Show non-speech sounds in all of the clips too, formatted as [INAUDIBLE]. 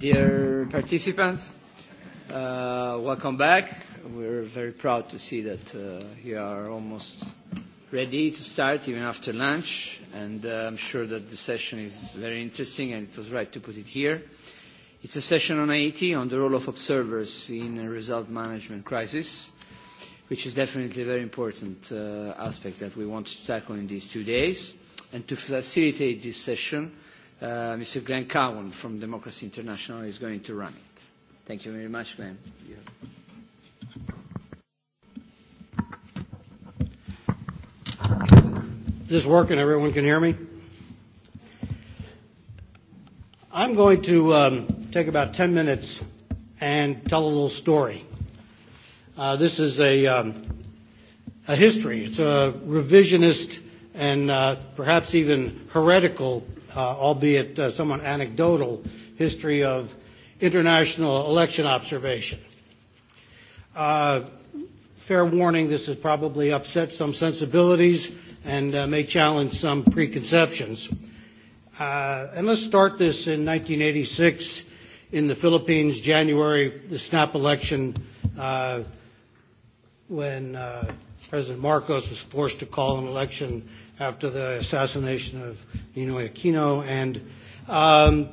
Dear participants, uh, welcome back. We're very proud to see that uh, you are almost ready to start even after lunch, and uh, I'm sure that the session is very interesting, and it was right to put it here. It's a session on IET, on the role of observers in a result management crisis, which is definitely a very important uh, aspect that we want to tackle in these two days. And to facilitate this session, Uh, Mr. Glenn Cowan from Democracy International is going to run it. Thank you very much, Glenn. Is this working? Everyone can hear me? I'm going to um, take about 10 minutes and tell a little story. Uh, this is a, um, a history. It's a revisionist and uh, perhaps even heretical uh, albeit uh, somewhat anecdotal, history of international election observation. Uh, fair warning, this has probably upset some sensibilities and uh, may challenge some preconceptions. Uh, and let's start this in 1986 in the Philippines, January, the snap election, uh, when uh, President Marcos was forced to call an election after the assassination of Ninoy Aquino. And um,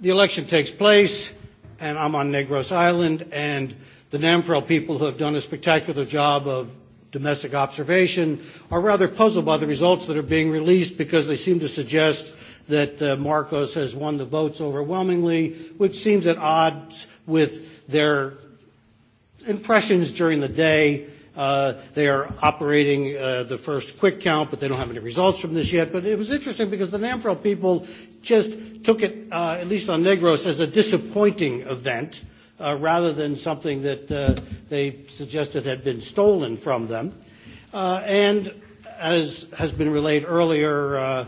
the election takes place, and I'm on Negros Island, and the NAMFREL people who have done a spectacular job of domestic observation are rather puzzled by the results that are being released because they seem to suggest that uh, Marcos has won the votes overwhelmingly, which seems at odds with their impressions during the day Uh, they are operating uh, the first quick count, but they don't have any results from this yet. But it was interesting because the NAMFREL people just took it, uh, at least on Negros, as a disappointing event uh, rather than something that uh, they suggested had been stolen from them. Uh, and as has been relayed earlier, uh,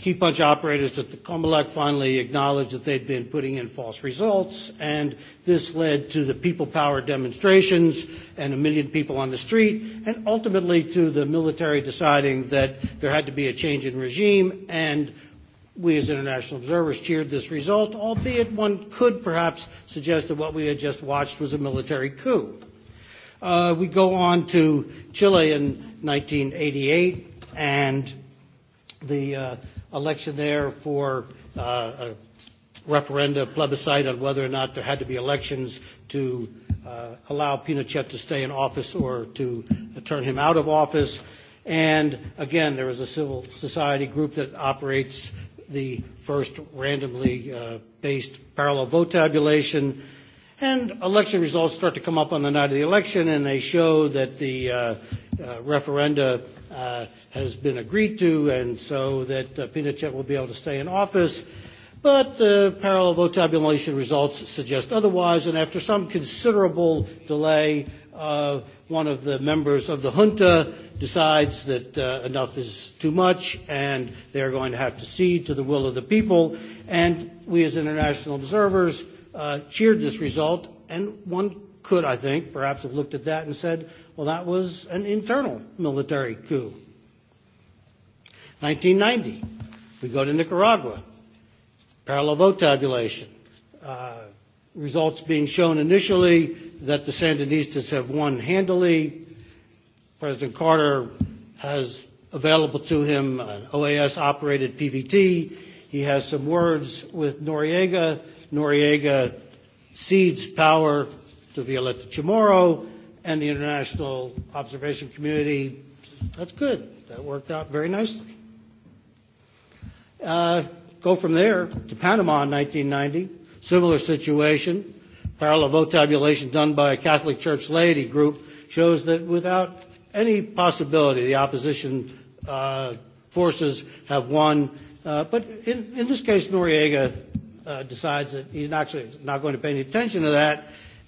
key punch operators at the Comelec finally acknowledged that they'd been putting in false results, and this led to the people power demonstrations and a million people on the street, and ultimately to the military deciding that there had to be a change in regime, and we as international observers cheered this result, albeit one could perhaps suggest that what we had just watched was a military coup. Uh, we go on to Chile in 1988, and the uh, election there for uh, a referenda, plebiscite on whether or not there had to be elections to uh, allow Pinochet to stay in office or to uh, turn him out of office. And again, there is a civil society group that operates the first randomly uh, based parallel vote tabulation. And election results start to come up on the night of the election, and they show that the uh, uh, referenda uh, has been agreed to, and so that uh, Pinochet will be able to stay in office. But the uh, parallel vote tabulation results suggest otherwise, and after some considerable delay, uh, one of the members of the junta decides that uh, enough is too much and they're going to have to cede to the will of the people. And we as international observers uh, cheered this result, and one could, I think, perhaps have looked at that and said, well, that was an internal military coup. 1990, we go to Nicaragua, parallel vote tabulation. Uh, results being shown initially that the Sandinistas have won handily. President Carter has available to him an OAS operated PVT. He has some words with Noriega Noriega cedes power to Violeta Chamorro and the international observation community. That's good. That worked out very nicely. Uh, go from there to Panama in 1990. Similar situation. Parallel vote tabulation done by a Catholic Church laity group shows that without any possibility, the opposition uh, forces have won. Uh, but in, in this case, Noriega uh, decides that he's actually not going to pay any attention to that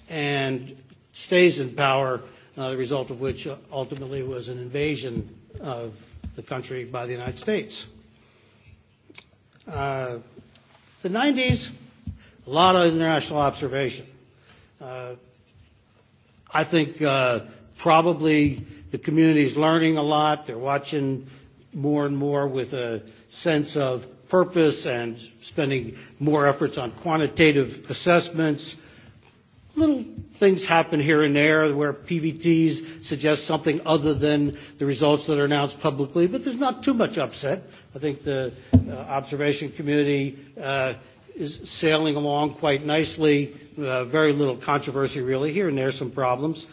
and stays in power, uh, the result of which uh, ultimately was an invasion of the country by the United States. Uh, the 90s, a lot of international observation. Uh, I think uh, probably the community is learning a lot. They're watching more and more with a sense of purpose and spending more efforts on quantitative assessments. Little things happen here and there where PVTs suggest something other than the results that are announced publicly, but there's not too much upset. I think the uh, observation community uh, is sailing along quite nicely, uh, very little controversy really. Here and there some problems.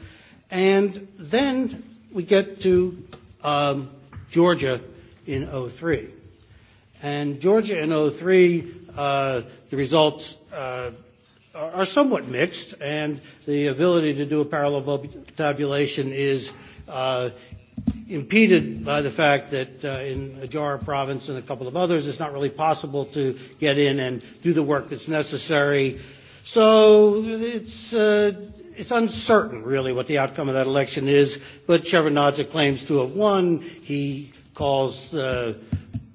And then we get to um, Georgia in 03. And Georgia in 03, uh, the results uh, are somewhat mixed, and the ability to do a parallel vote tabulation is uh, impeded by the fact that uh, in Ajara province and a couple of others, it's not really possible to get in and do the work that's necessary. So it's, uh, it's uncertain, really, what the outcome of that election is, but Shevardnadze claims to have won. He calls uh,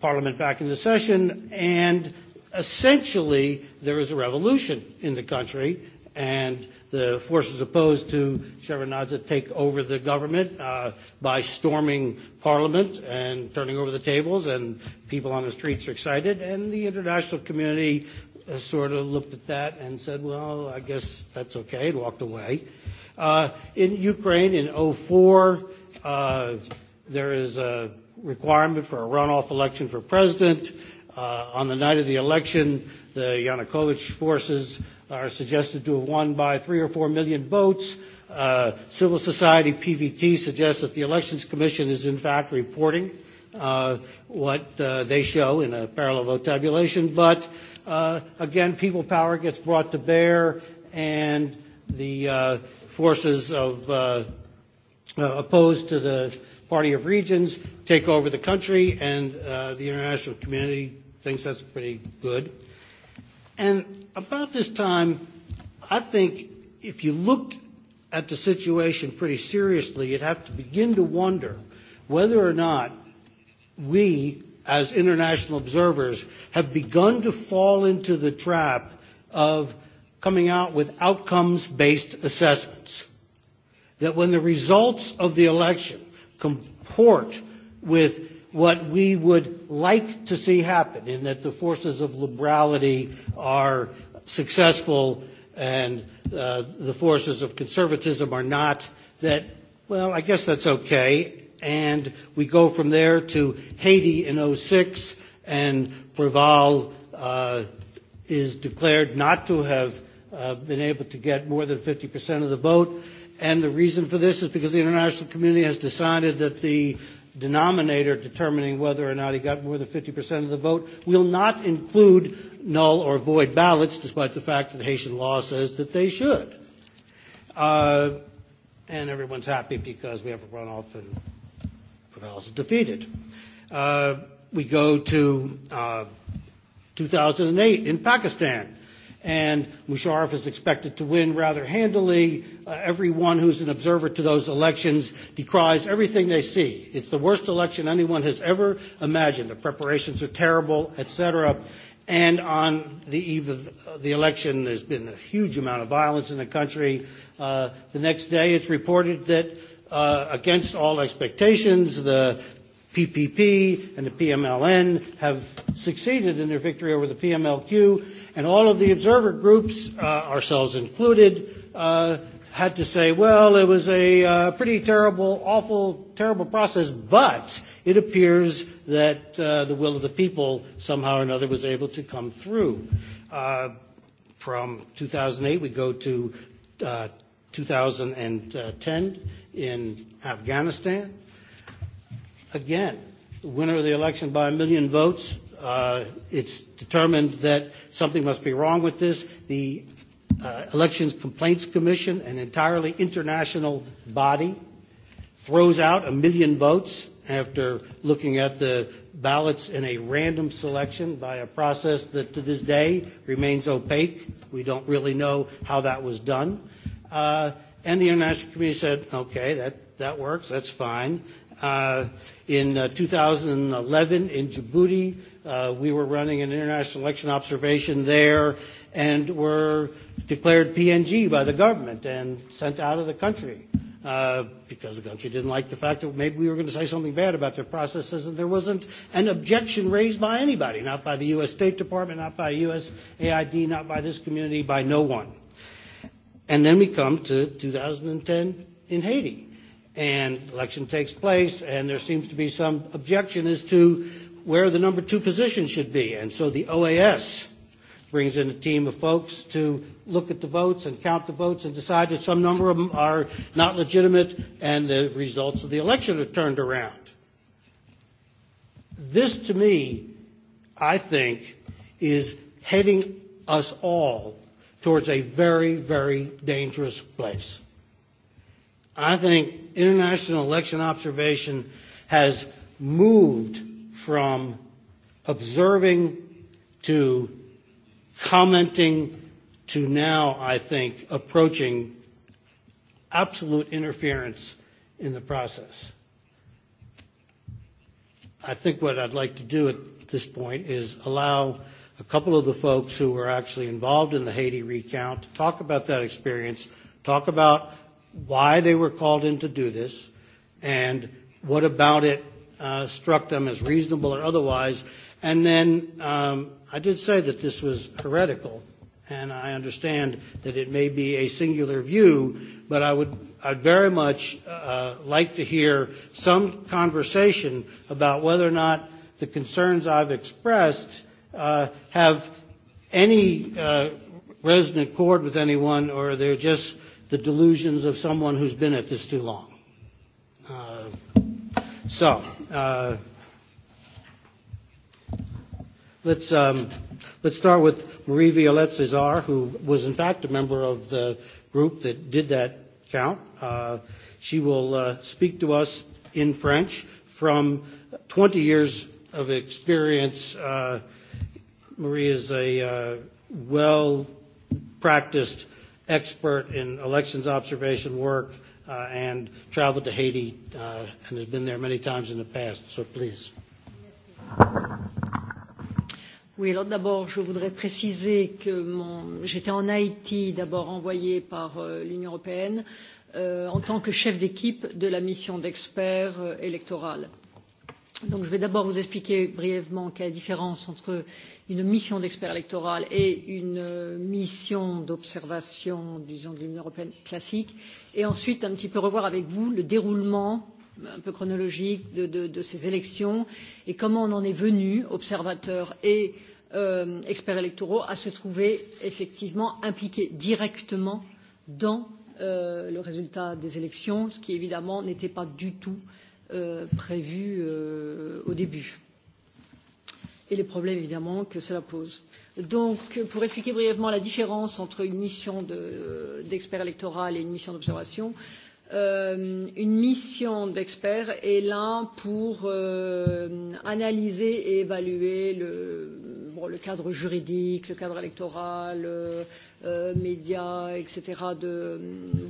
Parliament back into session, and essentially there is a revolution in the country, and the forces opposed to Shevardnadze take over the government uh, by storming Parliament and turning over the tables, and people on the streets are excited, and the international community sort of looked at that and said, well, I guess that's okay, and walked away. Uh, in Ukraine in 04, uh, there is a requirement for a runoff election for president. Uh, on the night of the election, the Yanukovych forces are suggested to have won by three or four million votes. Uh, civil society PVT suggests that the Elections Commission is in fact reporting uh, what uh, they show in a parallel vote tabulation. But uh, again, people power gets brought to bear, and the uh, forces of uh, uh, opposed to the Party of Regions take over the country, and uh, the international community thinks that's pretty good. And about this time, I think if you looked at the situation pretty seriously, you'd have to begin to wonder whether or not we, as international observers, have begun to fall into the trap of coming out with outcomes based assessments. That when the results of the election comport with what we would like to see happen, in that the forces of liberality are successful and uh, the forces of conservatism are not, that, well, I guess that's okay. And we go from there to Haiti in 06, and Preval uh, is declared not to have uh, been able to get more than 50% of the vote. And the reason for this is because the international community has decided that the denominator determining whether or not he got more than 50% of the vote will not include null or void ballots, despite the fact that Haitian law says that they should. Uh, and everyone's happy because we have a runoff and Prevails is defeated. Uh, we go to uh, 2008 in Pakistan and Musharraf is expected to win rather handily. Uh, everyone who's an observer to those elections decries everything they see. It's the worst election anyone has ever imagined. The preparations are terrible, etc. And on the eve of the election, there's been a huge amount of violence in the country. Uh, the next day, it's reported that uh, against all expectations, the PPP and the PMLN have succeeded in their victory over the PMLQ, and all of the observer groups, uh, ourselves included, uh, had to say, well, it was a uh, pretty terrible, awful, terrible process, but it appears that uh, the will of the people somehow or another was able to come through. Uh, from 2008, we go to uh, 2010 in Afghanistan again, the winner of the election by a million votes, uh, it's determined that something must be wrong with this. The uh, Elections Complaints Commission, an entirely international body, throws out a million votes after looking at the ballots in a random selection by a process that to this day remains opaque. We don't really know how that was done. Uh, and the international community said, okay, that, that works, that's fine. Uh, in uh, 2011 in Djibouti, uh, we were running an international election observation there and were declared PNG by the government and sent out of the country uh, because the country didn't like the fact that maybe we were going to say something bad about their processes, and there wasn't an objection raised by anybody, not by the U.S. State Department, not by U.S. AID, not by this community, by no one. And then we come to 2010 in Haiti and election takes place, and there seems to be some objection as to where the number two position should be. And so the OAS brings in a team of folks to look at the votes and count the votes and decide that some number of them are not legitimate and the results of the election are turned around. This, to me, I think, is heading us all towards a very, very dangerous place. I think international election observation has moved from observing to commenting to now, I think, approaching absolute interference in the process. I think what I'd like to do at this point is allow a couple of the folks who were actually involved in the Haiti recount to talk about that experience, talk about why they were called in to do this and what about it uh, struck them as reasonable or otherwise. And then um, I did say that this was heretical, and I understand that it may be a singular view, but I would I'd very much uh, like to hear some conversation about whether or not the concerns I've expressed uh, have any uh, resonant chord with anyone or they're just the delusions of someone who's been at this too long. Uh, so, uh, let's, um, let's start with Marie Violette Cesar, who was in fact a member of the group that did that count. Uh, she will uh, speak to us in French from 20 years of experience. Uh, Marie is a uh, well practiced expert in elections observation work uh, and traveled to Haiti uh, and has been there many times in the past. So please. Oui, alors d'abord, je voudrais préciser que mon... j'étais en Haïti, d'abord envoyé par euh, l'Union européenne, euh, en tant que chef d'équipe de la mission d'experts euh, électorale. Donc je vais d'abord vous expliquer brièvement quelle est la différence entre une mission d'expert électoral et une euh, mission d'observation, disons, de l'Union européenne classique, et ensuite un petit peu revoir avec vous le déroulement un peu chronologique de, de, de ces élections et comment on en est venu, observateurs et euh, experts électoraux, à se trouver effectivement impliqués directement dans euh, le résultat des élections, ce qui évidemment n'était pas du tout euh, Euh, prévue euh, au début et les problèmes évidemment que cela pose. Donc, pour expliquer brièvement la différence entre une mission euh, d'expert de, électoral et une mission d'observation, euh, une mission d'expert est là pour euh, analyser et évaluer le, bon, le cadre juridique, le cadre électoral, euh, euh médias, etc. De,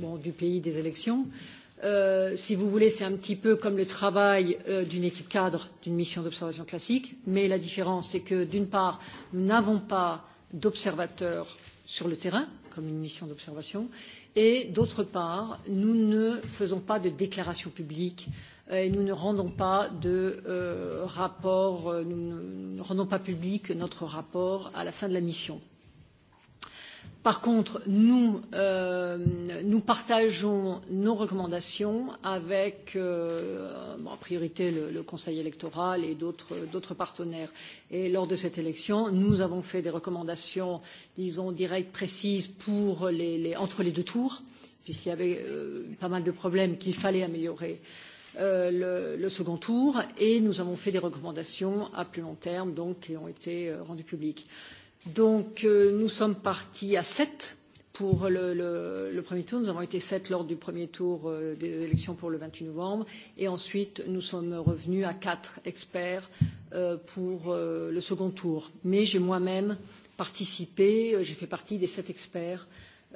bon, du pays des élections. Euh, Euh, si vous voulez, c'est un petit peu comme le travail euh, d'une équipe cadre d'une mission d'observation classique, mais la différence, c'est que d'une part, nous n'avons pas d'observateurs sur le terrain, comme une mission d'observation, et d'autre part, nous ne faisons pas de déclaration publique euh, et nous ne rendons pas de euh, rapport, euh, nous ne rendons pas public notre rapport à la fin de la mission. Par contre, nous, euh, nous partageons nos recommandations avec, euh, bon, en priorité, le, le Conseil électoral et d'autres partenaires. Et lors de cette élection, nous avons fait des recommandations, disons, directes, précises pour les, les, entre les deux tours, puisqu'il y avait euh, pas mal de problèmes qu'il fallait améliorer. Euh, le, le second tour et nous avons fait des recommandations à plus long terme donc qui ont été euh, rendues publiques. Euh, Donc euh, nous sommes partis à 7 pour le, le, le premier tour. Nous avons été 7 lors du premier tour euh, des élections pour le 28 novembre. Et ensuite, nous sommes revenus à 4 experts euh, pour euh, le second tour. Mais j'ai moi-même participé, euh, j'ai fait partie des 7 experts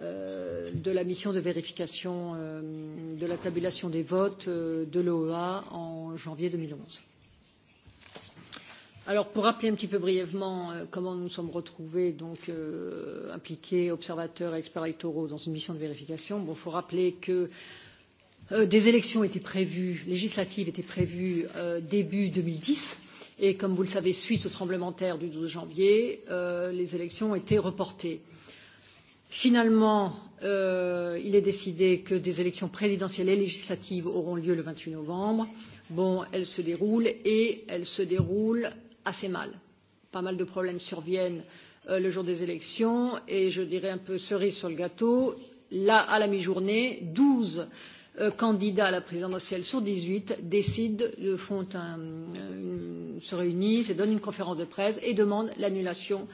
euh, de la mission de vérification euh, de la tabulation des votes euh, de l'OEA en janvier 2011. Alors, pour rappeler un petit peu brièvement euh, comment nous nous sommes retrouvés, donc euh, impliqués, observateurs, et experts électoraux, dans une mission de vérification, il bon, faut rappeler que euh, des élections étaient prévues, législatives étaient prévues euh, début 2010. Et comme vous le savez, suite au tremblement de terre du 12 janvier, euh, les élections ont été reportées. Finalement, euh, il est décidé que des élections présidentielles et législatives auront lieu le 28 novembre. Bon, elles se déroulent et elles se déroulent assez mal. Pas mal de problèmes surviennent euh, le jour des élections et je dirais un peu cerise sur le gâteau. Là, à la mi-journée, 12 euh, candidats à la présidentielle sur 18 décident, de font un, euh, une, se réunissent et donnent une conférence de presse et demandent l'annulation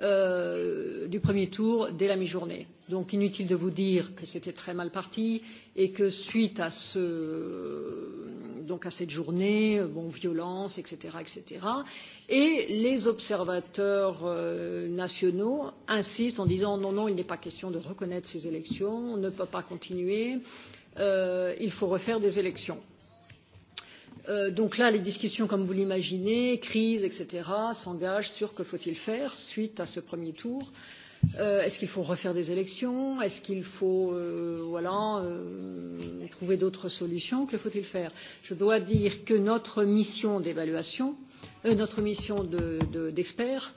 euh, du premier tour dès la mi-journée. Donc inutile de vous dire que c'était très mal parti et que suite à, ce, donc à cette journée, bon, violence, etc., etc., et les observateurs euh, nationaux insistent en disant non, non, il n'est pas question de reconnaître ces élections, on ne peut pas continuer, euh, il faut refaire des élections. Euh, donc là, les discussions, comme vous l'imaginez, crise, etc., s'engagent sur que faut-il faire suite à ce premier tour. Euh, Euh, Est-ce qu'il faut refaire des élections Est-ce qu'il faut euh, voilà, euh, trouver d'autres solutions Que faut-il faire Je dois dire que notre mission d'évaluation, euh, notre mission d'experts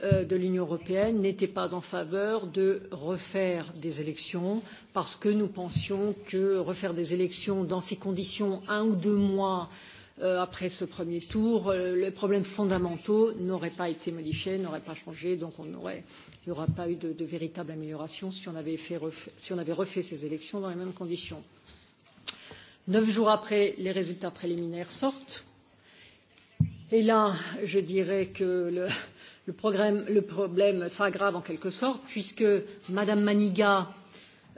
de, de, euh, de l'Union européenne n'était pas en faveur de refaire des élections parce que nous pensions que refaire des élections dans ces conditions un ou deux mois euh, euh, après ce premier tour, euh, les problèmes fondamentaux n'auraient pas été modifiés, n'auraient pas changé, donc on aurait, il n'y aura pas eu de, de véritable amélioration si on, avait fait refait, si on avait refait ces élections dans les mêmes conditions. Neuf jours après, les résultats préliminaires sortent. Et là, je dirais que le, le, programme, le problème s'aggrave en quelque sorte, puisque Madame Maniga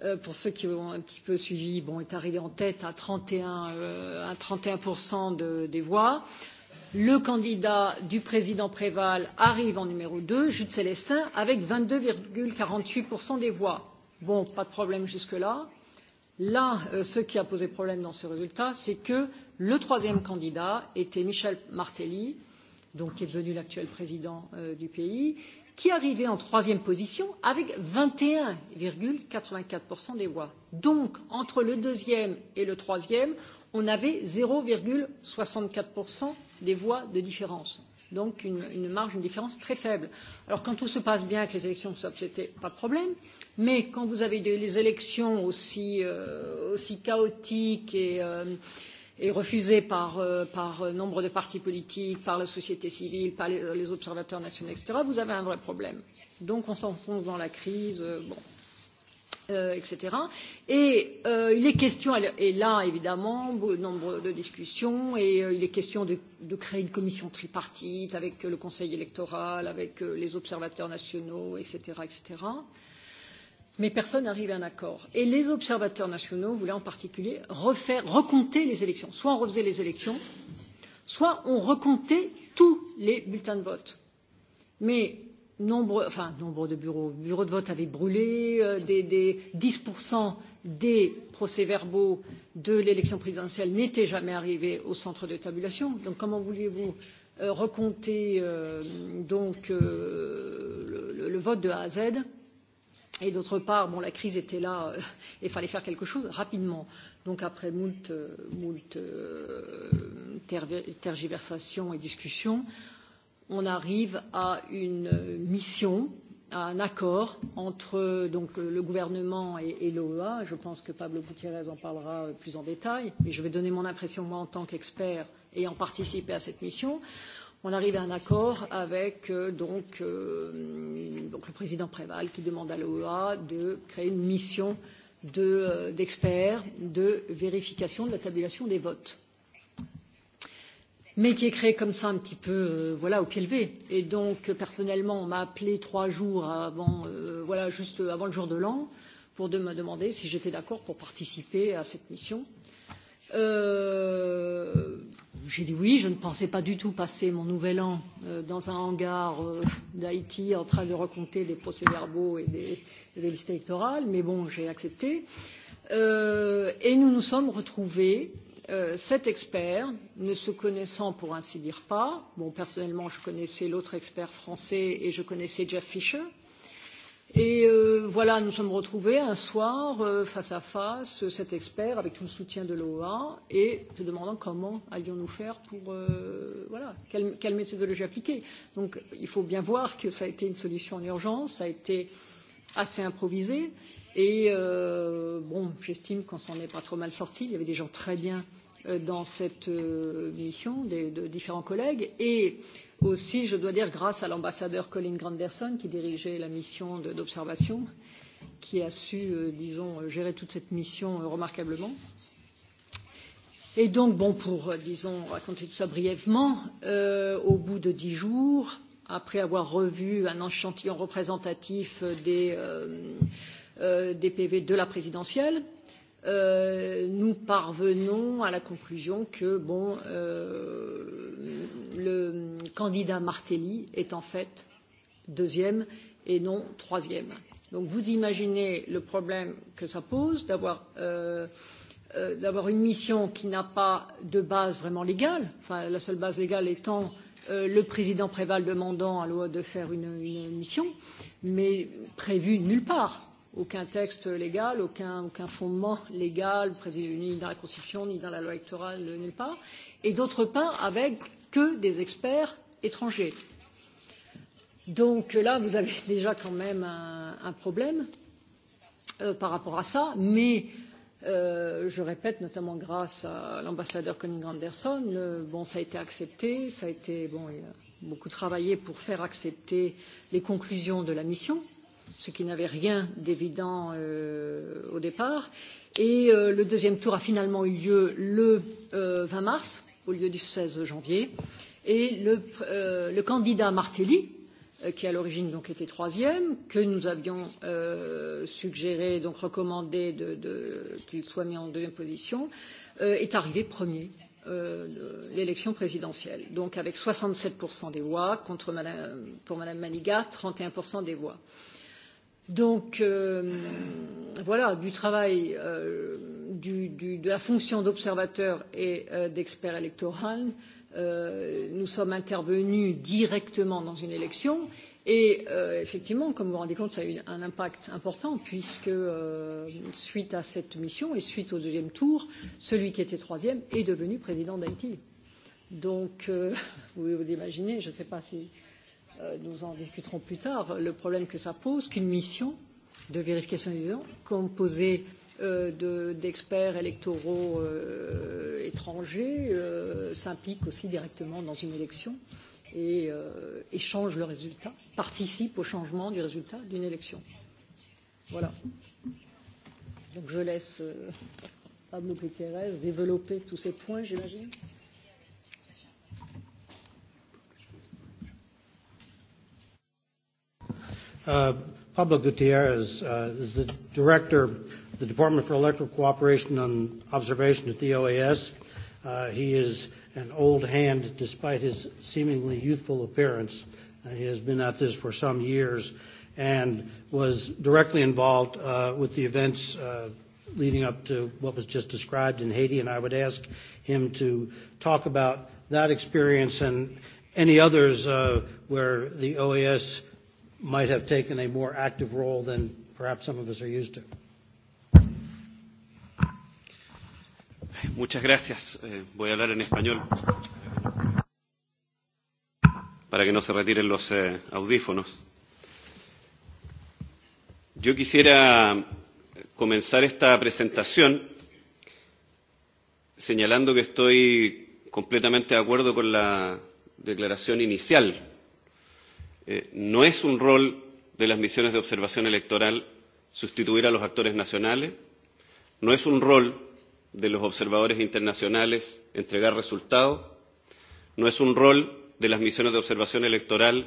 Euh, pour ceux qui ont un petit peu suivi, bon, est arrivé en tête à 31, euh, à 31 de, des voix. Le candidat du président Préval arrive en numéro 2, Jude Célestin, avec 22,48% des voix. Bon, pas de problème jusque-là. Là, euh, ce qui a posé problème dans ce résultat, c'est que le troisième candidat était Michel Martelly, donc qui est devenu l'actuel président euh, du pays, qui arrivait en troisième position avec 21,84% des voix. Donc, entre le deuxième et le troisième, on avait 0,64% des voix de différence. Donc, une, une marge, une différence très faible. Alors, quand tout se passe bien, que les élections soient c'était pas de problème. Mais quand vous avez des les élections aussi, euh, aussi chaotiques et. Euh, est refusée par, euh, par euh, nombre de partis politiques, par la société civile, par les, les observateurs nationaux, etc., vous avez un vrai problème. Donc on s'enfonce dans la crise, euh, bon, euh, etc. Et euh, il est question, et là évidemment, nombre de discussions, et euh, il est question de, de créer une commission tripartite avec euh, le Conseil électoral, avec euh, les observateurs nationaux, etc. etc. Euh, mais personne n'arrive à un accord. Et les observateurs nationaux voulaient en particulier refaire, recompter les élections. Soit on refaisait les élections, soit on recomptait tous les bulletins de vote. Mais nombre, enfin, nombre de bureaux, bureaux de vote avaient brûlé, euh, des, des 10% des procès-verbaux de l'élection présidentielle n'étaient jamais arrivés au centre de tabulation. Donc comment vouliez-vous euh, recompter euh, donc, euh, le, le vote de A à Z Et d'autre part, bon, la crise était là euh, et il fallait faire quelque chose rapidement. Donc après moult, euh, moult euh, tergiversations et discussions, on arrive à une mission, à un accord entre donc, le gouvernement et, et l'OEA. Je pense que Pablo Gutiérrez en parlera euh, plus en détail, mais je vais donner mon impression, moi, en tant qu'expert ayant participé à cette mission. Euh, on arrive à un accord avec euh, donc, euh, donc le président Préval qui demande à l'OEA de créer une mission d'experts de, euh, de vérification de la tabulation des votes mais qui est créé comme ça un petit peu euh, voilà au pied levé et donc personnellement on m'a appelé trois jours avant euh, voilà juste avant le jour de l'an pour de me demander si j'étais d'accord pour participer à cette mission euh, J'ai dit oui, je ne pensais pas du tout passer mon nouvel an euh, dans un hangar euh, d'Haïti en train de raconter des procès-verbaux et des, des listes électorales, mais bon, j'ai accepté. Euh, et nous nous sommes retrouvés, euh, sept experts, ne se connaissant pour ainsi dire pas. Bon, personnellement, je connaissais l'autre expert français et je connaissais Jeff Fisher. Euh, Et euh, voilà, nous sommes retrouvés un soir, euh, face à face, cet expert, avec tout le soutien de l'OA, et se demandant comment allions-nous faire pour, euh, voilà, quelle, quelle méthodologie appliquer. Donc, il faut bien voir que ça a été une solution en urgence, ça a été assez improvisé, et euh, bon, j'estime qu'on s'en est pas trop mal sorti. Il y avait des gens très bien euh, dans cette euh, mission, des, de différents collègues, et euh, aussi, je dois dire, grâce à l'ambassadeur Colin Granderson, qui dirigeait la mission d'observation, qui a su, euh, disons, gérer toute cette mission euh, remarquablement. Et donc, bon, pour, euh, disons, raconter tout ça brièvement, euh, au bout de dix jours, après avoir revu un échantillon représentatif euh, des, euh, euh, des PV de la présidentielle, Euh, nous parvenons à la conclusion que bon, euh, le candidat Martelly est en fait deuxième et non troisième. Donc vous imaginez le problème que ça pose d'avoir euh, euh, d'avoir une mission qui n'a pas de base vraiment légale, enfin la seule base légale étant euh, le président Préval demandant à l'OA de faire une, une mission, mais prévue nulle part aucun texte légal, aucun, aucun fondement légal prévu ni dans la Constitution, ni dans la loi électorale, euh, nulle part, et d'autre part avec que des experts étrangers. Donc là, vous avez [LAUGHS] déjà quand même un, un problème euh, par rapport à ça, mais euh, je répète, notamment grâce à l'ambassadeur Conning Anderson, euh, bon, ça a été accepté, ça a été, bon, il a beaucoup travaillé pour faire accepter les conclusions de la mission ce qui n'avait rien d'évident euh, au départ. Et euh, le deuxième tour a finalement eu lieu le euh, 20 mars au lieu du 16 janvier. Et le, euh, le candidat Martelly, euh, qui à l'origine donc était troisième, que nous avions euh, suggéré, donc recommandé de, de, qu'il soit mis en deuxième position, euh, est arrivé premier euh, l'élection présidentielle. Donc avec 67% des voix contre Madame, pour Madame Maniga, 31% des voix. Euh, Donc, euh, voilà, du travail euh, du, du, de la fonction d'observateur et euh, d'expert électoral, euh, nous sommes intervenus directement dans une élection. Et euh, effectivement, comme vous vous rendez compte, ça a eu un impact important puisque euh, suite à cette mission et suite au deuxième tour, celui qui était troisième est devenu président d'Haïti. Donc, euh, [LAUGHS] vous, vous imaginez, je ne sais pas si Euh, nous en discuterons plus tard, le problème que ça pose qu'une mission de vérification des ans composée euh, d'experts de, électoraux euh, étrangers euh, s'implique aussi directement dans une élection et euh, change le résultat, participe au changement du résultat d'une élection. Voilà. Donc je laisse euh, Pablo Pérez développer tous ces points, j'imagine. Uh, Pablo Gutierrez uh, is the director of the Department for Electrical Cooperation and Observation at the OAS. Uh, he is an old hand despite his seemingly youthful appearance. Uh, he has been at this for some years and was directly involved uh, with the events uh, leading up to what was just described in Haiti, and I would ask him to talk about that experience and any others uh, where the OAS might have taken a more active role than perhaps some of us are used to. Muchas gracias. Eh, voy a hablar en español para que no se retiren los eh, audífonos. Yo quisiera comenzar esta presentación señalando que estoy completamente de acuerdo con la declaración inicial eh, no es un rol de las misiones de observación electoral sustituir a los actores nacionales, no es un rol de los observadores internacionales entregar resultados, no es un rol de las misiones de observación electoral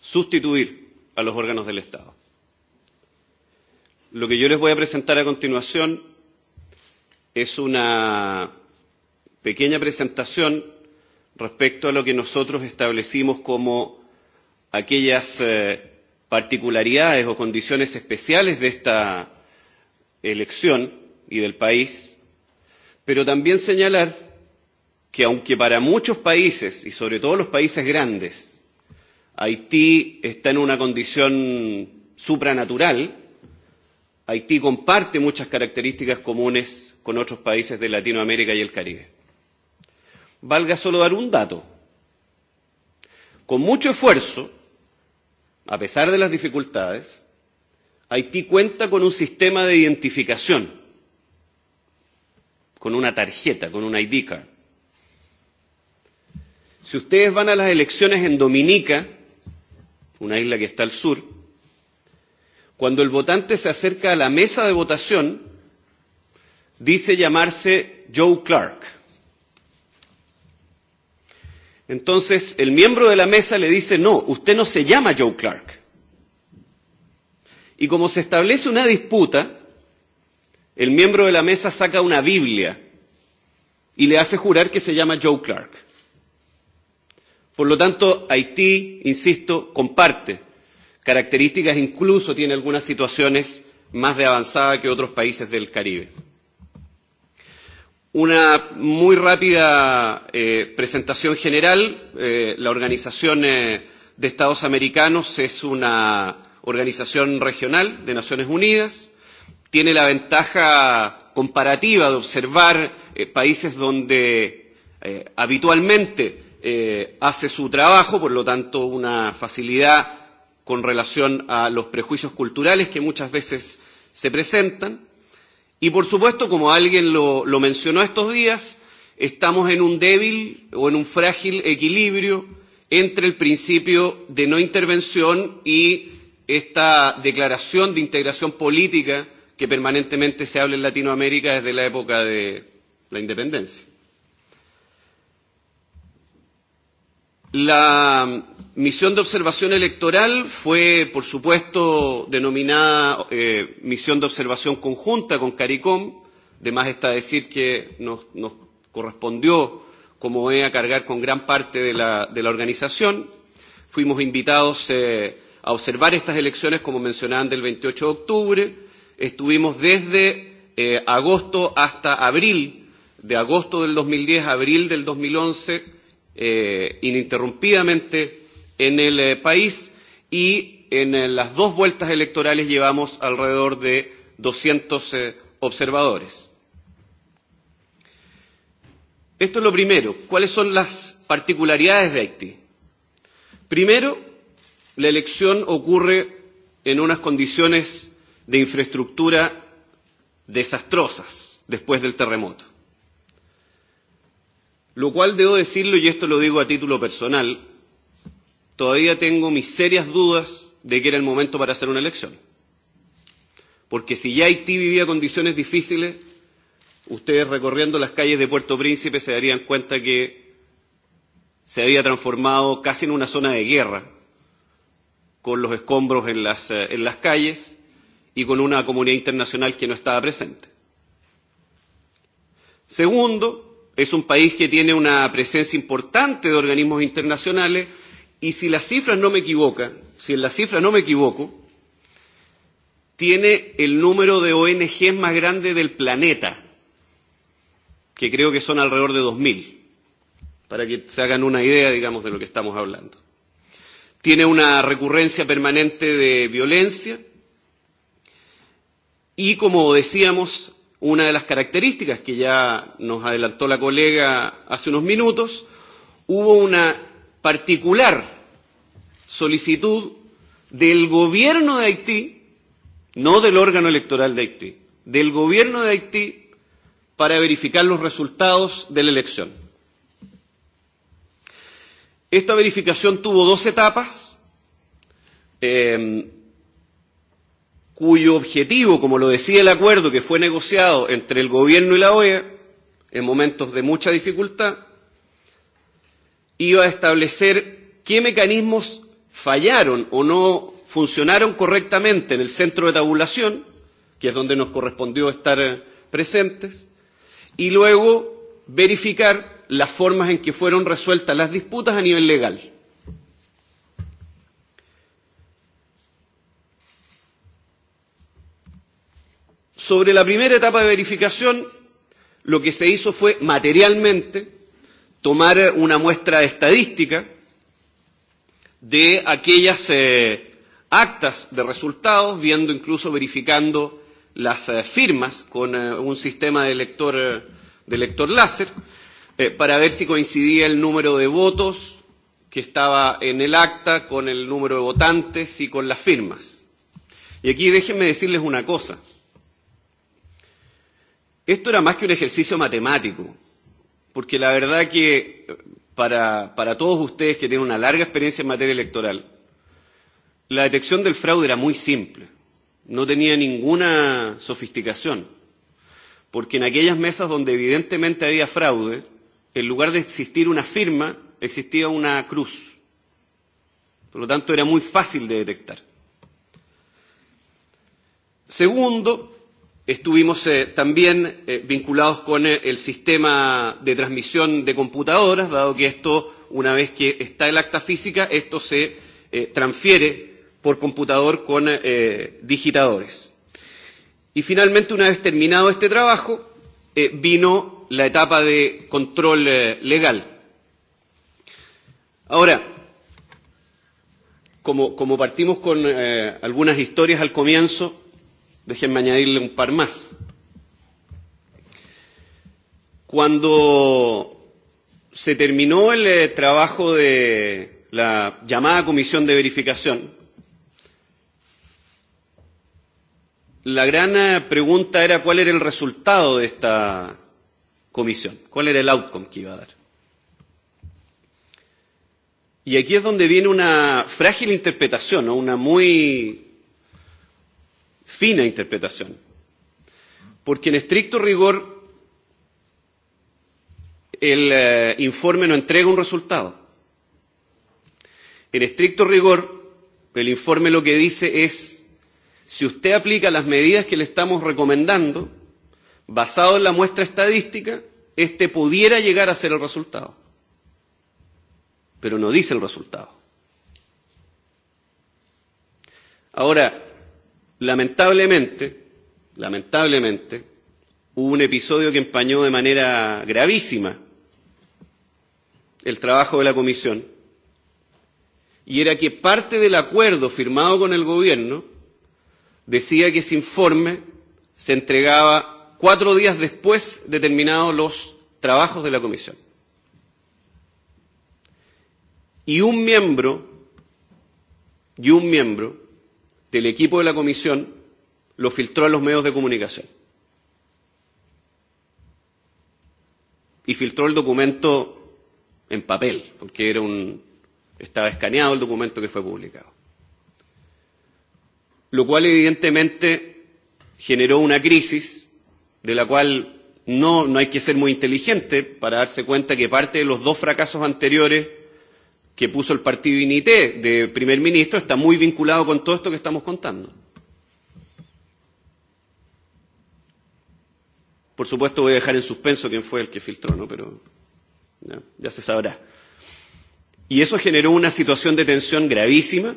sustituir a los órganos del Estado. Lo que yo les voy a presentar a continuación es una pequeña presentación respecto a lo que nosotros establecimos como aquellas eh, particularidades o condiciones especiales de esta elección y del país, pero también señalar que aunque para muchos países, y sobre todo los países grandes, Haití está en una condición supranatural, Haití comparte muchas características comunes con otros países de Latinoamérica y el Caribe. Valga solo dar un dato. Con mucho esfuerzo, a pesar de las dificultades, Haití cuenta con un sistema de identificación, con una tarjeta, con un ID card. Si ustedes van a las elecciones en Dominica, una isla que está al sur, cuando el votante se acerca a la mesa de votación, dice llamarse Joe Clark Entonces el miembro de la mesa le dice, no, usted no se llama Joe Clark. Y como se establece una disputa, el miembro de la mesa saca una Biblia y le hace jurar que se llama Joe Clark. Por lo tanto, Haití, insisto, comparte características, incluso tiene algunas situaciones más de avanzada que otros países del Caribe. Una muy rápida eh, presentación general. Eh, la Organización eh, de Estados Americanos es una organización regional de Naciones Unidas. Tiene la ventaja comparativa de observar eh, países donde eh, habitualmente eh, hace su trabajo, por lo tanto una facilidad con relación a los prejuicios culturales que muchas veces se presentan. Y por supuesto, como alguien lo, lo mencionó estos días, estamos en un débil o en un frágil equilibrio entre el principio de no intervención y esta declaración de integración política que permanentemente se habla en Latinoamérica desde la época de la independencia. La misión de observación electoral fue, por supuesto, denominada eh, misión de observación conjunta con CARICOM. De más está decir que nos, nos correspondió como ve a cargar con gran parte de la, de la organización. Fuimos invitados eh, a observar estas elecciones, como mencionaban, del 28 de octubre. Estuvimos desde eh, agosto hasta abril, de agosto del 2010 a abril del 2011 eh, ininterrumpidamente en el eh, país y en eh, las dos vueltas electorales llevamos alrededor de 200 eh, observadores. Esto es lo primero. ¿Cuáles son las particularidades de Haití? Primero, la elección ocurre en unas condiciones de infraestructura desastrosas después del terremoto. Lo cual debo decirlo, y esto lo digo a título personal, todavía tengo mis serias dudas de que era el momento para hacer una elección. Porque si ya Haití vivía condiciones difíciles, ustedes recorriendo las calles de Puerto Príncipe se darían cuenta que se había transformado casi en una zona de guerra, con los escombros en las, eh, en las calles y con una comunidad internacional que no estaba presente. Segundo, Es un país que tiene una presencia importante de organismos internacionales y si las cifras no me equivocan, si en las cifras no me equivoco, tiene el número de ONGs más grande del planeta, que creo que son alrededor de 2.000, para que se hagan una idea, digamos, de lo que estamos hablando. Tiene una recurrencia permanente de violencia y, como decíamos, una de las características que ya nos adelantó la colega hace unos minutos, hubo una particular solicitud del gobierno de Haití, no del órgano electoral de Haití, del gobierno de Haití para verificar los resultados de la elección. Esta verificación tuvo dos etapas. Eh, cuyo objetivo, como lo decía el acuerdo que fue negociado entre el gobierno y la OEA, en momentos de mucha dificultad, iba a establecer qué mecanismos fallaron o no funcionaron correctamente en el centro de tabulación, que es donde nos correspondió estar eh, presentes, y luego verificar las formas en que fueron resueltas las disputas a nivel legal. Sobre la primera etapa de verificación, lo que se hizo fue materialmente tomar una muestra estadística de aquellas eh, actas de resultados, viendo incluso verificando las eh, firmas con eh, un sistema de lector, eh, de lector láser, eh, para ver si coincidía el número de votos que estaba en el acta con el número de votantes y con las firmas. Y aquí déjenme decirles una cosa. Esto era más que un ejercicio matemático, porque la verdad que eh, para, para todos ustedes que tienen una larga experiencia en materia electoral, la detección del fraude era muy simple, no tenía ninguna sofisticación, porque en aquellas mesas donde evidentemente había fraude, en lugar de existir una firma, existía una cruz. Por lo tanto, era muy fácil de detectar. Segundo, Estuvimos eh, también eh, vinculados con eh, el sistema de transmisión de computadoras, dado que esto, una vez que está el acta física, esto se eh, transfiere por computador con eh, digitadores. Y finalmente, una vez terminado este trabajo, eh, vino la etapa de control eh, legal. Ahora, como, como partimos con eh, algunas historias al comienzo, Déjenme añadirle un par más. Cuando se terminó el eh, trabajo de la llamada comisión de verificación, la gran eh, pregunta era cuál era el resultado de esta comisión, cuál era el outcome que iba a dar. Y aquí es donde viene una frágil interpretación, ¿no? una muy fina interpretación. Porque en estricto rigor el eh, informe no entrega un resultado. En estricto rigor, el informe lo que dice es, si usted aplica las medidas que le estamos recomendando, basado en la muestra estadística, este pudiera llegar a ser el resultado. Pero no dice el resultado. Ahora, lamentablemente, lamentablemente, hubo un episodio que empañó de manera gravísima el trabajo de la Comisión, y era que parte del acuerdo firmado con el Gobierno decía que ese informe se entregaba cuatro días después de terminados los trabajos de la Comisión. Y un miembro, y un miembro, del equipo de la Comisión lo filtró a los medios de comunicación. Y filtró el documento en papel, porque era un, estaba escaneado el documento que fue publicado. Lo cual evidentemente generó una crisis de la cual no, no hay que ser muy inteligente para darse cuenta que parte de los dos fracasos anteriores que puso el partido INIT de primer ministro está muy vinculado con todo esto que estamos contando. Por supuesto voy a dejar en suspenso quién fue el que filtró, ¿no? Pero ya, ya se sabrá. Y eso generó una situación de tensión gravísima.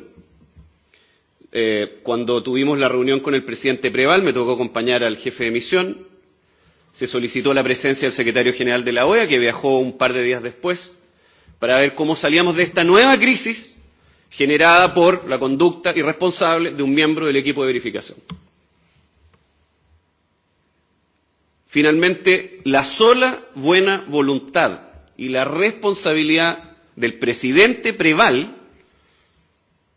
Eh, cuando tuvimos la reunión con el presidente Preval, me tocó acompañar al jefe de misión. Se solicitó la presencia del secretario general de la OEA, que viajó un par de días después para ver cómo salíamos de esta nueva crisis generada por la conducta irresponsable de un miembro del equipo de verificación. Finalmente, la sola buena voluntad y la responsabilidad del presidente Preval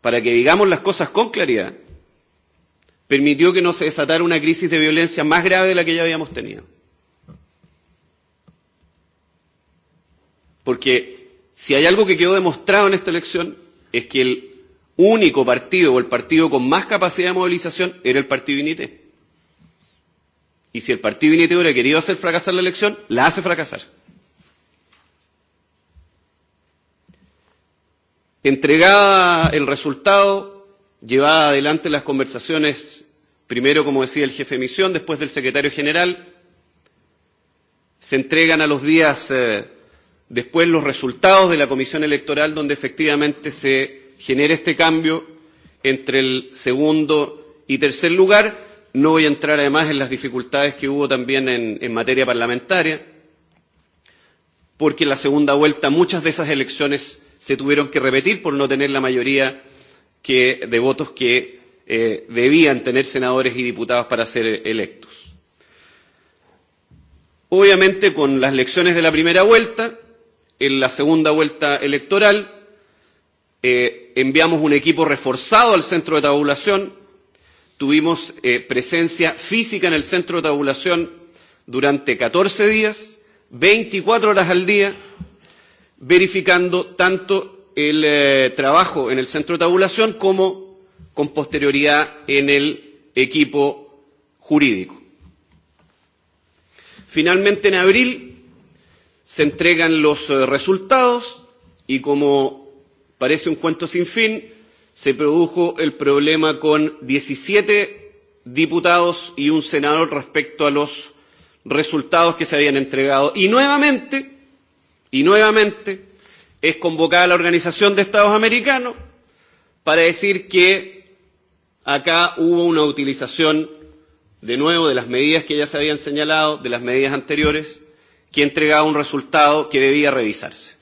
para que digamos las cosas con claridad permitió que no se desatara una crisis de violencia más grave de la que ya habíamos tenido. Porque Si hay algo que quedó demostrado en esta elección es que el único partido o el partido con más capacidad de movilización era el partido INIT. Y si el partido INIT hubiera querido hacer fracasar la elección, la hace fracasar. Entregada el resultado, llevada adelante las conversaciones, primero, como decía el jefe de misión, después del secretario general, se entregan a los días eh, después los resultados de la comisión electoral donde efectivamente se genera este cambio entre el segundo y tercer lugar. No voy a entrar además en las dificultades que hubo también en, en materia parlamentaria, porque en la segunda vuelta muchas de esas elecciones se tuvieron que repetir por no tener la mayoría que, de votos que eh, debían tener senadores y diputados para ser electos. Obviamente con las elecciones de la primera vuelta en la segunda vuelta electoral. Eh, enviamos un equipo reforzado al centro de tabulación. Tuvimos eh, presencia física en el centro de tabulación durante 14 días, 24 horas al día, verificando tanto el eh, trabajo en el centro de tabulación como con posterioridad en el equipo jurídico. Finalmente, en abril se entregan los eh, resultados y como parece un cuento sin fin, se produjo el problema con 17 diputados y un senador respecto a los resultados que se habían entregado. Y nuevamente, y nuevamente, es convocada la Organización de Estados Americanos para decir que acá hubo una utilización de nuevo de las medidas que ya se habían señalado, de las medidas anteriores, que entregaba un resultado que debía revisarse.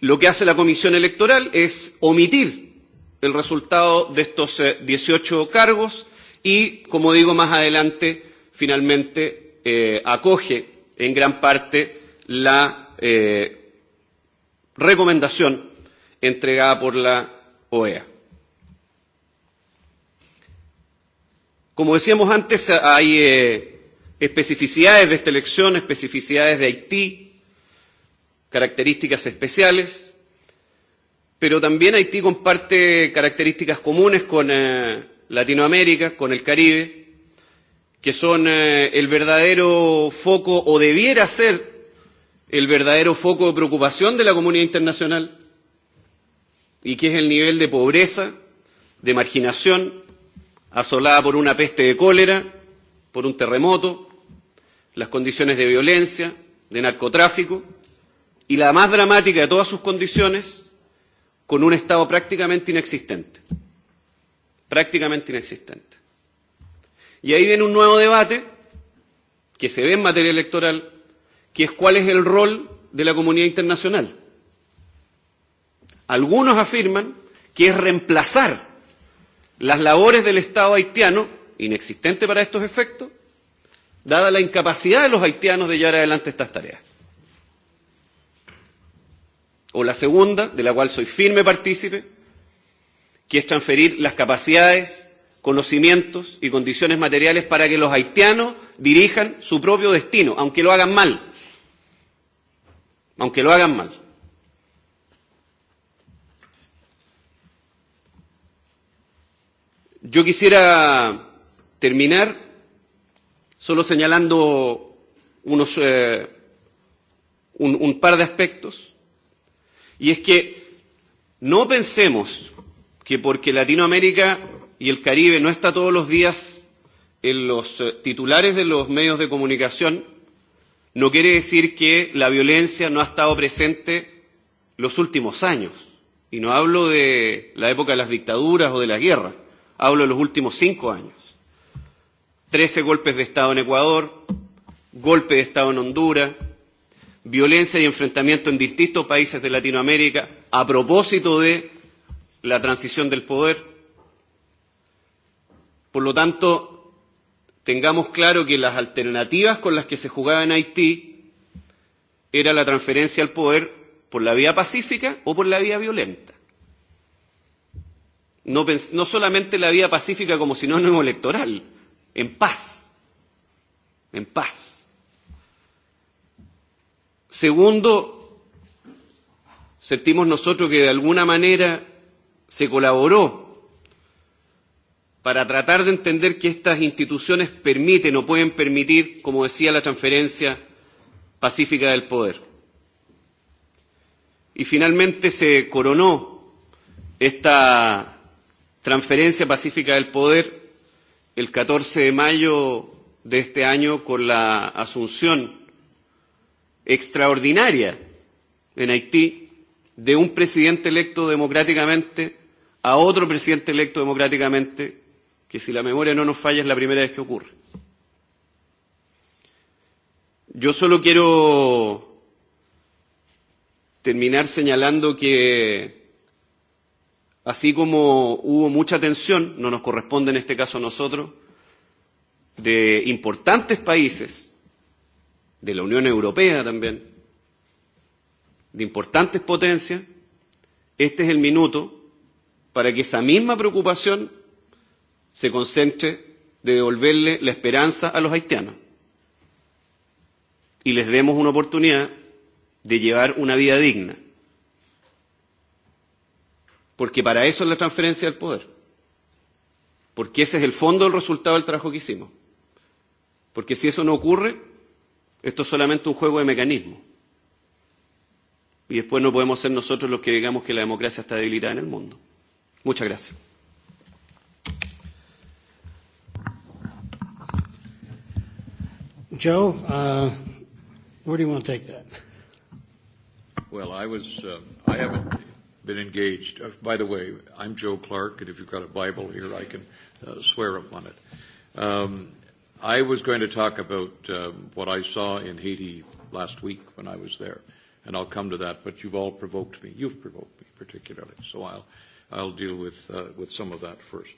Lo que hace la Comisión Electoral es omitir el resultado de estos 18 eh, cargos y, como digo más adelante, finalmente eh, acoge en gran parte la eh, recomendación entregada por la OEA. Como decíamos antes, hay eh, especificidades de esta elección, especificidades de Haití, características especiales, pero también Haití comparte características comunes con eh, Latinoamérica, con el Caribe, que son eh, el verdadero foco, o debiera ser el verdadero foco de preocupación de la comunidad internacional, y que es el nivel de pobreza, de marginación, asolada por una peste de cólera, por un terremoto, las condiciones de violencia, de narcotráfico y la más dramática de todas sus condiciones, con un Estado prácticamente inexistente. Prácticamente inexistente. Y ahí viene un nuevo debate que se ve en materia electoral, que es cuál es el rol de la comunidad internacional. Algunos afirman que es reemplazar las labores del Estado haitiano, inexistente para estos efectos, dada la incapacidad de los haitianos de llevar adelante estas tareas. O la segunda, de la cual soy firme partícipe, que es transferir las capacidades, conocimientos y condiciones materiales para que los haitianos dirijan su propio destino, aunque lo hagan mal. Aunque lo hagan mal. Yo quisiera terminar solo señalando unos, eh, un, un par de aspectos. Y es que no pensemos que porque Latinoamérica y el Caribe no está todos los días en los eh, titulares de los medios de comunicación, no quiere decir que la violencia no ha estado presente los últimos años. Y no hablo de la época de las dictaduras o de la guerra, hablo de los últimos cinco años. 13 golpes de Estado en Ecuador, golpe de Estado en Honduras, violencia y enfrentamiento en distintos países de Latinoamérica a propósito de la transición del poder. Por lo tanto, tengamos claro que las alternativas con las que se jugaba en Haití era la transferencia al poder por la vía pacífica o por la vía violenta. No, no solamente la vía pacífica como sinónimo electoral, en paz, en paz. Segundo, sentimos nosotros que de alguna manera se colaboró para tratar de entender que estas instituciones permiten o pueden permitir, como decía la transferencia pacífica del poder. Y finalmente se coronó esta transferencia pacífica del poder el 14 de mayo de este año con la asunción extraordinaria en Haití de un presidente electo democráticamente a otro presidente electo democráticamente, que si la memoria no nos falla es la primera vez que ocurre. Yo solo quiero terminar señalando que Así como hubo mucha tensión, no nos corresponde en este caso a nosotros, de importantes países, de la Unión Europea también, de importantes potencias, este es el minuto para que esa misma preocupación se concentre de devolverle la esperanza a los haitianos y les demos una oportunidad de llevar una vida digna Porque para eso es la transferencia del poder. Porque ese es el fondo del resultado del trabajo que hicimos. Porque si eso no ocurre, esto es solamente un juego de mecanismo, Y después no podemos ser nosotros los que digamos que la democracia está debilitada en el mundo. Muchas gracias. Joe, uh, where do you want to take that? Well, I was, uh, I haven't been engaged. Uh, by the way, I'm Joe Clark, and if you've got a Bible here, I can uh, swear upon it. Um, I was going to talk about um, what I saw in Haiti last week when I was there, and I'll come to that, but you've all provoked me. You've provoked me particularly, so I'll, I'll deal with, uh, with some of that first.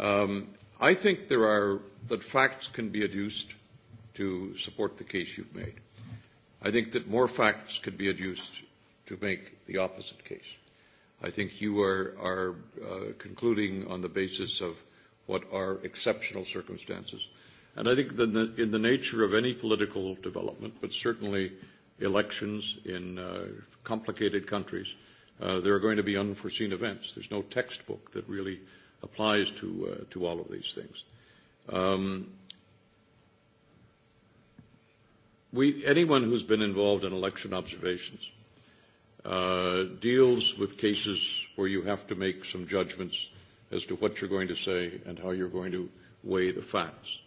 Um, I think there are, that facts can be adduced to support the case you've made. I think that more facts could be adduced to make the opposite case. I think you are, are uh, concluding on the basis of what are exceptional circumstances. And I think that in the, in the nature of any political development, but certainly elections in uh, complicated countries, uh, there are going to be unforeseen events. There's no textbook that really applies to, uh, to all of these things. Um, we, anyone who's been involved in election observations uh, deals with cases where you have to make some judgments as to what you're going to say and how you're going to weigh the facts.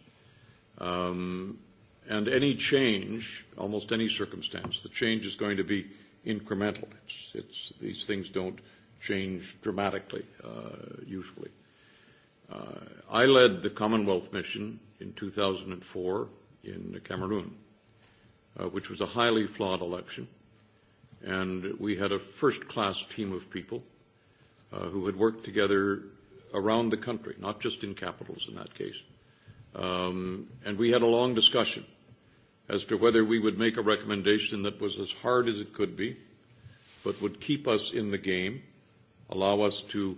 Um, and any change, almost any circumstance, the change is going to be incremental. It's, it's, these things don't change dramatically, uh, usually. Uh, I led the Commonwealth Mission in 2004 in Cameroon, uh, which was a highly flawed election And we had a first-class team of people uh, who had worked together around the country, not just in capitals in that case. Um, and we had a long discussion as to whether we would make a recommendation that was as hard as it could be, but would keep us in the game, allow us to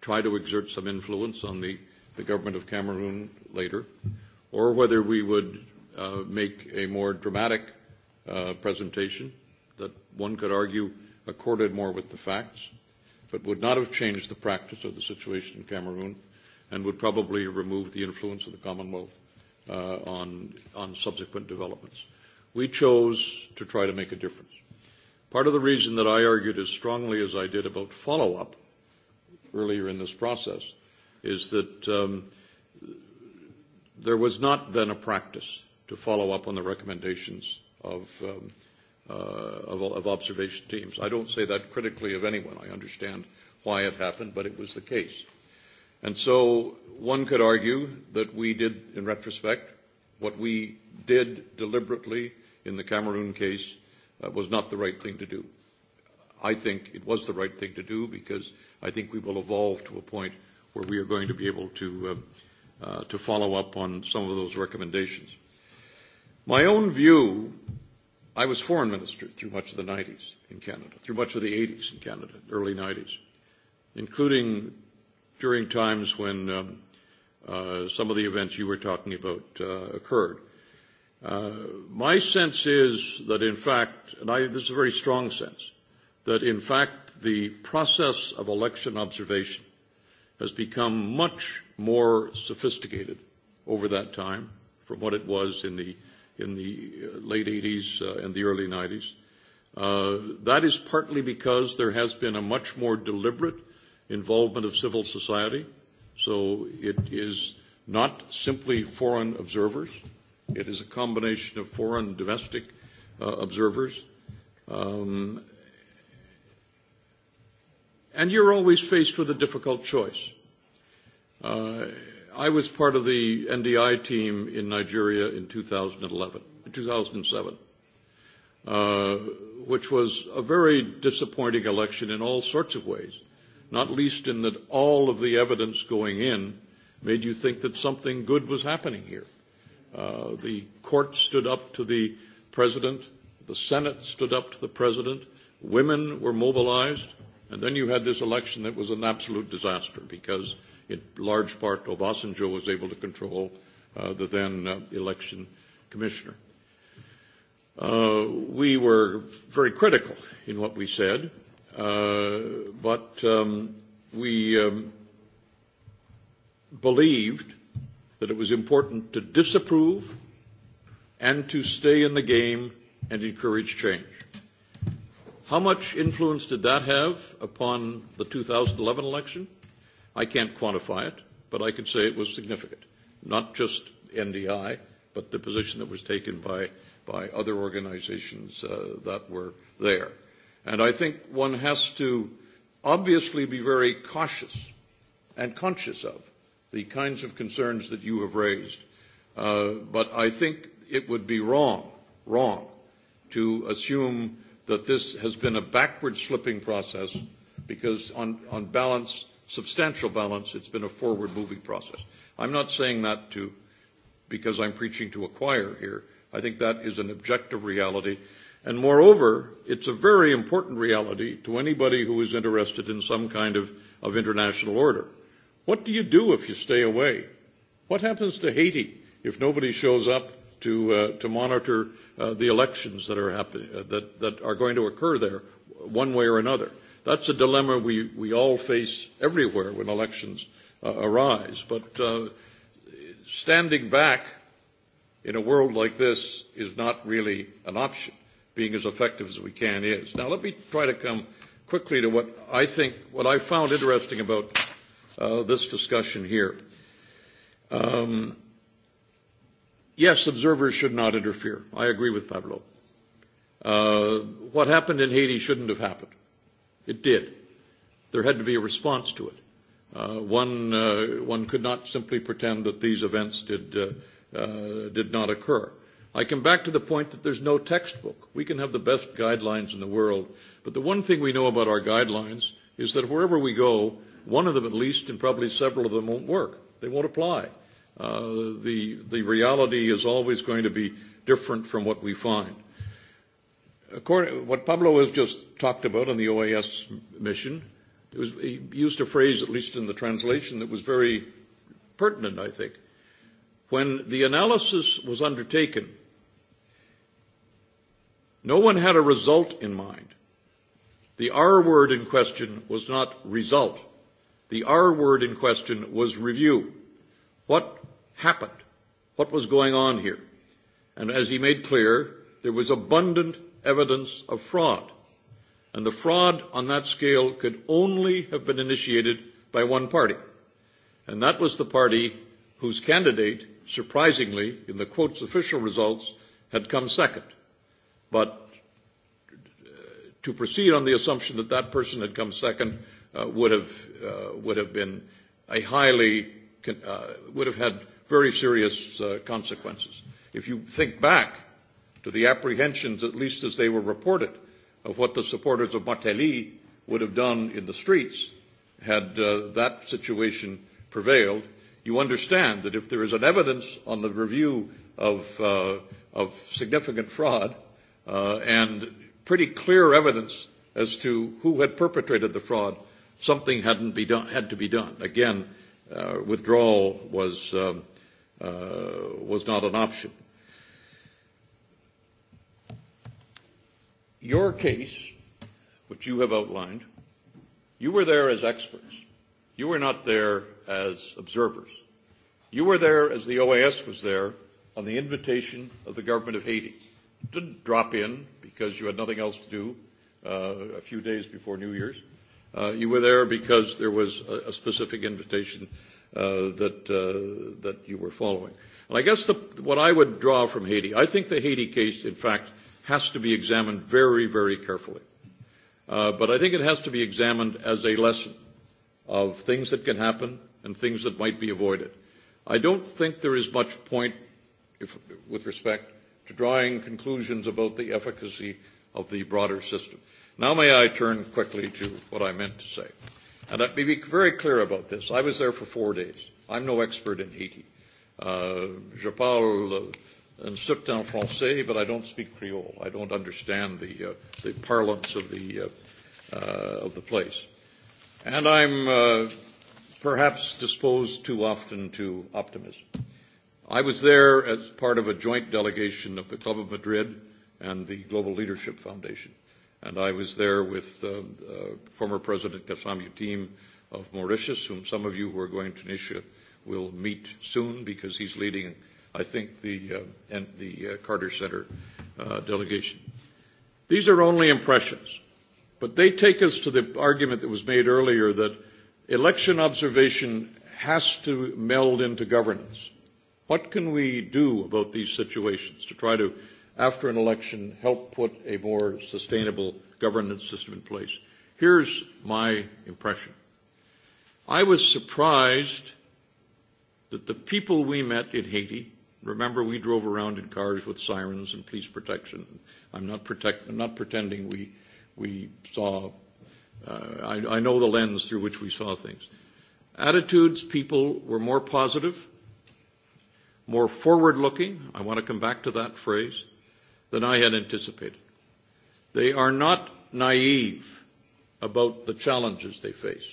try to exert some influence on the, the government of Cameroon later, or whether we would uh, make a more dramatic uh, presentation that one could argue accorded more with the facts, but would not have changed the practice of the situation in Cameroon and would probably remove the influence of the Commonwealth uh, on, on subsequent developments. We chose to try to make a difference. Part of the reason that I argued as strongly as I did about follow-up earlier in this process is that um, there was not then a practice to follow up on the recommendations of um, uh, of, of observation teams. I don't say that critically of anyone. I understand why it happened, but it was the case. And so one could argue that we did, in retrospect, what we did deliberately in the Cameroon case uh, was not the right thing to do. I think it was the right thing to do because I think we will evolve to a point where we are going to be able to, uh, uh, to follow up on some of those recommendations. My own view I was foreign minister through much of the 90s in Canada, through much of the 80s in Canada, early 90s, including during times when um, uh, some of the events you were talking about uh, occurred. Uh, my sense is that, in fact, and I, this is a very strong sense, that, in fact, the process of election observation has become much more sophisticated over that time from what it was in the in the uh, late 80s uh, and the early 90s. Uh, that is partly because there has been a much more deliberate involvement of civil society. So it is not simply foreign observers. It is a combination of foreign domestic uh, observers. Um, and you're always faced with a difficult choice. Uh, I was part of the NDI team in Nigeria in 2011, 2007, uh, which was a very disappointing election in all sorts of ways, not least in that all of the evidence going in made you think that something good was happening here. Uh, the court stood up to the president, the Senate stood up to the president, women were mobilized, and then you had this election that was an absolute disaster because – in large part Obasanjo was able to control uh, the then uh, election commissioner. Uh, we were very critical in what we said, uh, but um, we um, believed that it was important to disapprove and to stay in the game and encourage change. How much influence did that have upon the 2011 election? I can't quantify it, but I can say it was significant. Not just NDI, but the position that was taken by, by other organizations uh, that were there. And I think one has to obviously be very cautious and conscious of the kinds of concerns that you have raised. Uh, but I think it would be wrong, wrong, to assume that this has been a backward slipping process because on, on balance substantial balance. It's been a forward-moving process. I'm not saying that to because I'm preaching to a choir here. I think that is an objective reality. And moreover, it's a very important reality to anybody who is interested in some kind of, of international order. What do you do if you stay away? What happens to Haiti if nobody shows up to, uh, to monitor uh, the elections that are, happen- uh, that, that are going to occur there one way or another? That's a dilemma we, we all face everywhere when elections uh, arise. But uh, standing back in a world like this is not really an option. Being as effective as we can is. Now, let me try to come quickly to what I think, what I found interesting about uh, this discussion here. Um, yes, observers should not interfere. I agree with Pablo. Uh, what happened in Haiti shouldn't have happened. It did. There had to be a response to it. Uh, one, uh, one could not simply pretend that these events did, uh, uh, did not occur. I come back to the point that there's no textbook. We can have the best guidelines in the world, but the one thing we know about our guidelines is that wherever we go, one of them at least, and probably several of them, won't work. They won't apply. Uh, the, the reality is always going to be different from what we find. According, what Pablo has just talked about on the OAS mission, it was, he used a phrase, at least in the translation, that was very pertinent, I think. When the analysis was undertaken, no one had a result in mind. The R word in question was not result. The R word in question was review. What happened? What was going on here? And as he made clear, there was abundant evidence of fraud, and the fraud on that scale could only have been initiated by one party, and that was the party whose candidate, surprisingly, in the quote's official results, had come second. But uh, to proceed on the assumption that that person had come second uh, would have uh, would have been a highly uh, would have had very serious uh, consequences. If you think back to the apprehensions, at least as they were reported, of what the supporters of Martelly would have done in the streets had uh, that situation prevailed, you understand that if there is an evidence on the review of, uh, of significant fraud uh, and pretty clear evidence as to who had perpetrated the fraud, something hadn't be done, had to be done. Again, uh, withdrawal was, um, uh, was not an option. your case, which you have outlined, you were there as experts. You were not there as observers. You were there as the OAS was there on the invitation of the government of Haiti. You didn't drop in because you had nothing else to do uh, a few days before New Year's. Uh, you were there because there was a, a specific invitation uh, that, uh, that you were following. And I guess the, what I would draw from Haiti, I think the Haiti case, in fact, has to be examined very, very carefully. Uh, but I think it has to be examined as a lesson of things that can happen and things that might be avoided. I don't think there is much point, if, with respect, to drawing conclusions about the efficacy of the broader system. Now may I turn quickly to what I meant to say. And let uh, me be very clear about this. I was there for four days. I'm no expert in Haiti. Uh, je parle in euh, certain français, but I don't speak Creole. I don't understand the, uh, the parlance of the, uh, uh, of the place. And I'm uh, perhaps disposed too often to optimism. I was there as part of a joint delegation of the Club of Madrid and the Global Leadership Foundation. And I was there with uh, uh, former President Kassam Yutim of Mauritius, whom some of you who are going to Tunisia will meet soon because he's leading I think, the, uh, and the uh, Carter Center uh, delegation. These are only impressions, but they take us to the argument that was made earlier that election observation has to meld into governance. What can we do about these situations to try to, after an election, help put a more sustainable governance system in place? Here's my impression. I was surprised that the people we met in Haiti Remember, we drove around in cars with sirens and police protection. I'm not, protect, I'm not pretending we, we saw, uh, I, I know the lens through which we saw things. Attitudes, people were more positive, more forward-looking, I want to come back to that phrase, than I had anticipated. They are not naive about the challenges they face.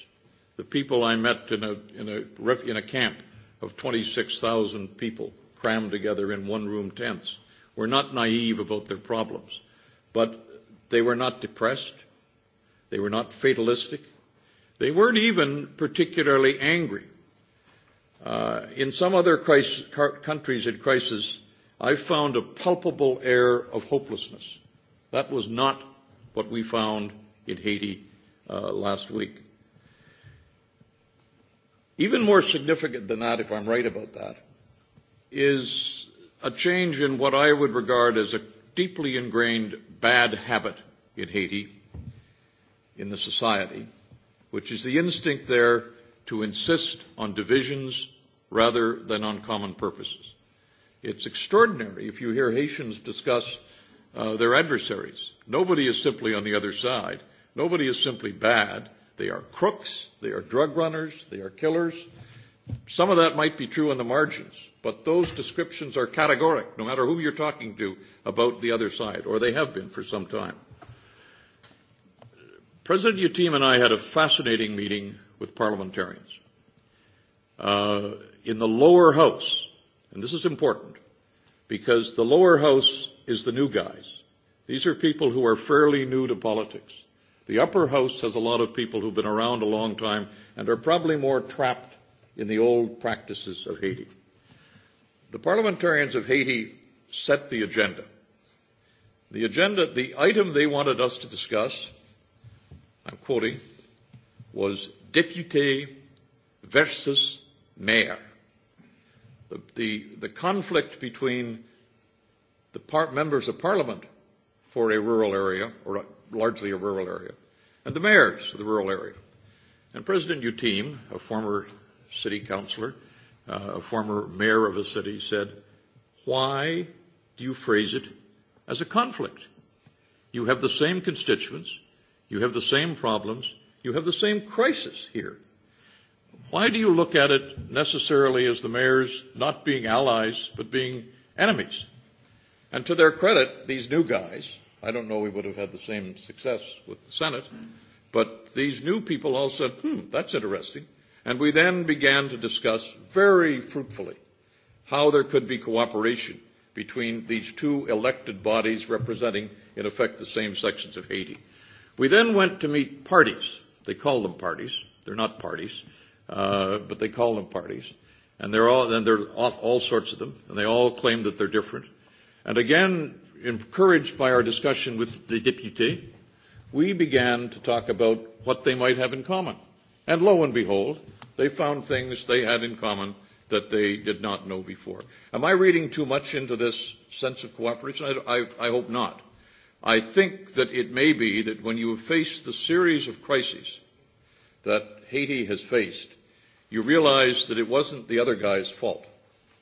The people I met in a, in a, in a camp of 26,000 people – crammed together in one-room tents, were not naive about their problems, but they were not depressed. They were not fatalistic. They weren't even particularly angry. Uh, in some other crisis, countries in crisis, I found a palpable air of hopelessness. That was not what we found in Haiti uh, last week. Even more significant than that, if I'm right about that, is a change in what I would regard as a deeply ingrained bad habit in Haiti, in the society, which is the instinct there to insist on divisions rather than on common purposes. It's extraordinary if you hear Haitians discuss uh, their adversaries. Nobody is simply on the other side. Nobody is simply bad. They are crooks. They are drug runners. They are killers. Some of that might be true on the margins. But those descriptions are categoric, no matter who you're talking to about the other side, or they have been for some time. President Yatim and I had a fascinating meeting with parliamentarians. Uh, in the lower house, and this is important, because the lower house is the new guys. These are people who are fairly new to politics. The upper house has a lot of people who've been around a long time and are probably more trapped in the old practices of Haiti. The parliamentarians of Haiti set the agenda. The agenda, the item they wanted us to discuss, I'm quoting, was deputy versus mayor. The, the, the conflict between the par- members of parliament for a rural area, or a, largely a rural area, and the mayors of the rural area. And President Uteam, a former city councillor, uh, a former mayor of a city, said, why do you phrase it as a conflict? You have the same constituents, you have the same problems, you have the same crisis here. Why do you look at it necessarily as the mayors not being allies, but being enemies? And to their credit, these new guys, I don't know we would have had the same success with the Senate, but these new people all said, hmm, that's interesting. And we then began to discuss very fruitfully how there could be cooperation between these two elected bodies representing, in effect, the same sections of Haiti. We then went to meet parties. They call them parties. They're not parties, uh, but they call them parties. And they're all, and there are all sorts of them, and they all claim that they're different. And again, encouraged by our discussion with the deputy, we began to talk about what they might have in common. And lo and behold, They found things they had in common that they did not know before. Am I reading too much into this sense of cooperation? I, I, I hope not. I think that it may be that when you have faced the series of crises that Haiti has faced, you realize that it wasn't the other guy's fault.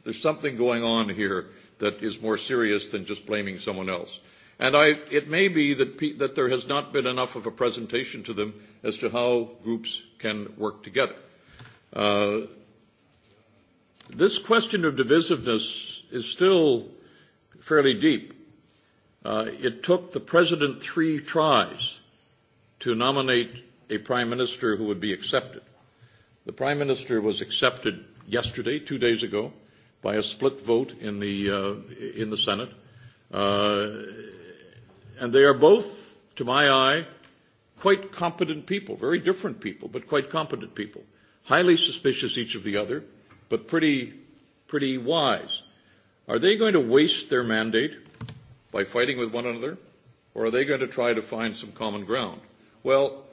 There's something going on here that is more serious than just blaming someone else. And I, it may be that, pe that there has not been enough of a presentation to them as to how groups can work together. Uh, this question of divisiveness is still fairly deep. Uh, it took the president three tries to nominate a prime minister who would be accepted. The prime minister was accepted yesterday, two days ago, by a split vote in the, uh, in the Senate. Uh, and they are both, to my eye, quite competent people, very different people, but quite competent people highly suspicious each of the other, but pretty, pretty wise. Are they going to waste their mandate by fighting with one another, or are they going to try to find some common ground? Well,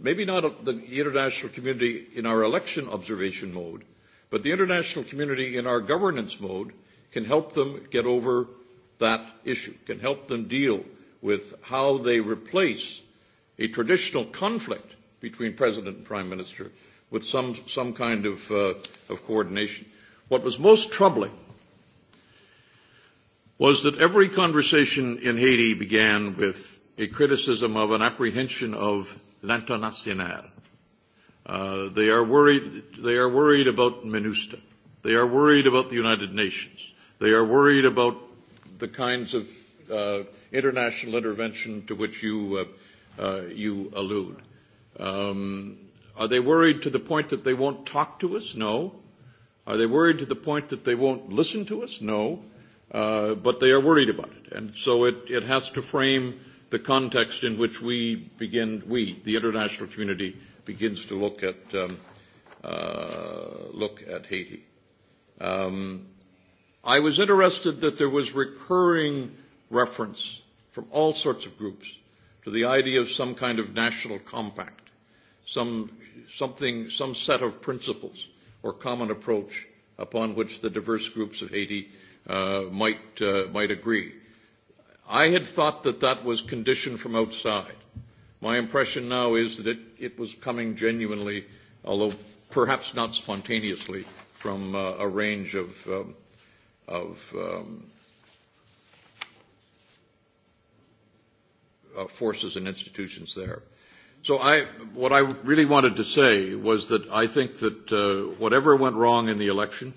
maybe not the international community in our election observation mode, but the international community in our governance mode can help them get over that issue, can help them deal with how they replace a traditional conflict between president and prime minister with some, some kind of, uh, of coordination. What was most troubling was that every conversation in Haiti began with a criticism of an apprehension of l'international. Uh, they are worried, they are worried about MINUSTA. They are worried about the United Nations. They are worried about the kinds of uh, international intervention to which you, uh, uh, you allude. Um, Are they worried to the point that they won't talk to us? No. Are they worried to the point that they won't listen to us? No. Uh, but they are worried about it. And so it, it has to frame the context in which we begin, we, the international community, begins to look at, um, uh, look at Haiti. Um, I was interested that there was recurring reference from all sorts of groups to the idea of some kind of national compact, some something, some set of principles or common approach upon which the diverse groups of Haiti uh, might, uh, might agree. I had thought that that was conditioned from outside. My impression now is that it, it was coming genuinely, although perhaps not spontaneously, from uh, a range of, um, of um, uh, forces and institutions there. So I, what I really wanted to say was that I think that uh, whatever went wrong in the election,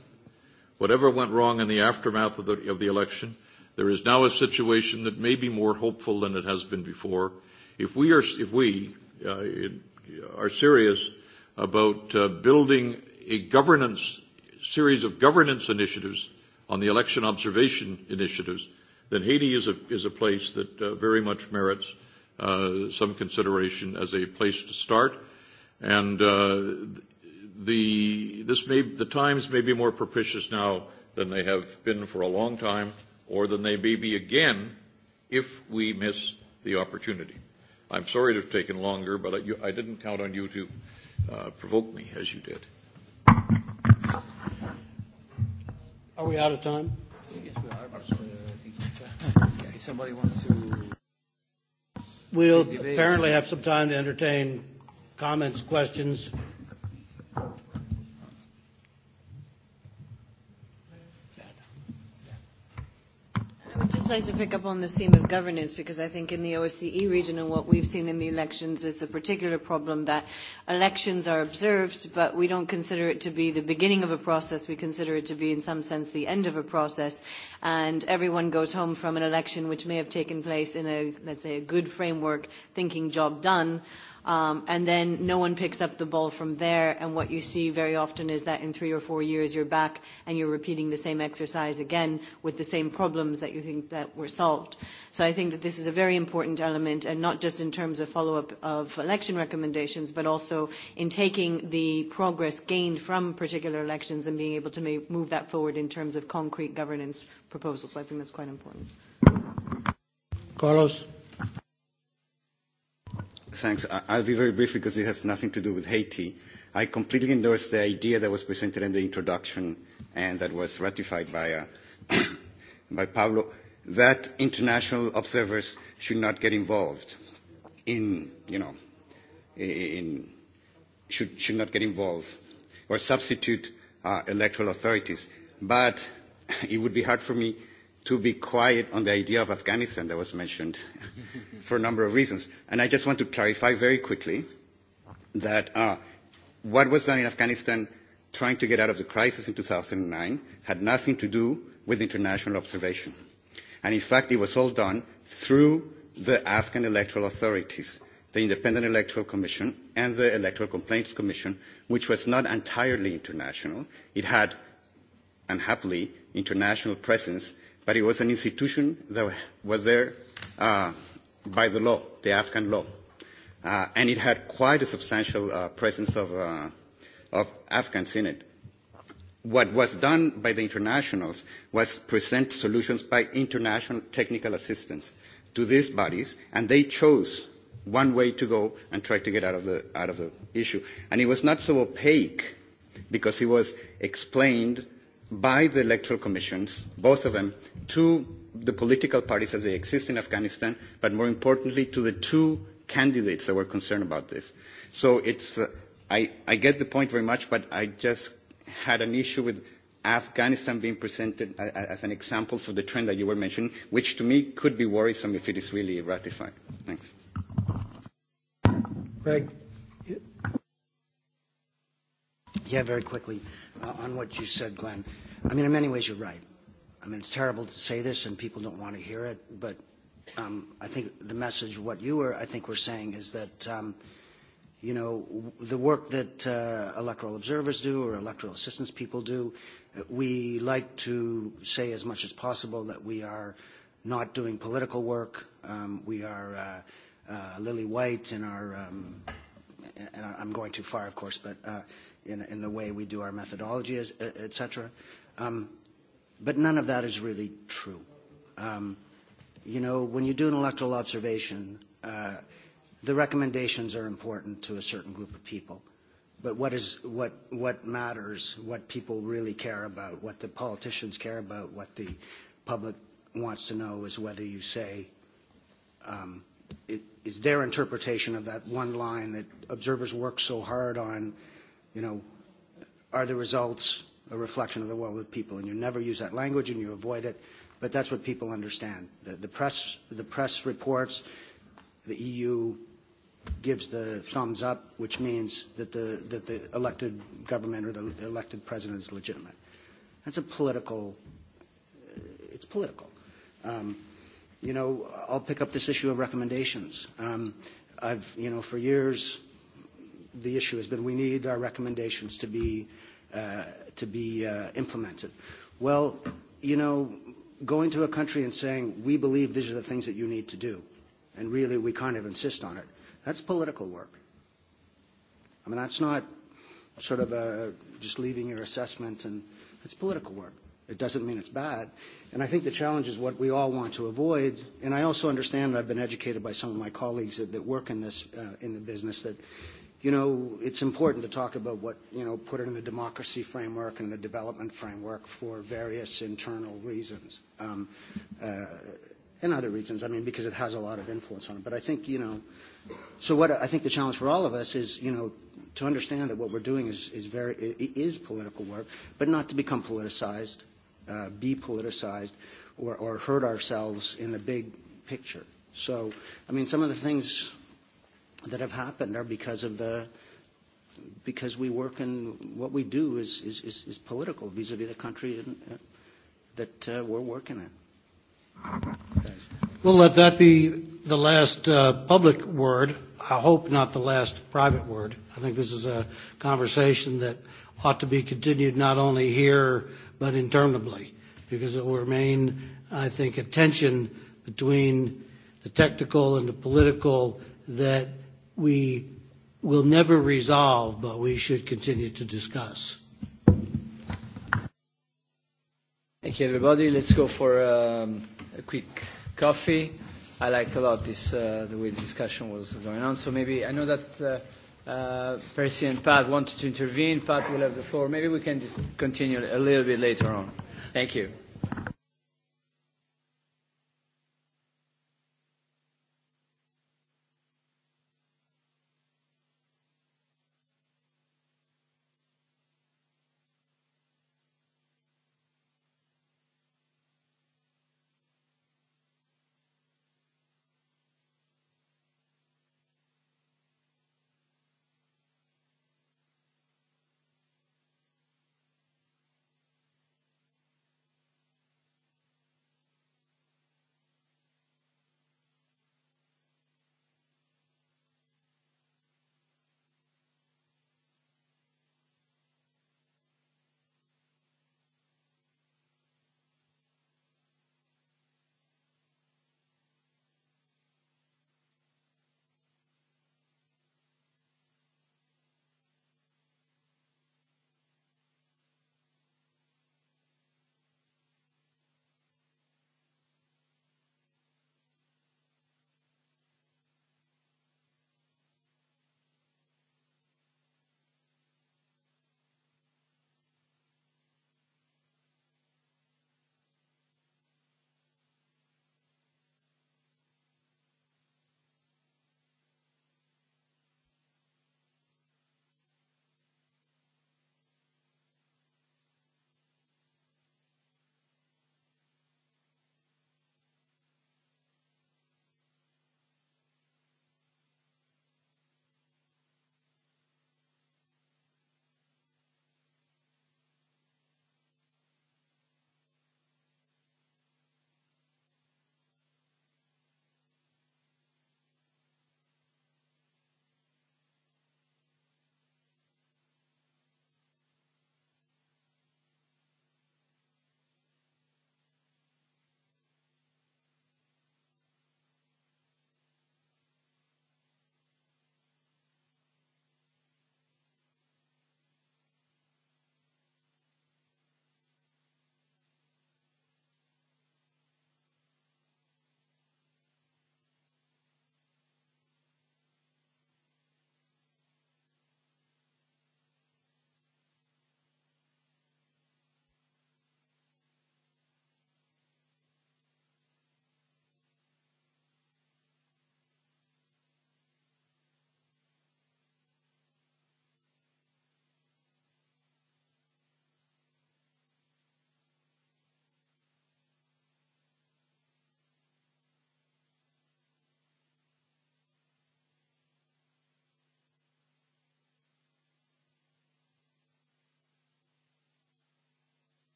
whatever went wrong in the aftermath of the, of the election, there is now a situation that may be more hopeful than it has been before. If we are, if we uh, are serious about uh, building a governance series of governance initiatives on the election observation initiatives, then Haiti is a, is a place that uh, very much merits uh, some consideration as a place to start. And uh, the, this may, the times may be more propitious now than they have been for a long time or than they may be again if we miss the opportunity. I'm sorry to have taken longer, but I, you, I didn't count on you to uh, provoke me as you did. Are we out of time? Yes, we are. Uh, I think [LAUGHS] somebody wants to. We'll apparently have some time to entertain comments, questions, just like to pick up on this theme of governance because I think in the OSCE region and what we've seen in the elections, it's a particular problem that elections are observed, but we don't consider it to be the beginning of a process. We consider it to be, in some sense, the end of a process. And everyone goes home from an election which may have taken place in a, let's say, a good framework, thinking job done Um, and then no one picks up the ball from there. And what you see very often is that in three or four years you're back and you're repeating the same exercise again with the same problems that you think that were solved. So I think that this is a very important element, and not just in terms of follow-up of election recommendations, but also in taking the progress gained from particular elections and being able to make, move that forward in terms of concrete governance proposals. I think that's quite important. Carlos. Thanks. I'll be very brief because it has nothing to do with Haiti. I completely endorse the idea that was presented in the introduction and that was ratified by, uh, [COUGHS] by Pablo, that international observers should not get involved in, you know, in, should, should not get involved or substitute uh, electoral authorities. But [COUGHS] it would be hard for me to be quiet on the idea of Afghanistan that was mentioned [LAUGHS] for a number of reasons. And I just want to clarify very quickly that uh, what was done in Afghanistan trying to get out of the crisis in 2009 had nothing to do with international observation. And in fact, it was all done through the Afghan electoral authorities, the Independent Electoral Commission and the Electoral Complaints Commission, which was not entirely international. It had, unhappily, international presence but it was an institution that was there uh, by the law, the Afghan law. Uh, and it had quite a substantial uh, presence of, uh, of Afghans in it. What was done by the internationals was present solutions by international technical assistance to these bodies, and they chose one way to go and try to get out of the, out of the issue. And it was not so opaque because it was explained by the electoral commissions, both of them, to the political parties as they exist in Afghanistan, but more importantly to the two candidates that were concerned about this. So it's, uh, I, I get the point very much, but I just had an issue with Afghanistan being presented as, as an example for the trend that you were mentioning, which to me could be worrisome if it is really ratified. Thanks. Greg. Yeah, very quickly uh, on what you said, Glenn. I mean, in many ways, you're right. I mean, it's terrible to say this and people don't want to hear it, but um, I think the message, what you were, I think, were saying is that, um, you know, the work that uh, electoral observers do or electoral assistance people do, uh, we like to say as much as possible that we are not doing political work. Um, we are uh, uh, Lily White in our, um, and I'm going too far, of course, but uh, in, in the way we do our methodology, et cetera. Um, but none of that is really true. Um, you know, when you do an electoral observation, uh, the recommendations are important to a certain group of people. But what, is, what, what matters, what people really care about, what the politicians care about, what the public wants to know is whether you say, um, it, is their interpretation of that one line that observers work so hard on, you know, are the results a reflection of the will of the people, and you never use that language and you avoid it, but that's what people understand. The, the, press, the press reports, the EU gives the thumbs up, which means that the, that the elected government or the, the elected president is legitimate. That's a political, uh, it's political. Um, you know, I'll pick up this issue of recommendations. Um, I've, you know, for years, the issue has been we need our recommendations to be uh, to be uh, implemented. Well, you know, going to a country and saying, we believe these are the things that you need to do, and really we kind of insist on it, that's political work. I mean, that's not sort of a, just leaving your assessment, and it's political work. It doesn't mean it's bad. And I think the challenge is what we all want to avoid. And I also understand, and I've been educated by some of my colleagues that, that work in this, uh, in the business, that you know, it's important to talk about what, you know, put it in the democracy framework and the development framework for various internal reasons um, uh, and other reasons, I mean, because it has a lot of influence on it. But I think, you know, so what I think the challenge for all of us is, you know, to understand that what we're doing is, is, very, is political work, but not to become politicized, uh, be politicized, or, or hurt ourselves in the big picture. So, I mean, some of the things that have happened are because of the because we work and what we do is is is, is political vis-a-vis the country in uh, that uh, we're working in. Thanks. We'll let that be the last uh, public word. I hope not the last private word. I think this is a conversation that ought to be continued not only here but interminably because it will remain, I think, a tension between the technical and the political that we will never resolve, but we should continue to discuss. Thank you, everybody. Let's go for um, a quick coffee. I like a lot this, uh, the way the discussion was going on. So maybe I know that uh, uh, Percy and Pat wanted to intervene. Pat will have the floor. Maybe we can just continue a little bit later on. Thank you.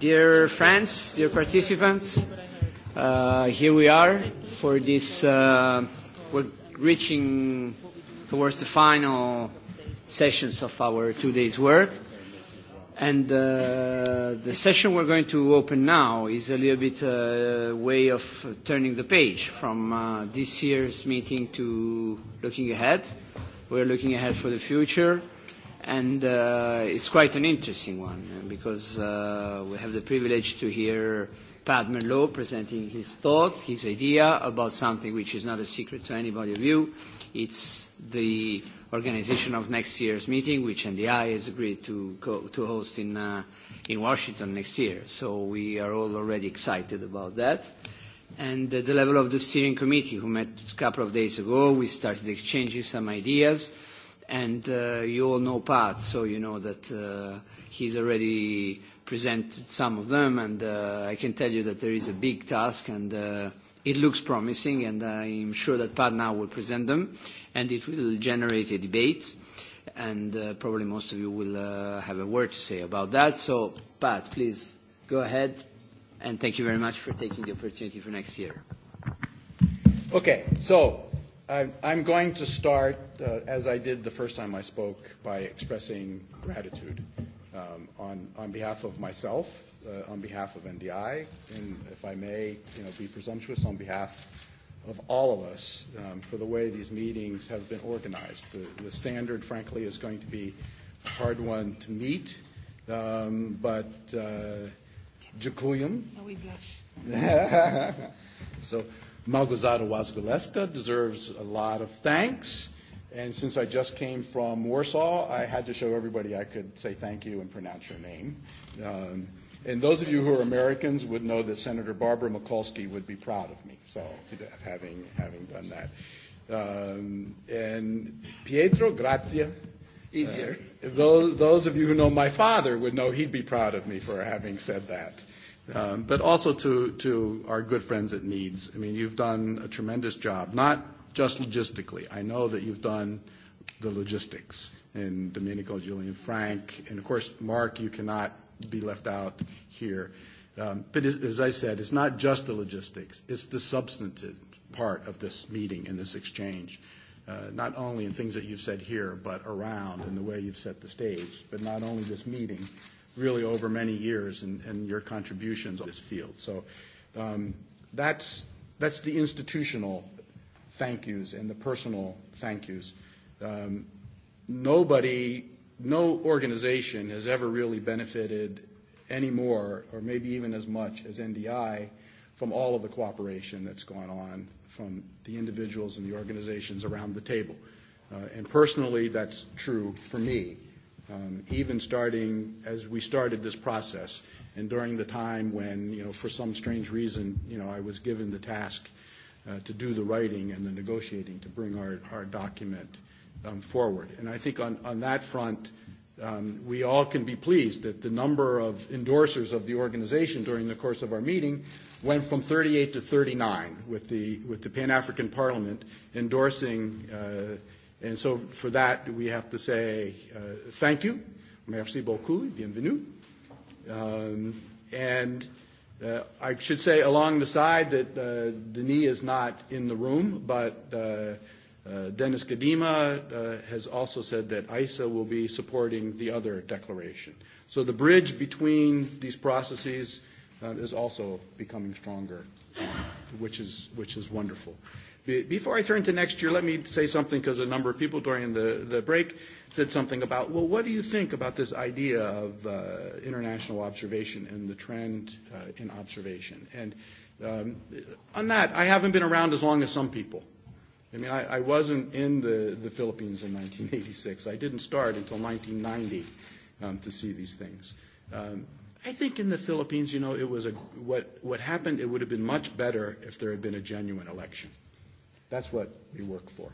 Dear friends, dear participants, uh, here we are for this, uh, we're reaching towards the final sessions of our two days work. And uh, the session we're going to open now is a little bit a uh, way of turning the page from uh, this year's meeting to looking ahead. We're looking ahead for the future. And uh, it's quite an interesting one uh, because uh, we have the privilege to hear Pat Merlot presenting his thoughts, his idea about something which is not a secret to anybody of you. It's the organization of next year's meeting, which NDI has agreed to, co to host in, uh, in Washington next year. So we are all already excited about that. And at the level of the steering committee, who met a couple of days ago, we started exchanging some ideas and uh, you all know Pat, so you know that uh, he's already presented some of them, and uh, I can tell you that there is a big task, and uh, it looks promising, and I'm sure that Pat now will present them, and it will generate a debate, and uh, probably most of you will uh, have a word to say about that. So, Pat, please go ahead, and thank you very much for taking the opportunity for next year. Okay, so I'm, I'm going to start, uh, as I did the first time I spoke, by expressing gratitude um, on, on behalf of myself, uh, on behalf of NDI, and if I may you know, be presumptuous, on behalf of all of us um, for the way these meetings have been organized. The, the standard, frankly, is going to be a hard one to meet, um, but uh, Jacuyum. Oh, we blush. [LAUGHS] so Malgazada Wazgoleska deserves a lot of thanks. And since I just came from Warsaw, I had to show everybody I could say thank you and pronounce your name. Um, and those of you who are Americans would know that Senator Barbara Mikulski would be proud of me, so having, having done that. Um, and Pietro, grazie. Easier. Uh, those, those of you who know my father would know he'd be proud of me for having said that. Um, but also to, to our good friends at Needs. I mean, you've done a tremendous job, not just logistically. I know that you've done the logistics, and Domenico, Julian, Frank, and of course, Mark, you cannot be left out here. Um, but as, as I said, it's not just the logistics, it's the substantive part of this meeting and this exchange. Uh, not only in things that you've said here, but around and the way you've set the stage, but not only this meeting, really over many years and, and your contributions in this field. So um, that's, that's the institutional thank yous and the personal thank yous. Um, nobody, no organization has ever really benefited any more or maybe even as much as NDI from all of the cooperation that's gone on from the individuals and the organizations around the table. Uh, and personally, that's true for me um, even starting as we started this process and during the time when, you know, for some strange reason, you know, I was given the task uh, to do the writing and the negotiating to bring our, our document um, forward. And I think on, on that front, um, we all can be pleased that the number of endorsers of the organization during the course of our meeting went from 38 to 39 with the, with the Pan-African Parliament endorsing uh, And so for that, we have to say uh, thank you. Merci beaucoup. Bienvenue. Um, and uh, I should say along the side that uh, Denis is not in the room, but uh, uh, Dennis Kadima uh, has also said that ISA will be supporting the other declaration. So the bridge between these processes uh, is also becoming stronger, which is, which is wonderful. Be before I turn to next year, let me say something because a number of people during the, the break said something about, well, what do you think about this idea of uh, international observation and the trend uh, in observation? And um, on that, I haven't been around as long as some people. I mean, I, I wasn't in the, the Philippines in 1986. I didn't start until 1990 um, to see these things. Um, I think in the Philippines, you know, it was a, what, what happened, it would have been much better if there had been a genuine election. That's what we work for.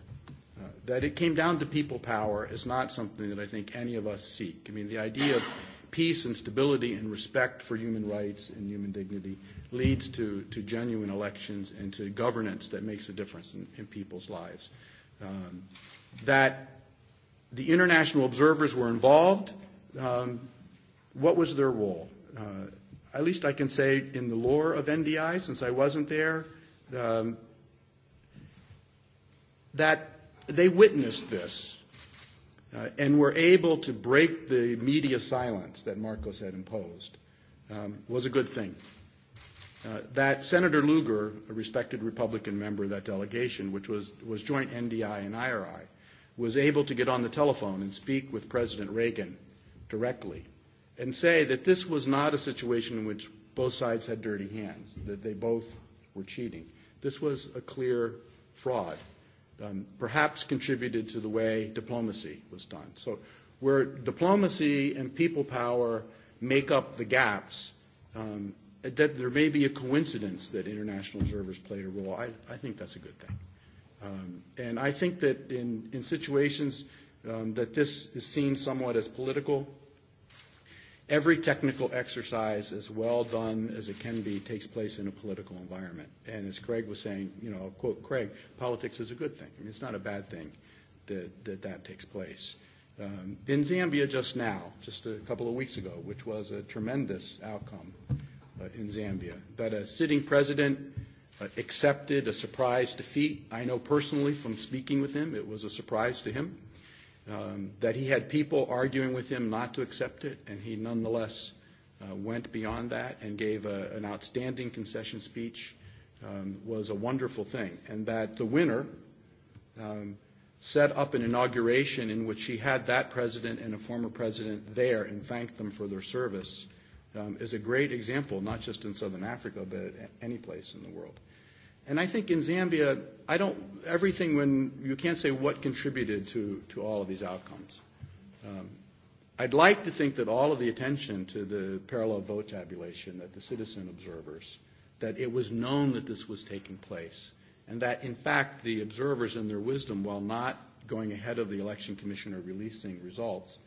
Uh, that it came down to people power is not something that I think any of us seek. I mean, the idea of peace and stability and respect for human rights and human dignity leads to, to genuine elections and to governance that makes a difference in, in people's lives. Um, that the international observers were involved, um, what was their role? Uh, at least I can say in the lore of NDI, since I wasn't there, um, that they witnessed this uh, and were able to break the media silence that Marcos had imposed um, was a good thing. Uh, that Senator Luger, a respected Republican member of that delegation, which was, was joint NDI and IRI, was able to get on the telephone and speak with President Reagan directly and say that this was not a situation in which both sides had dirty hands, that they both were cheating. This was a clear fraud um, perhaps contributed to the way diplomacy was done. So where diplomacy and people power make up the gaps, um, that there may be a coincidence that international observers played a role. I, I think that's a good thing. Um, and I think that in, in situations um, that this is seen somewhat as political, every technical exercise, as well done as it can be, takes place in a political environment. And as Craig was saying, you know, I'll quote Craig, politics is a good thing. I mean, it's not a bad thing that that, that takes place. Um, in Zambia just now, just a couple of weeks ago, which was a tremendous outcome uh, in Zambia, that a sitting president uh, accepted a surprise defeat. I know personally from speaking with him, it was a surprise to him um, that he had people arguing with him not to accept it, and he nonetheless uh, went beyond that and gave a, an outstanding concession speech um, was a wonderful thing, and that the winner um, set up an inauguration in which he had that president and a former president there and thanked them for their service um, is a great example, not just in southern Africa, but at any place in the world. And I think in Zambia, I don't, everything when, you can't say what contributed to, to all of these outcomes. Um, I'd like to think that all of the attention to the parallel vote tabulation, that the citizen observers, that it was known that this was taking place, and that in fact the observers in their wisdom, while not going ahead of the election commissioner releasing results,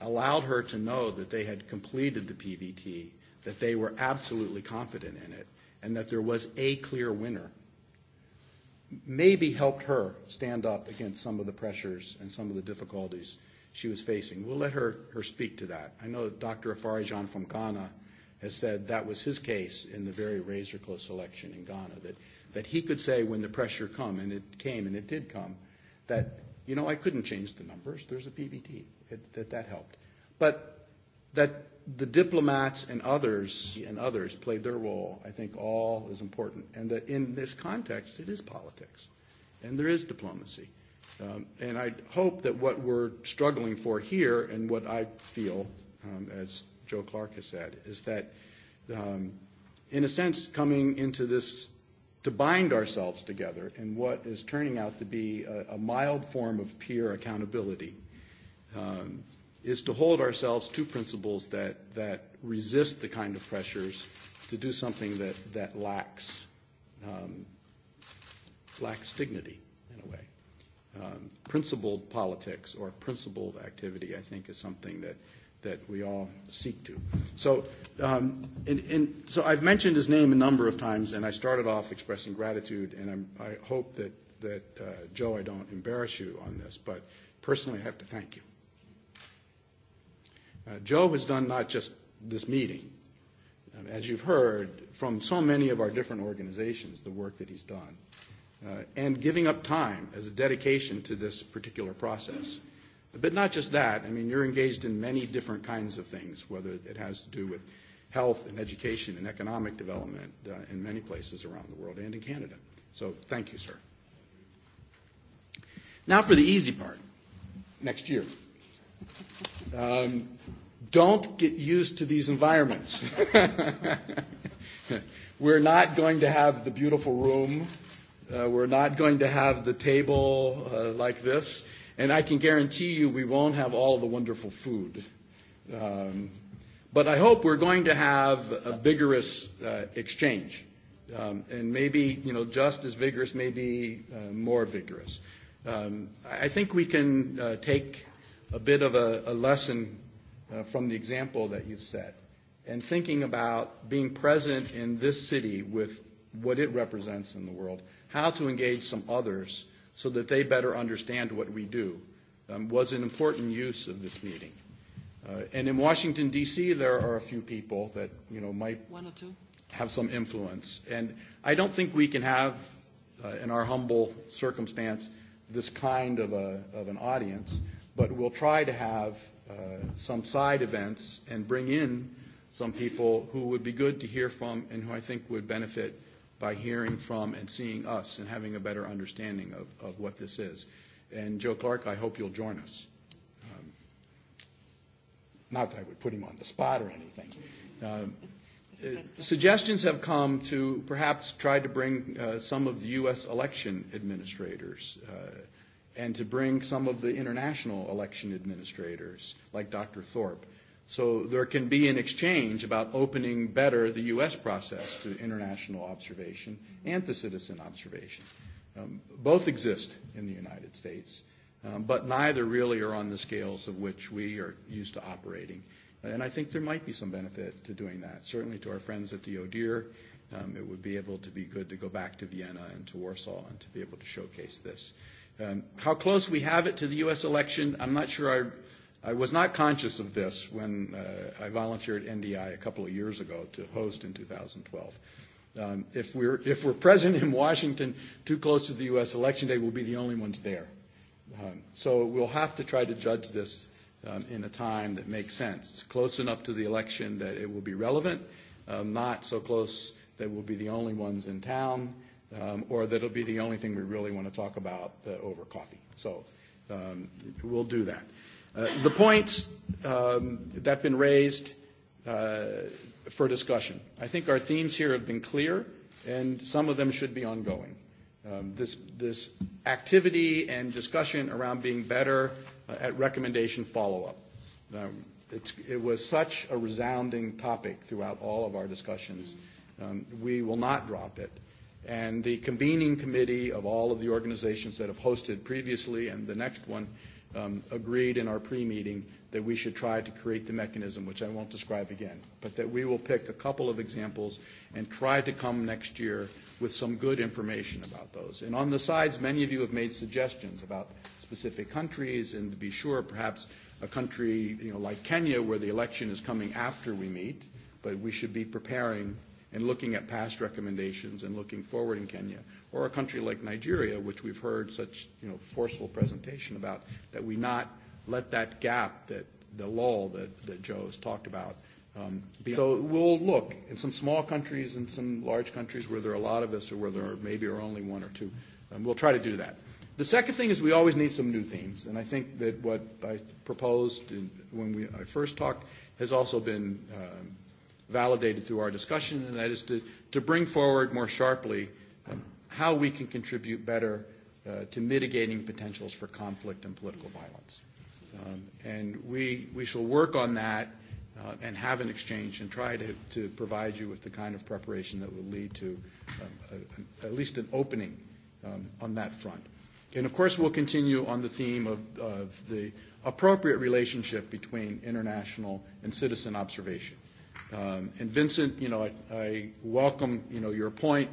allowed her to know that they had completed the PVT, that they were absolutely confident in it, and that there was a clear winner maybe helped her stand up against some of the pressures and some of the difficulties she was facing. We'll let her, her speak to that. I know Dr. Afarijan from Ghana has said that was his case in the very razor close election in Ghana, that, that he could say when the pressure come, and it came and it did come, that, you know, I couldn't change the numbers. There's a PVT. It, that that helped. But that the diplomats and others and others played their role, I think all is important. And that in this context, it is politics, and there is diplomacy. Um, and I hope that what we're struggling for here, and what I feel, um, as Joe Clark has said, is that, um, in a sense, coming into this to bind ourselves together in what is turning out to be a, a mild form of peer accountability. Um, is to hold ourselves to principles that, that resist the kind of pressures to do something that, that lacks, um, lacks dignity in a way. Um, principled politics or principled activity, I think, is something that, that we all seek to. So, um, and, and so I've mentioned his name a number of times, and I started off expressing gratitude, and I'm, I hope that, that uh, Joe, I don't embarrass you on this, but personally, I have to thank you Uh, Joe has done not just this meeting, um, as you've heard from so many of our different organizations, the work that he's done, uh, and giving up time as a dedication to this particular process. But not just that, I mean, you're engaged in many different kinds of things, whether it has to do with health and education and economic development uh, in many places around the world and in Canada. So thank you, sir. Now for the easy part, next year. Um, don't get used to these environments. [LAUGHS] we're not going to have the beautiful room. Uh, we're not going to have the table uh, like this. And I can guarantee you we won't have all of the wonderful food. Um, but I hope we're going to have a vigorous uh, exchange. Um, and maybe, you know, just as vigorous, maybe uh, more vigorous. Um, I think we can uh, take a bit of a, a lesson uh, from the example that you've set and thinking about being present in this city with what it represents in the world, how to engage some others so that they better understand what we do um, was an important use of this meeting. Uh, and in Washington, D.C., there are a few people that you know might One or two. have some influence. And I don't think we can have, uh, in our humble circumstance, this kind of, a, of an audience but we'll try to have uh, some side events and bring in some people who would be good to hear from and who I think would benefit by hearing from and seeing us and having a better understanding of, of what this is. And Joe Clark, I hope you'll join us. Um, not that I would put him on the spot or anything. Um, uh, suggestions have come to perhaps try to bring uh, some of the U.S. election administrators uh, and to bring some of the international election administrators, like Dr. Thorpe. So there can be an exchange about opening better the U.S. process to international observation and to citizen observation. Um, both exist in the United States, um, but neither really are on the scales of which we are used to operating. And I think there might be some benefit to doing that, certainly to our friends at the ODIR um, it would be able to be good to go back to Vienna and to Warsaw and to be able to showcase this. Um, how close we have it to the U.S. election, I'm not sure. I, I was not conscious of this when uh, I volunteered at NDI a couple of years ago to host in 2012. Um, if, we're, if we're present in Washington too close to the U.S. election day, we'll be the only ones there. Um, so we'll have to try to judge this um, in a time that makes sense. It's close enough to the election that it will be relevant, um, not so close that we'll be the only ones in town, um, or that it'll be the only thing we really want to talk about uh, over coffee. So um, we'll do that. Uh, the points um, that have been raised uh, for discussion. I think our themes here have been clear, and some of them should be ongoing. Um, this, this activity and discussion around being better uh, at recommendation follow-up. Um, it's, it was such a resounding topic throughout all of our discussions. Um, we will not drop it. And the convening committee of all of the organizations that have hosted previously and the next one um, agreed in our pre-meeting that we should try to create the mechanism, which I won't describe again, but that we will pick a couple of examples and try to come next year with some good information about those. And on the sides, many of you have made suggestions about specific countries, and to be sure, perhaps a country you know, like Kenya, where the election is coming after we meet, but we should be preparing and looking at past recommendations and looking forward in Kenya, or a country like Nigeria, which we've heard such you know, forceful presentation about, that we not let that gap, that the lull that, that Joe has talked about, um, be so we'll look in some small countries and some large countries where there are a lot of us or where there are maybe are only one or two. Um, we'll try to do that. The second thing is we always need some new themes, and I think that what I proposed in, when we, I first talked has also been um, validated through our discussion, and that is to, to bring forward more sharply um, how we can contribute better uh, to mitigating potentials for conflict and political violence. Um, and we, we shall work on that uh, and have an exchange and try to, to provide you with the kind of preparation that will lead to um, a, a, at least an opening um, on that front. And of course, we'll continue on the theme of, of the appropriate relationship between international and citizen observation. Um, and Vincent, you know, I, I welcome, you know, your point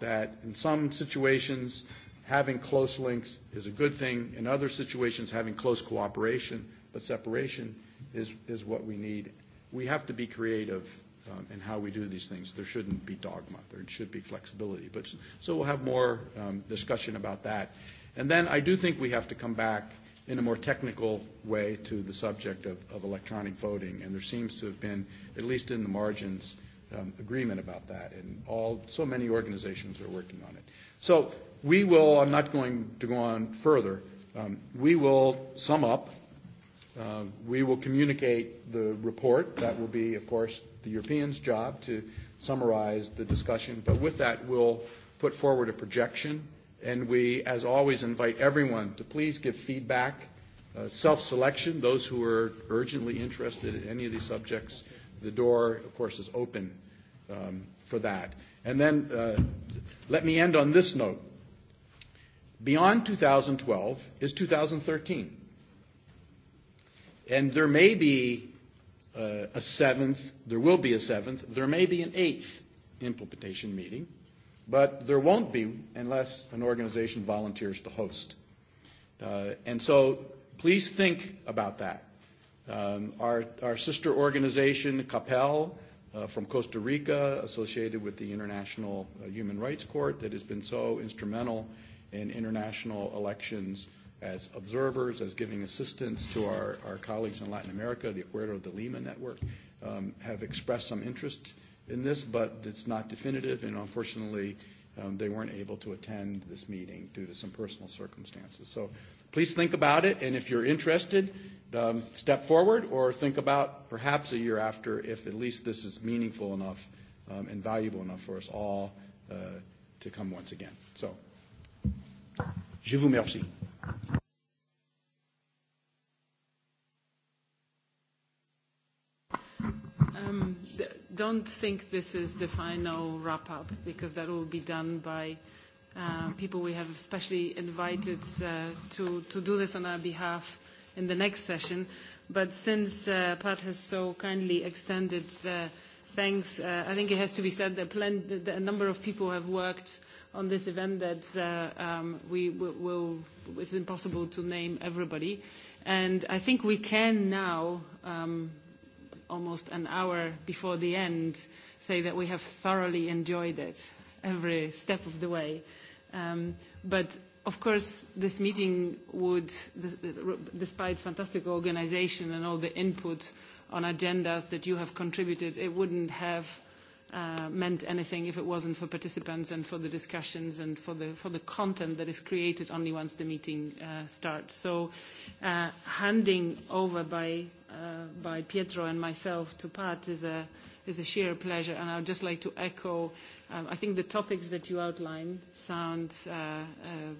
that in some situations having close links is a good thing. In other situations, having close cooperation but separation is, is what we need. We have to be creative um, in how we do these things. There shouldn't be dogma. There should be flexibility. But, so we'll have more um, discussion about that. And then I do think we have to come back in a more technical way to the subject of, of electronic voting. And there seems to have been – at least in the margins, um, agreement about that. And all, so many organizations are working on it. So we will, I'm not going to go on further, um, we will sum up. Uh, we will communicate the report. That will be, of course, the Europeans' job to summarize the discussion. But with that, we'll put forward a projection. And we, as always, invite everyone to please give feedback, uh, self-selection, those who are urgently interested in any of these subjects the door, of course, is open um, for that. And then uh, let me end on this note. Beyond 2012 is 2013. And there may be uh, a seventh, there will be a seventh, there may be an eighth implementation meeting, but there won't be unless an organization volunteers to host. Uh, and so please think about that. Um, our, our sister organization, CAPEL, uh, from Costa Rica, associated with the International uh, Human Rights Court, that has been so instrumental in international elections as observers, as giving assistance to our, our colleagues in Latin America, the Acuerdo de Lima Network, um, have expressed some interest in this, but it's not definitive, and unfortunately, um, they weren't able to attend this meeting due to some personal circumstances. So please think about it, and if you're interested, um, step forward or think about perhaps a year after if at least this is meaningful enough um, and valuable enough for us all uh, to come once again. So, je vous remercie. Um, th don't think this is the final wrap-up because that will be done by Um, people we have especially invited uh, to, to do this on our behalf in the next session. But since uh, Pat has so kindly extended the thanks, uh, I think it has to be said that, plenty that a number of people have worked on this event that uh, um, we will, it's impossible to name everybody. And I think we can now, um, almost an hour before the end, say that we have thoroughly enjoyed it every step of the way. Um, but of course, this meeting would, despite fantastic organization and all the input on agendas that you have contributed, it wouldn't have uh, meant anything if it wasn't for participants and for the discussions and for the, for the content that is created only once the meeting uh, starts. So uh, handing over by, uh, by Pietro and myself to Pat is a, is a sheer pleasure. And I would just like to echo, um, I think the topics that you outlined sound uh, uh,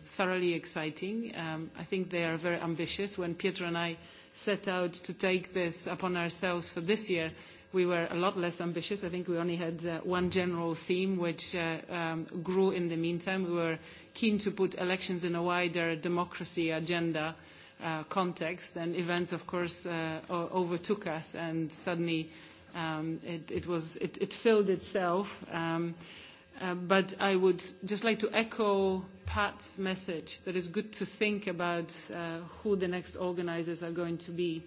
thoroughly exciting. Um, I think they are very ambitious. When Pietro and I set out to take this upon ourselves for this year, we were a lot less ambitious. I think we only had uh, one general theme, which uh, um, grew in the meantime. We were keen to put elections in a wider democracy agenda uh, context, and events, of course, uh, overtook us, and suddenly Um, it, it, was, it, it filled itself. Um, uh, but I would just like to echo Pat's message that it's good to think about uh, who the next organizers are going to be.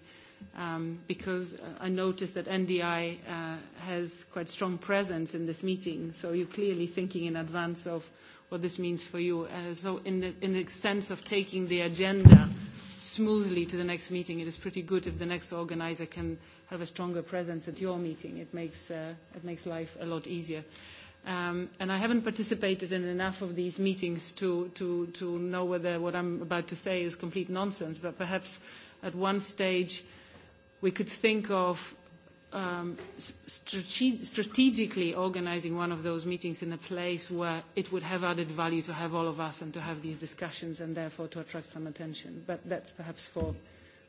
Um, because uh, I noticed that NDI uh, has quite strong presence in this meeting, so you're clearly thinking in advance of what this means for you. Uh, so in the, in the sense of taking the agenda smoothly to the next meeting, it is pretty good if the next organizer can have a stronger presence at your meeting. It makes, uh, it makes life a lot easier. Um, and I haven't participated in enough of these meetings to, to, to know whether what I'm about to say is complete nonsense, but perhaps at one stage we could think of um, strate strategically organizing one of those meetings in a place where it would have added value to have all of us and to have these discussions and therefore to attract some attention. But that's perhaps for,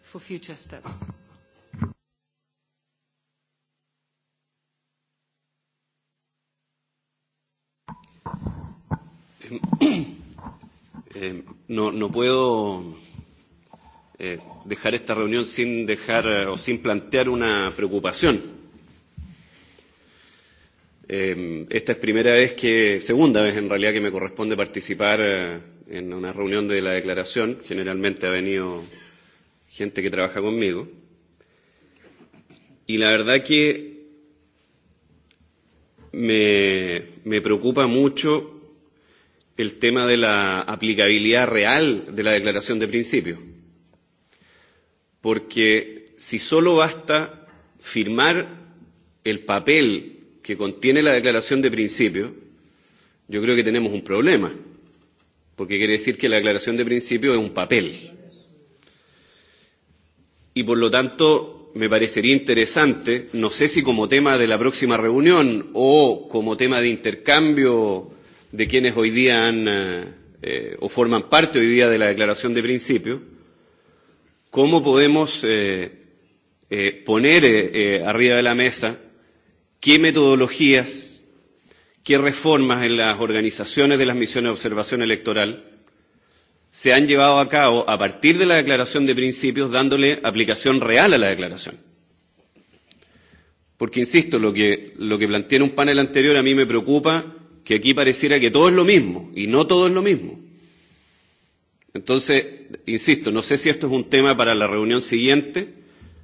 for future steps. [COUGHS] no, no puedo eh, dejar esta reunión sin dejar eh, o sin plantear una preocupación. Eh, esta es primera vez que, segunda vez en realidad que me corresponde participar eh, en una reunión de la declaración. Generalmente ha venido gente que trabaja conmigo. Y la verdad que me, me preocupa mucho el tema de la aplicabilidad real de la declaración de principios porque si solo basta firmar el papel que contiene la declaración de principio, yo creo que tenemos un problema, porque quiere decir que la declaración de principio es un papel. Y por lo tanto, me parecería interesante, no sé si como tema de la próxima reunión o como tema de intercambio de quienes hoy día han, eh, o forman parte hoy día de la declaración de principio, cómo podemos eh, eh, poner eh, eh, arriba de la mesa qué metodologías, qué reformas en las organizaciones de las misiones de observación electoral se han llevado a cabo a partir de la declaración de principios, dándole aplicación real a la declaración. Porque, insisto, lo que, lo que planteé en un panel anterior a mí me preocupa que aquí pareciera que todo es lo mismo, y no todo es lo mismo. Entonces, insisto, no sé si esto es un tema para la reunión siguiente,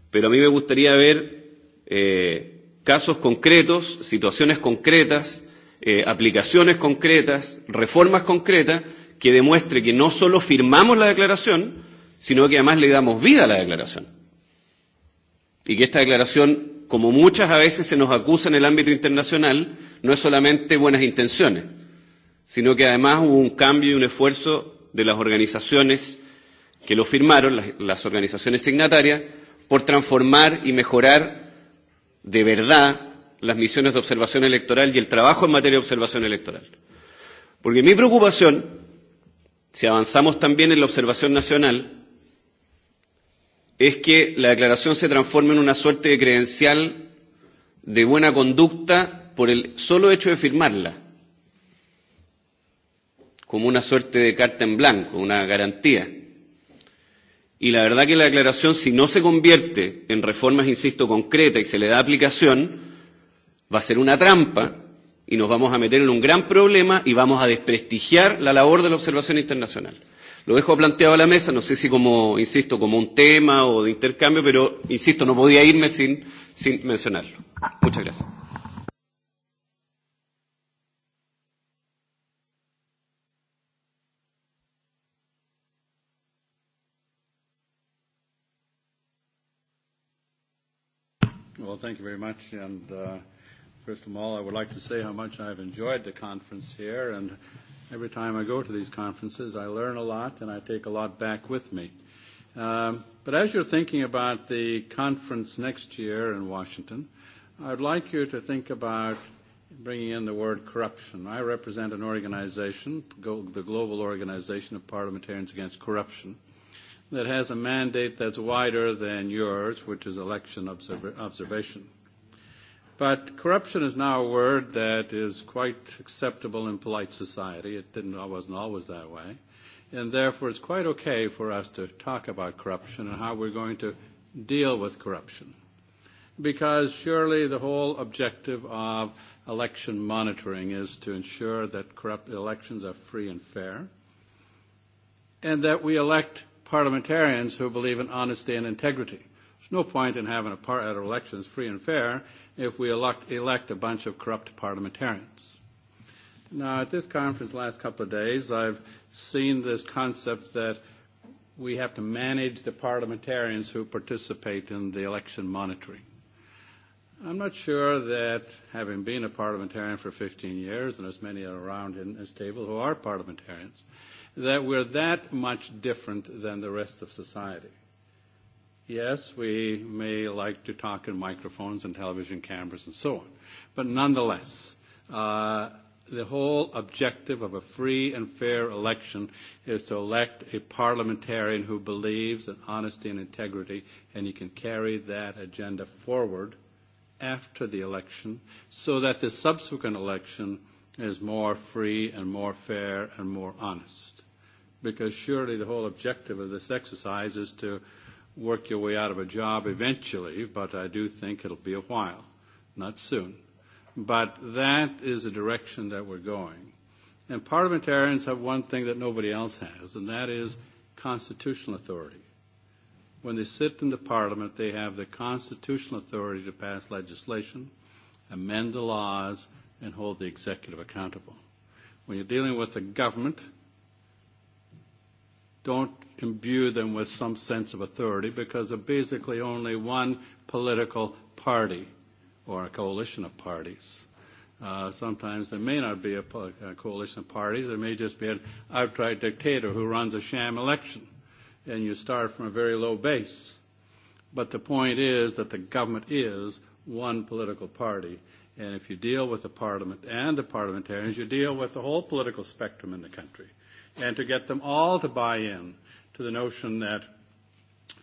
pero a mí me gustaría ver eh, casos concretos, situaciones concretas, eh, aplicaciones concretas, reformas concretas que demuestre que no solo firmamos la declaración, sino que además le damos vida a la declaración. Y que esta declaración, como muchas a veces se nos acusa en el ámbito internacional, no es solamente buenas intenciones, sino que además hubo un cambio y un esfuerzo de las organizaciones que lo firmaron, las, las organizaciones signatarias, por transformar y mejorar de verdad las misiones de observación electoral y el trabajo en materia de observación electoral. Porque mi preocupación, si avanzamos también en la observación nacional, es que la declaración se transforme en una suerte de credencial de buena conducta por el solo hecho de firmarla como una suerte de carta en blanco, una garantía. Y la verdad que la declaración, si no se convierte en reformas, insisto, concretas y se le da aplicación, va a ser una trampa y nos vamos a meter en un gran problema y vamos a desprestigiar la labor de la observación internacional. Lo dejo planteado a la mesa, no sé si como, insisto, como un tema o de intercambio, pero, insisto, no podía irme sin, sin mencionarlo. Muchas gracias. Well, thank you very much. And uh, first of all, I would like to say how much I've enjoyed the conference here. And every time I go to these conferences, I learn a lot and I take a lot back with me. Um, but as you're thinking about the conference next year in Washington, I'd like you to think about bringing in the word corruption. I represent an organization, the Global Organization of Parliamentarians Against Corruption that has a mandate that's wider than yours, which is election observ observation. But corruption is now a word that is quite acceptable in polite society. It didn't, it wasn't always that way. And therefore, it's quite okay for us to talk about corruption and how we're going to deal with corruption. Because surely the whole objective of election monitoring is to ensure that corrupt elections are free and fair, and that we elect parliamentarians who believe in honesty and integrity. There's no point in having a part at elections free and fair if we elect, elect a bunch of corrupt parliamentarians. Now, at this conference last couple of days, I've seen this concept that we have to manage the parliamentarians who participate in the election monitoring. I'm not sure that, having been a parliamentarian for 15 years, and there's many around in this table who are parliamentarians, uh, that we're that much different than the rest of society. Yes, we may like to talk in microphones and television cameras and so on, but nonetheless, uh, the whole objective of a free and fair election is to elect a parliamentarian who believes in honesty and integrity, and he can carry that agenda forward after the election so that the subsequent election is more free and more fair and more honest because surely the whole objective of this exercise is to work your way out of a job eventually, but I do think it'll be a while, not soon. But that is the direction that we're going. And parliamentarians have one thing that nobody else has, and that is constitutional authority. When they sit in the parliament, they have the constitutional authority to pass legislation, amend the laws, and hold the executive accountable. When you're dealing with the government, don't imbue them with some sense of authority because they're basically only one political party or a coalition of parties. Uh, sometimes there may not be a, a coalition of parties. There may just be an outright dictator who runs a sham election, and you start from a very low base. But the point is that the government is one political party, and if you deal with the parliament and the parliamentarians, you deal with the whole political spectrum in the country and to get them all to buy in to the notion that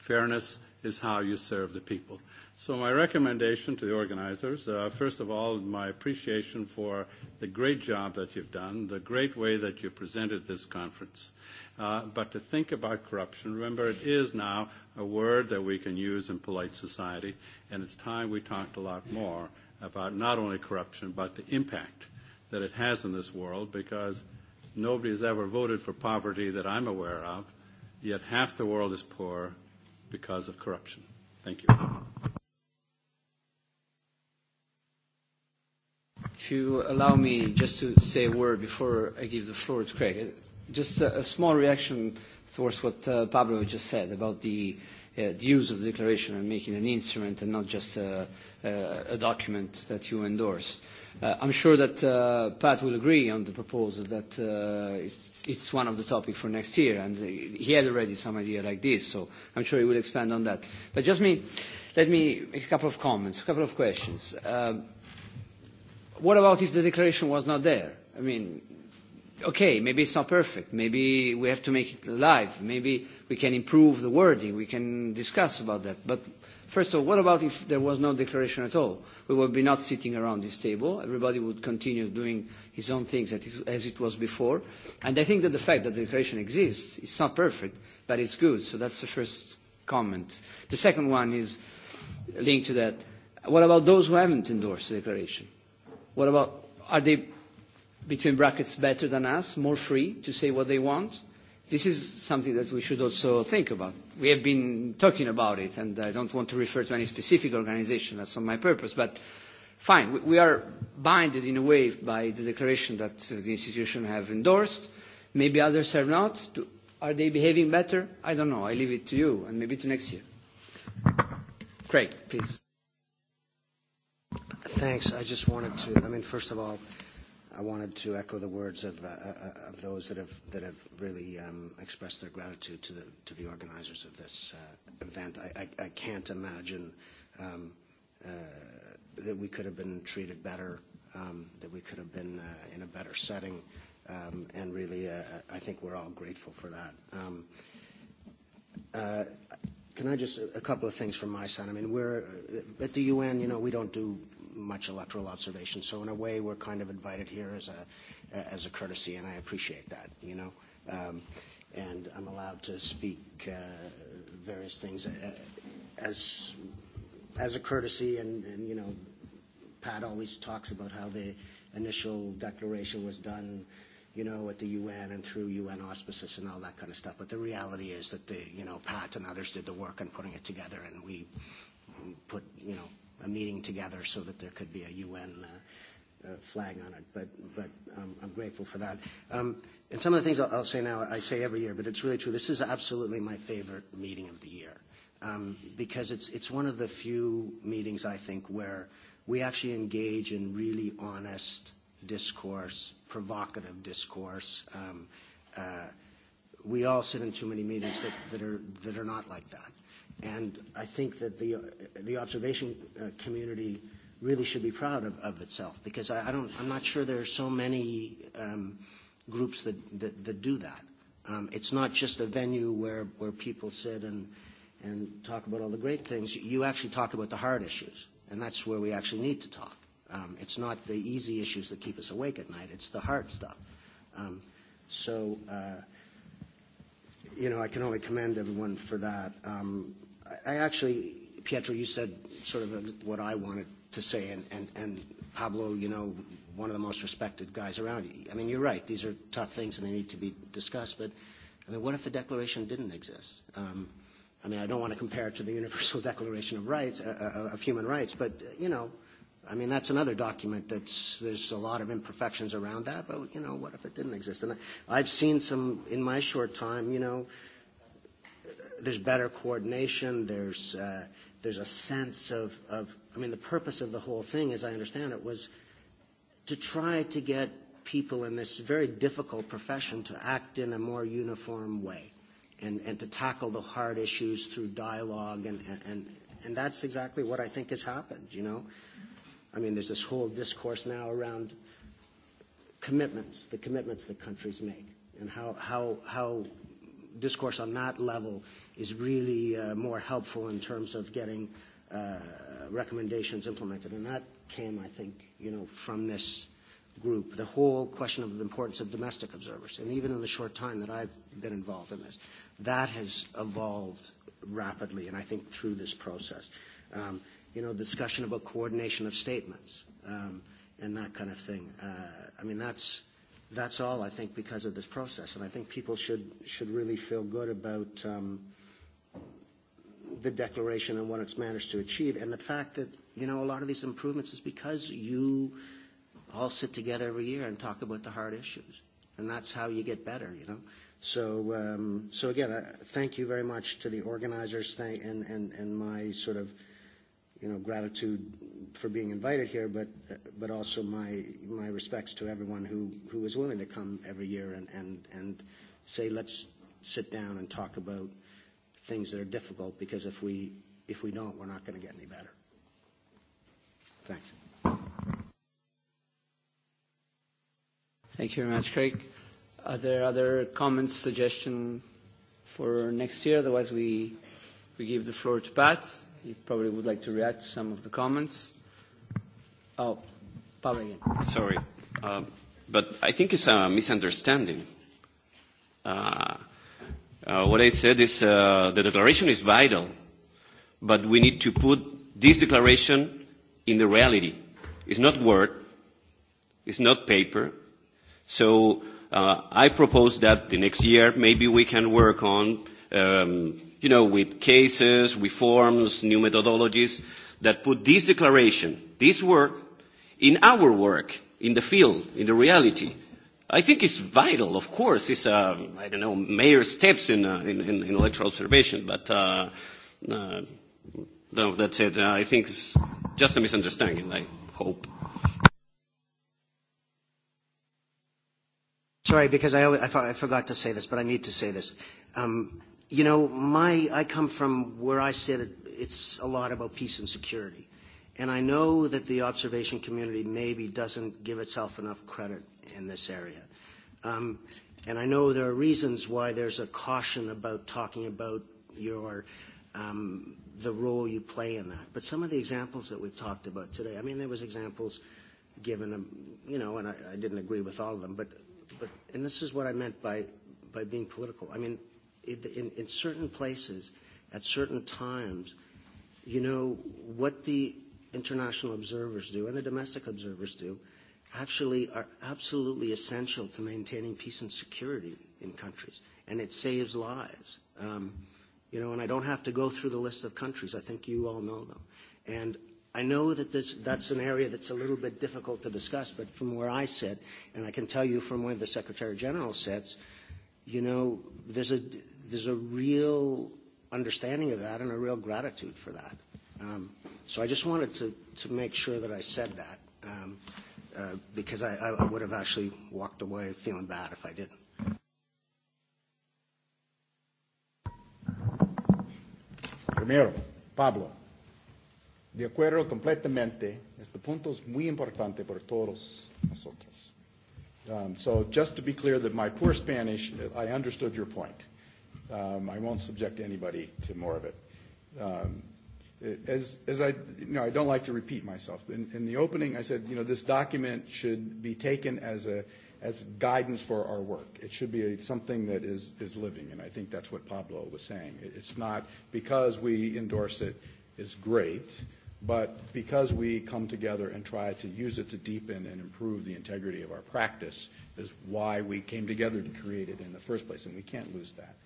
fairness is how you serve the people. So my recommendation to the organizers, uh, first of all, my appreciation for the great job that you've done, the great way that you presented this conference. Uh, but to think about corruption, remember it is now a word that we can use in polite society, and it's time we talked a lot more about not only corruption, but the impact that it has in this world, because – nobody has ever voted for poverty that I'm aware of, yet half the world is poor because of corruption. Thank you. If you allow me just to say a word before I give the floor to Craig, just a, a small reaction towards what uh, Pablo just said about the, uh, the use of the declaration and making an instrument and not just uh, uh, a document that you endorse. Uh, I'm sure that uh, Pat will agree on the proposal that uh, it's, it's one of the topics for next year, and he had already some idea like this, so I'm sure he will expand on that. But just me, let me make a couple of comments, a couple of questions. Uh, what about if the declaration was not there? I mean, okay, maybe it's not perfect. Maybe we have to make it live. Maybe we can improve the wording. We can discuss about that. But First of all, what about if there was no declaration at all? We would be not sitting around this table. Everybody would continue doing his own things as it was before. And I think that the fact that the declaration exists, it's not perfect, but it's good. So that's the first comment. The second one is linked to that. What about those who haven't endorsed the declaration? What about, are they, between brackets, better than us, more free to say what they want? this is something that we should also think about. We have been talking about it, and I don't want to refer to any specific organization, that's not my purpose, but fine, we we are binded in a way by the declaration that uh, the institution have endorsed. Maybe others have not. Are they behaving better? I don't know. I leave it to you, and maybe to next year. Craig, please. Thanks. I just wanted to, I mean, first of all, I wanted to echo the words of, uh, uh, uh, of those that have, that have really um, expressed their gratitude to the, to the organizers of this uh, event. I, I, I can't imagine um, uh, that we could have been treated better, um, that we could have been uh, in a better setting, um, and really uh, I think we're all grateful for that. Um, uh, can I just, a couple of things from my side. I mean, we're, uh, at the UN, you know, we don't do much electoral observation. So in a way, we're kind of invited here as a, as a courtesy, and I appreciate that, you know. Um, and I'm allowed to speak uh, various things uh, as, as a courtesy, and, and, you know, Pat always talks about how the initial declaration was done you know, at the UN and through UN auspices and all that kind of stuff. But the reality is that the, you know, Pat and others did the work in putting it together, and we put, you know, a meeting together so that there could be a UN uh, uh, flag on it, but, but um, I'm grateful for that. Um, and some of the things I'll, I'll say now, I say every year, but it's really true. This is absolutely my favorite meeting of the year um, because it's, it's one of the few meetings, I think, where we actually engage in really honest discourse, provocative discourse. Um, uh, we all sit in too many meetings that, that, are, that are not like that. And I think that the, uh, the observation uh, community really should be proud of, of itself because I, I don't, I'm not sure there are so many um, groups that, that, that do that. Um, it's not just a venue where, where people sit and, and talk about all the great things. You actually talk about the hard issues, and that's where we actually need to talk. Um, it's not the easy issues that keep us awake at night. It's the hard stuff. Um, so, uh, you know, I can only commend everyone for that. Um, I actually, Pietro, you said sort of what I wanted to say, and, and, and Pablo, you know, one of the most respected guys around. I mean, you're right. These are tough things and they need to be discussed. But, I mean, what if the Declaration didn't exist? Um, I mean, I don't want to compare it to the Universal [LAUGHS] Declaration of Rights, uh, uh, of Human Rights, but, you know, I mean, that's another document that's, there's a lot of imperfections around that, but, you know, what if it didn't exist? And I, I've seen some, in my short time, you know, there's better coordination, there's, uh, there's a sense of, of, I mean, the purpose of the whole thing, as I understand it, was to try to get people in this very difficult profession to act in a more uniform way and, and to tackle the hard issues through dialogue. And, and, and that's exactly what I think has happened, you know? I mean, there's this whole discourse now around commitments, the commitments that countries make and how, how, how discourse on that level is really uh, more helpful in terms of getting uh, recommendations implemented. And that came, I think, you know, from this group, the whole question of the importance of domestic observers. And even in the short time that I've been involved in this, that has evolved rapidly, and I think through this process. Um, you know, discussion about coordination of statements um, and that kind of thing. Uh, I mean, that's that's all, I think, because of this process. And I think people should, should really feel good about um, the declaration and what it's managed to achieve. And the fact that, you know, a lot of these improvements is because you all sit together every year and talk about the hard issues. And that's how you get better, you know. So, um, so again, uh, thank you very much to the organizers thank, and, and, and my sort of – you know, gratitude for being invited here, but but also my my respects to everyone who who is willing to come every year and and and say let's sit down and talk about things that are difficult because if we if we don't, we're not going to get any better. Thanks. Thank you very much, Craig. Are there other comments, suggestions for next year? Otherwise, we we give the floor to Pat you probably would like to react to some of the comments. Oh, Pavel again. Sorry, uh, but I think it's a misunderstanding. Uh, uh, what I said is uh, the declaration is vital, but we need to put this declaration in the reality. It's not word, it's not paper. So uh, I propose that the next year maybe we can work on um, you know, with cases, reforms, new methodologies that put this declaration, this work, in our work, in the field, in the reality. I think it's vital, of course. It's, uh, I don't know, mayor steps in, uh, in, in in electoral observation, but uh, uh, no, that's it. Uh, I think it's just a misunderstanding, I hope. Sorry, because I, always, I, I forgot to say this, but I need to say this. Um, you know, my, I come from where I sit, it, it's a lot about peace and security. And I know that the observation community maybe doesn't give itself enough credit in this area. Um, and I know there are reasons why there's a caution about talking about your, um, the role you play in that. But some of the examples that we've talked about today, I mean, there was examples given, um, you know, and I, I didn't agree with all of them, but, but, and this is what I meant by, by being political. I mean, in, in certain places at certain times, you know, what the international observers do and the domestic observers do actually are absolutely essential to maintaining peace and security in countries. And it saves lives. Um, you know, and I don't have to go through the list of countries. I think you all know them. And I know that this, that's an area that's a little bit difficult to discuss, but from where I sit, and I can tell you from where the Secretary General sits, you know, there's a, there's a real understanding of that and a real gratitude for that. Um, so I just wanted to, to make sure that I said that um, uh, because I, I would have actually walked away feeling bad if I didn't. Primero, Pablo, de acuerdo completamente, este punto es muy importante para todos nosotros. Um, so just to be clear that my poor Spanish, I understood your point. Um, I won't subject anybody to more of it. Um, as, as I, you know, I don't like to repeat myself. In, in the opening, I said, you know, this document should be taken as a, as guidance for our work. It should be a, something that is, is living, and I think that's what Pablo was saying. It, it's not because we endorse it is great, but because we come together and try to use it to deepen and improve the integrity of our practice is why we came together to create it in the first place, and we can't lose that.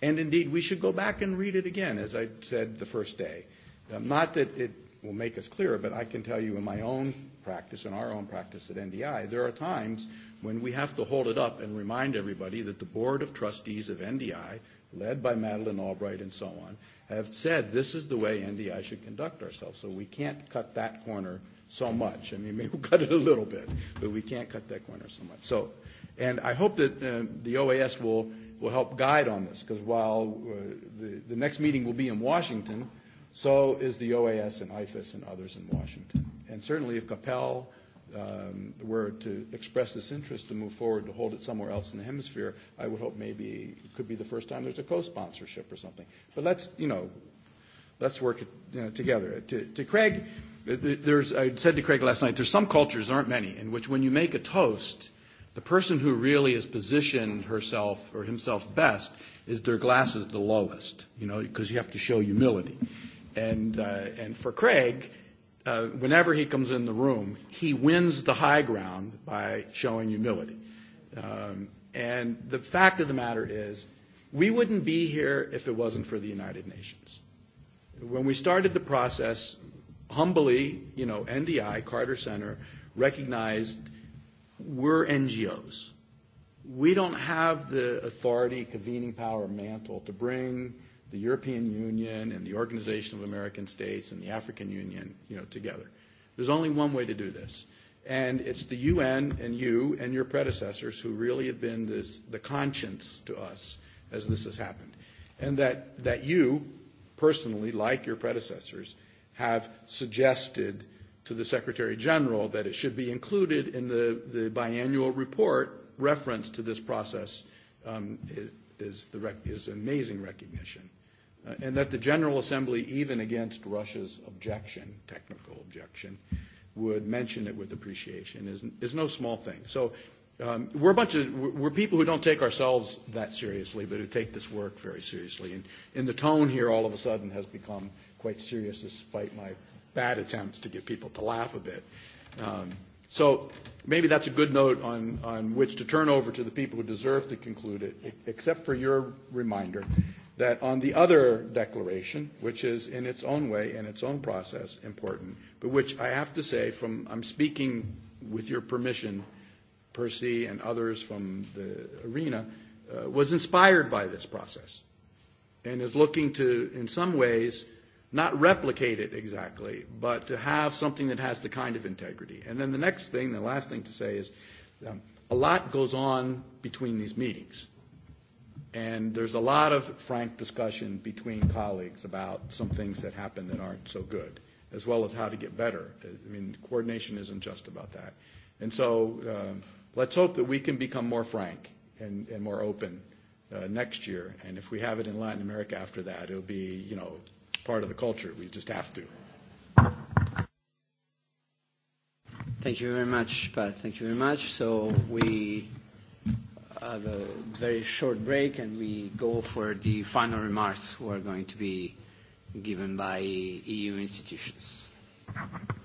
And indeed, we should go back and read it again, as I said the first day. Um, not that it will make us clearer, but I can tell you in my own practice, in our own practice at NDI, there are times when we have to hold it up and remind everybody that the Board of Trustees of NDI, led by Madeleine Albright and so on, have said this is the way NDI should conduct ourselves. So we can't cut that corner so much. I mean, [LAUGHS] maybe we'll cut it a little bit, but we can't cut that corner so much. So And I hope that um the OAS will, will help guide on this, because while uh, the, the next meeting will be in Washington, so is the OAS and IFAS and others in Washington. And certainly if Capel um, were to express this interest to move forward to hold it somewhere else in the hemisphere, I would hope maybe it could be the first time there's a co-sponsorship or something. But let's, you know, let's work it, you know, together. To, to Craig, there's, I said to Craig last night, there's some cultures, there aren't many, in which when you make a toast, The person who really has positioned herself or himself best is their glasses the lowest, you know, because you have to show humility. And, uh, and for Craig, uh, whenever he comes in the room, he wins the high ground by showing humility. Um, and the fact of the matter is, we wouldn't be here if it wasn't for the United Nations. When we started the process, humbly, you know, NDI, Carter Center, recognized we're NGOs. We don't have the authority, convening power, mantle to bring the European Union and the Organization of American States and the African Union, you know, together. There's only one way to do this. And it's the UN and you and your predecessors who really have been this, the conscience to us as this has happened. And that, that you, personally, like your predecessors, have suggested – to the Secretary General that it should be included in the, the biannual report reference to this process um, is, is, the rec is amazing recognition. Uh, and that the General Assembly, even against Russia's objection, technical objection, would mention it with appreciation is, is no small thing. So um, we're a bunch of, we're people who don't take ourselves that seriously, but who take this work very seriously. And, and the tone here all of a sudden has become quite serious despite my bad attempts to get people to laugh a bit. Um, so maybe that's a good note on, on which to turn over to the people who deserve to conclude it, e-, except for your reminder that on the other declaration, which is in its own way, in its own process, important, but which I have to say from, I'm speaking with your permission, Percy and others from the arena, uh, was inspired by this process and is looking to, in some ways, not replicate it exactly, but to have something that has the kind of integrity. And then the next thing, the last thing to say is um, a lot goes on between these meetings. And there's a lot of frank discussion between colleagues about some things that happen that aren't so good, as well as how to get better. I mean, coordination isn't just about that. And so um, let's hope that we can become more frank and, and more open uh, next year. And if we have it in Latin America after that, it'll be, you know, part of the culture. We just have to. Thank you very much, Pat. Thank you very much. So we have a very short break and we go for the final remarks who are going to be given by EU institutions. Thank you.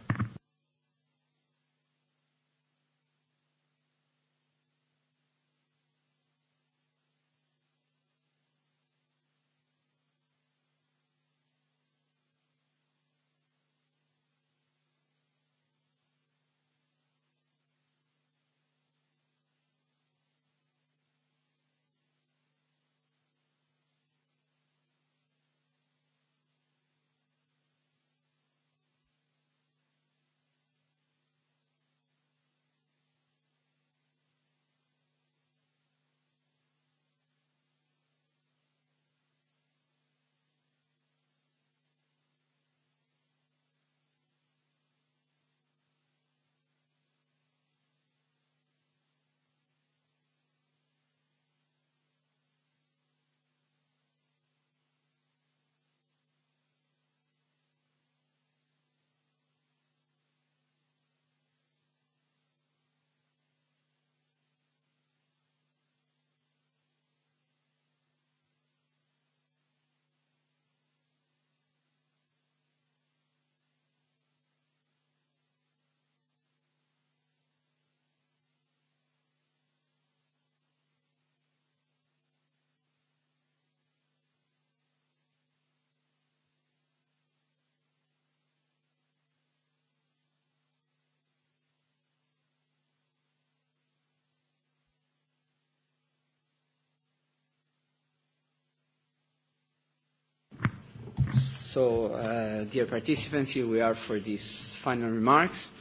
So, uh, dear participants, here we are for these final remarks,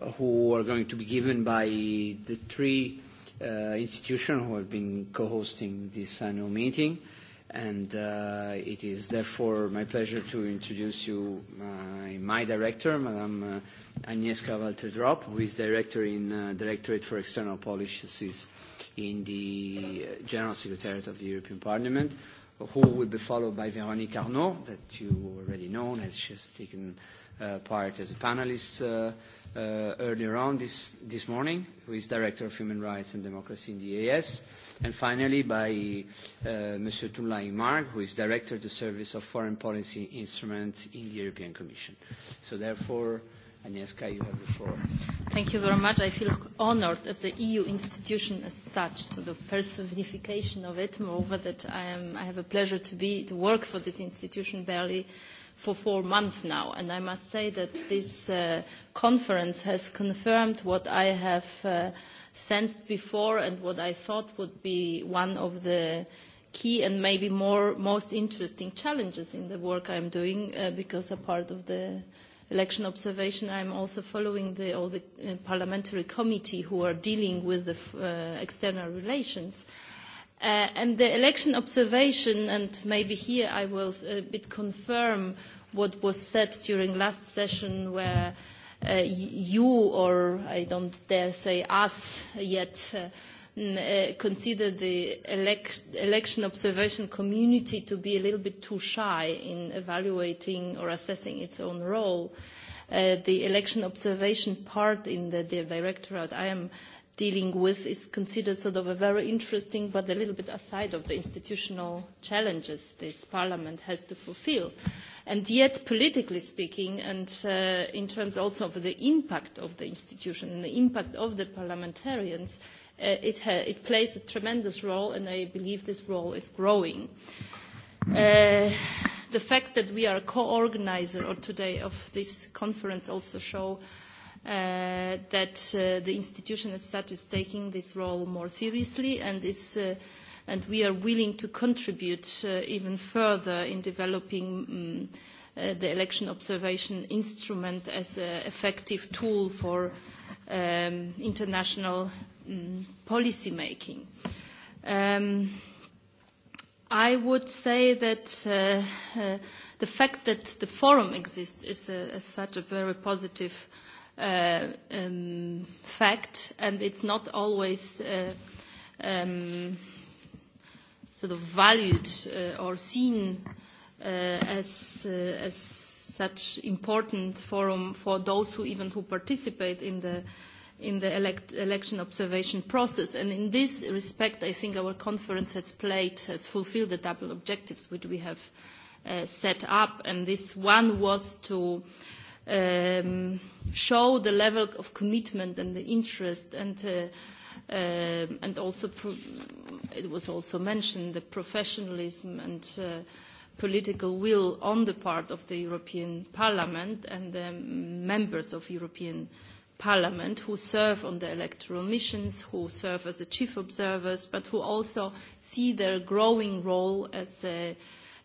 uh, who are going to be given by the three uh, institutions who have been co-hosting this annual meeting. And uh, it is therefore my pleasure to introduce you my, uh, my director, Madame uh, Agnieszka Walter-Drop, who is director in uh, Directorate for External Policies in the uh, General Secretariat of the European Parliament who will be followed by Véronique Arnault, that you already know, as she's taken uh, part as a panelist uh, uh, earlier on this, this morning, who is Director of Human Rights and Democracy in the AS, and finally by uh, Monsieur Tunlai Marg, who is Director of the Service of Foreign Policy Instrument in the European Commission. So therefore, uh, Agnieszka, you have the floor. Thank you very much. I feel honored as the EU institution as such, so the personification of it, moreover that I, am, I have a pleasure to, be, to work for this institution barely for four months now. And I must say that this uh, conference has confirmed what I have uh, sensed before and what I thought would be one of the key and maybe more most interesting challenges in the work I'm doing uh, because a part of the election observation, I'm also following the, all the uh, parliamentary committee who are dealing with the uh, external relations. Uh, and the election observation, and maybe here I will a uh, bit confirm what was said during last session where uh, you or I don't dare say us yet uh, Mm, uh, consider the elect election observation community to be a little bit too shy in evaluating or assessing its own role. Uh, the election observation part in the, the directorate I am dealing with is considered sort of a very interesting but a little bit aside of the institutional challenges this parliament has to fulfill. And yet, politically speaking, and uh, in terms also of the impact of the institution and the impact of the parliamentarians, uh, Uh, it, ha it plays a tremendous role, and I believe this role is growing. Uh, the fact that we are a co-organizer today of this conference also show uh, that uh, the institution as such is taking this role more seriously and, is, uh, and we are willing to contribute uh, even further in developing um, uh, the election observation instrument as an effective tool for um, international Mm, policy making. Um, I would say that uh, uh, the fact that the forum exists is a, a such a very positive uh, um, fact, and it's not always uh, um, sort of valued uh, or seen uh, as, uh, as such important forum for those who even who participate in the in the elect election observation process. And in this respect, I think our conference has played, has fulfilled the double objectives which we have uh, set up. And this one was to um, show the level of commitment and the interest and uh, um, and also pro it was also mentioned the professionalism and uh, political will on the part of the European Parliament and the members of European Parliament Parliament who serve on the electoral missions, who serve as the chief observers, but who also see their growing role as a,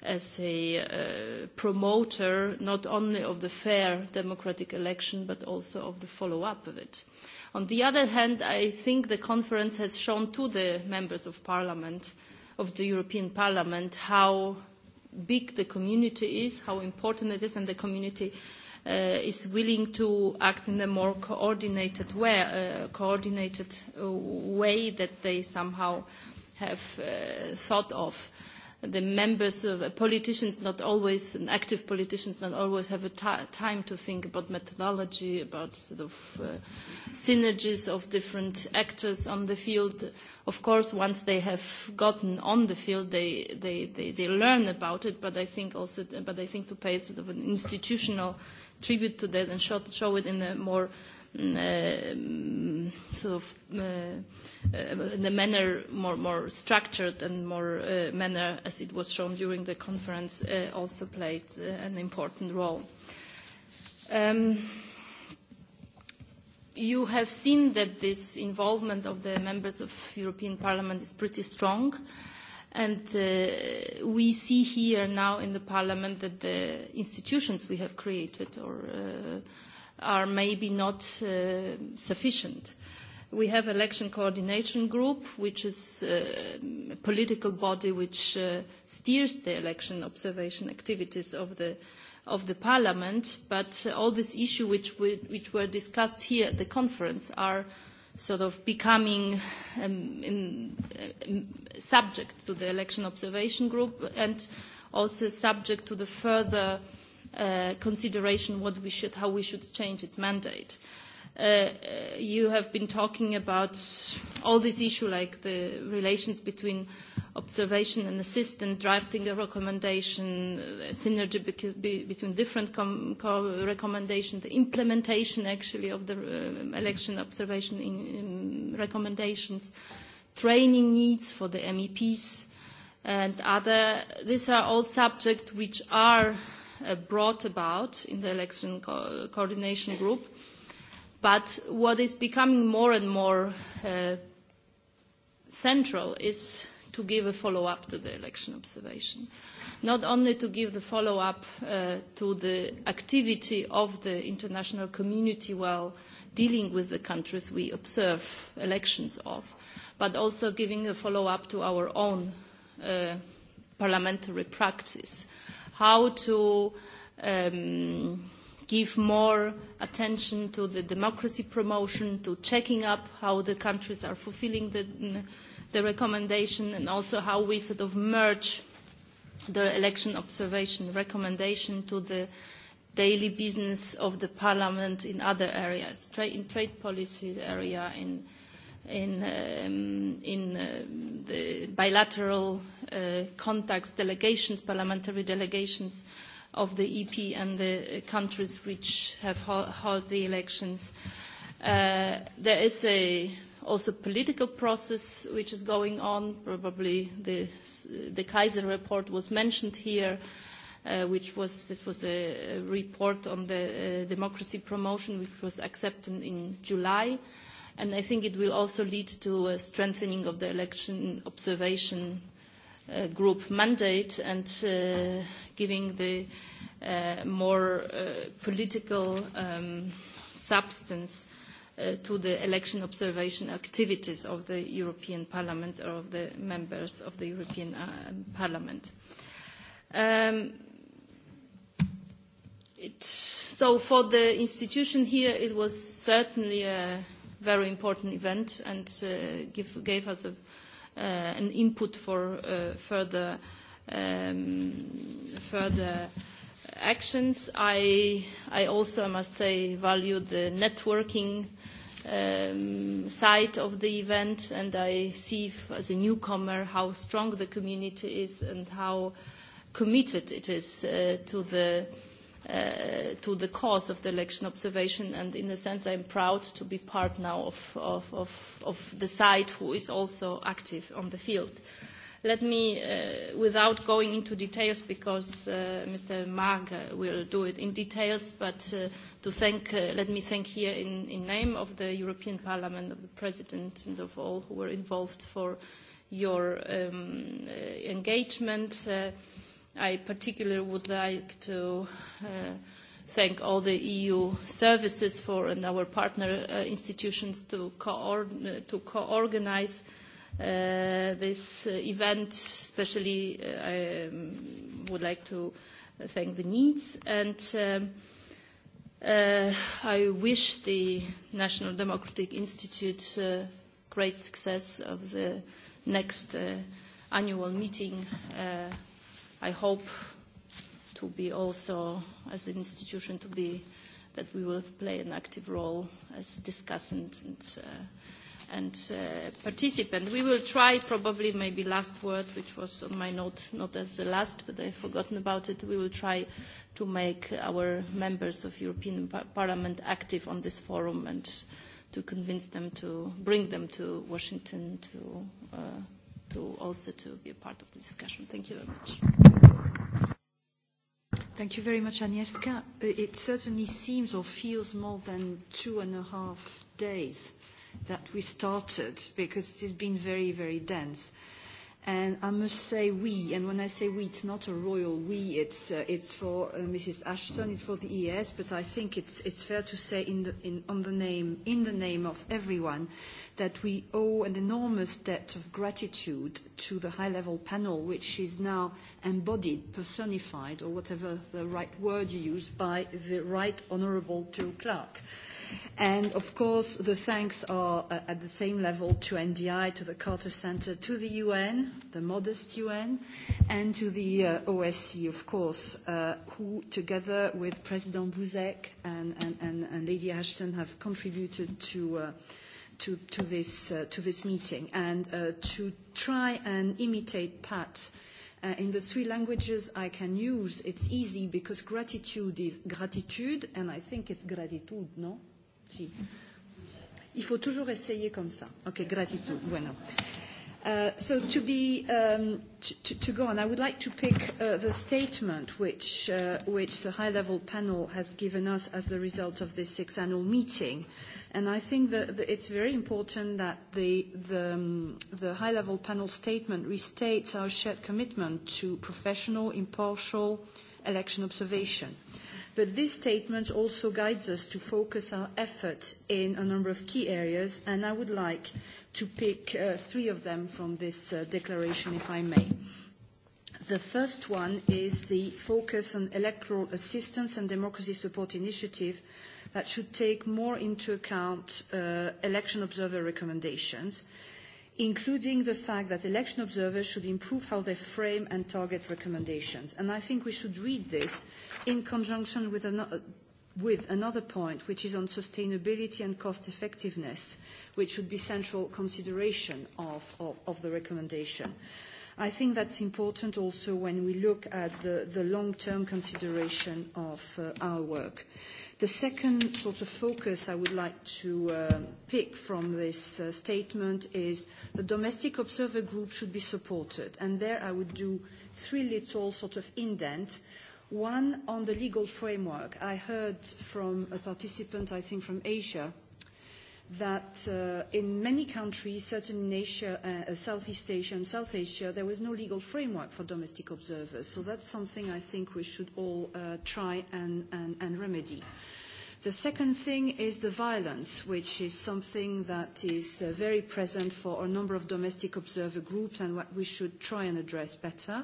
as a uh, promoter not only of the fair democratic election but also of the follow-up of it. On the other hand, I think the conference has shown to the members of parliament, of the European Parliament, how big the community is, how important it is, and the community uh, uh, is willing to act in a more coordinated way, uh, coordinated uh, way that they somehow have uh, thought of. The members, of uh, politicians, not always, and active politicians, not always have a time to think about methodology, about sort of uh, synergies of different actors on the field. Of course, once they have gotten on the field, they, they, they, they learn about it, but I think also, but I think to pay sort of an institutional uh, tribute to that and show, show it in a more mm, uh, mm, sort of uh, uh, in a manner more, more structured and more uh, manner as it was shown during the conference uh, also played uh, an important role. Um, you have seen that this involvement of the members of European Parliament is pretty strong. Uh, And uh, we see here now in the Parliament that the institutions we have created or, uh, are maybe not uh, sufficient. We have election coordination group, which is uh, a political body which uh, steers the election observation activities of the of the parliament, but all these issues which, we, which were discussed here at the conference are sort of becoming um, in, uh, subject to the election observation group and also subject to the further uh, consideration what we should, how we should change its mandate. Uh, uh you have been talking about all this issue like the relations between observation and assistant drafting a recommendation, a synergy between different com co recommendations, the implementation actually of the uh, election observation in, in recommendations, training needs for the MEPs and other. These are all subjects which are uh, brought about in the election co coordination group. But what is becoming more and more uh, central is to give a follow-up to the election observation. Not only to give the follow-up uh, to the activity of the international community while dealing with the countries we observe elections of, but also giving a follow-up to our own uh, parliamentary practice, how to um, give more attention to the democracy promotion, to checking up how the countries are fulfilling the the recommendation and also how we sort of merge the election observation recommendation to the daily business of the parliament in other areas, tra in trade policy area, in, in, um, in uh, the bilateral uh, contacts, delegations, parliamentary delegations of the EP and the countries which have held the elections. Uh, there is a also political process which is going on. Probably the, the Kaiser report was mentioned here, uh, which was, this was a, a report on the uh, democracy promotion which was accepted in July. And I think it will also lead to a strengthening of the election observation uh, group mandate and uh, giving the uh, more uh, political um, substance uh, to the election observation activities of the European Parliament or of the members of the European uh, Parliament. Um, it, so for the institution here, it was certainly a very important event and uh, give, gave us a, uh, an input for uh, further, um, further actions. I, I also, I must say, value the networking um, side of the event, and I see as a newcomer how strong the community is and how committed it is uh, to the uh, to the cause of the election observation and in a sense I'm proud to be part now of, of, of, of the side who is also active on the field. Uh, Let me, uh, without going into details, because uh, Mr. Mag uh, will do it in details, but uh, to thank, uh, let me thank here in, in name of the European Parliament, of the President, and of all who were involved for your um, uh, engagement. Uh, I particularly would like to uh, thank all the EU services for and our partner uh, institutions to uh, co-organize co, to co uh, this uh, event. Especially, uh, I um, would like to thank the needs and. Um, Uh, I wish the National Democratic Institute uh, great success of the next uh, annual meeting. Uh, I hope to be also, as an institution, to be that we will play an active role as discussant and uh, and uh, participant. We will try probably maybe last word, which was on my note, not as the last, but I've forgotten about it. We will try to make our members of European Parliament active on this forum and to convince them to bring them to Washington to, uh, to also to be a part of the discussion. Thank you very much. Thank you very much, Agnieszka. Uh, it certainly seems or feels more than two and a half days that we started because it's been very, very dense. And I must say we, and when I say we, it's not a royal we, it's, uh, it's for uh, Mrs. Ashton, it's for the ES, but I think it's, it's fair to say in the, in, on the name, in the name of everyone that we owe an enormous debt of gratitude to the high-level panel, which is now embodied, personified, or whatever the right word you use, by the Right Honourable Joe Clark. Uh, And of course, the thanks are uh, at the same level to NDI, to the Carter Center, to the UN, the modest UN, and to the uh, OSCE, of course, uh, who, together with President Buzek and, and, and, and Lady Ashton, have contributed to. Uh, to, to, this, uh, to this meeting and uh, to try and imitate Pat uh, in the three languages I can use. It's easy because gratitude is gratitude, and I think it's gratitude, no? Si. Il faut toujours essayer comme ça. Ok, gratitude. Bueno. Uh, so to be um, to, to go on, I would like to pick uh, the statement which uh, which the high-level panel has given us as the result of this six annual meeting, and I think that, that it's very important that the the, um, the high-level panel statement restates our shared commitment to professional, impartial election observation. Uh, But this statement also guides us to focus our efforts in a number of key areas, and I would like to pick uh, three of them from this uh, declaration, if I may. The first one is the focus on electoral assistance and democracy support initiative that should take more into account uh, election observer recommendations, including the fact that election observers should improve how they frame and target recommendations. And I think we should read this in conjunction with, an, with another point, which is on sustainability and cost effectiveness, which should be central consideration of, of, of the recommendation. I think that's important also when we look at the, the long-term consideration of uh, our work. The second sort of focus I would like to uh, pick from this uh, statement is the domestic observer group should be supported. And there I would do three little sort of indent One on the legal framework. I heard from a participant, I think from Asia, that uh, in many countries, certainly in Asia, uh, uh, Southeast Asia and South Asia, there was no legal framework for domestic observers. So that's something I think we should all uh, try and, and, and remedy. The second thing is the violence, which is something that is uh, very present for a number of domestic observer groups and what we should try and address better. Uh,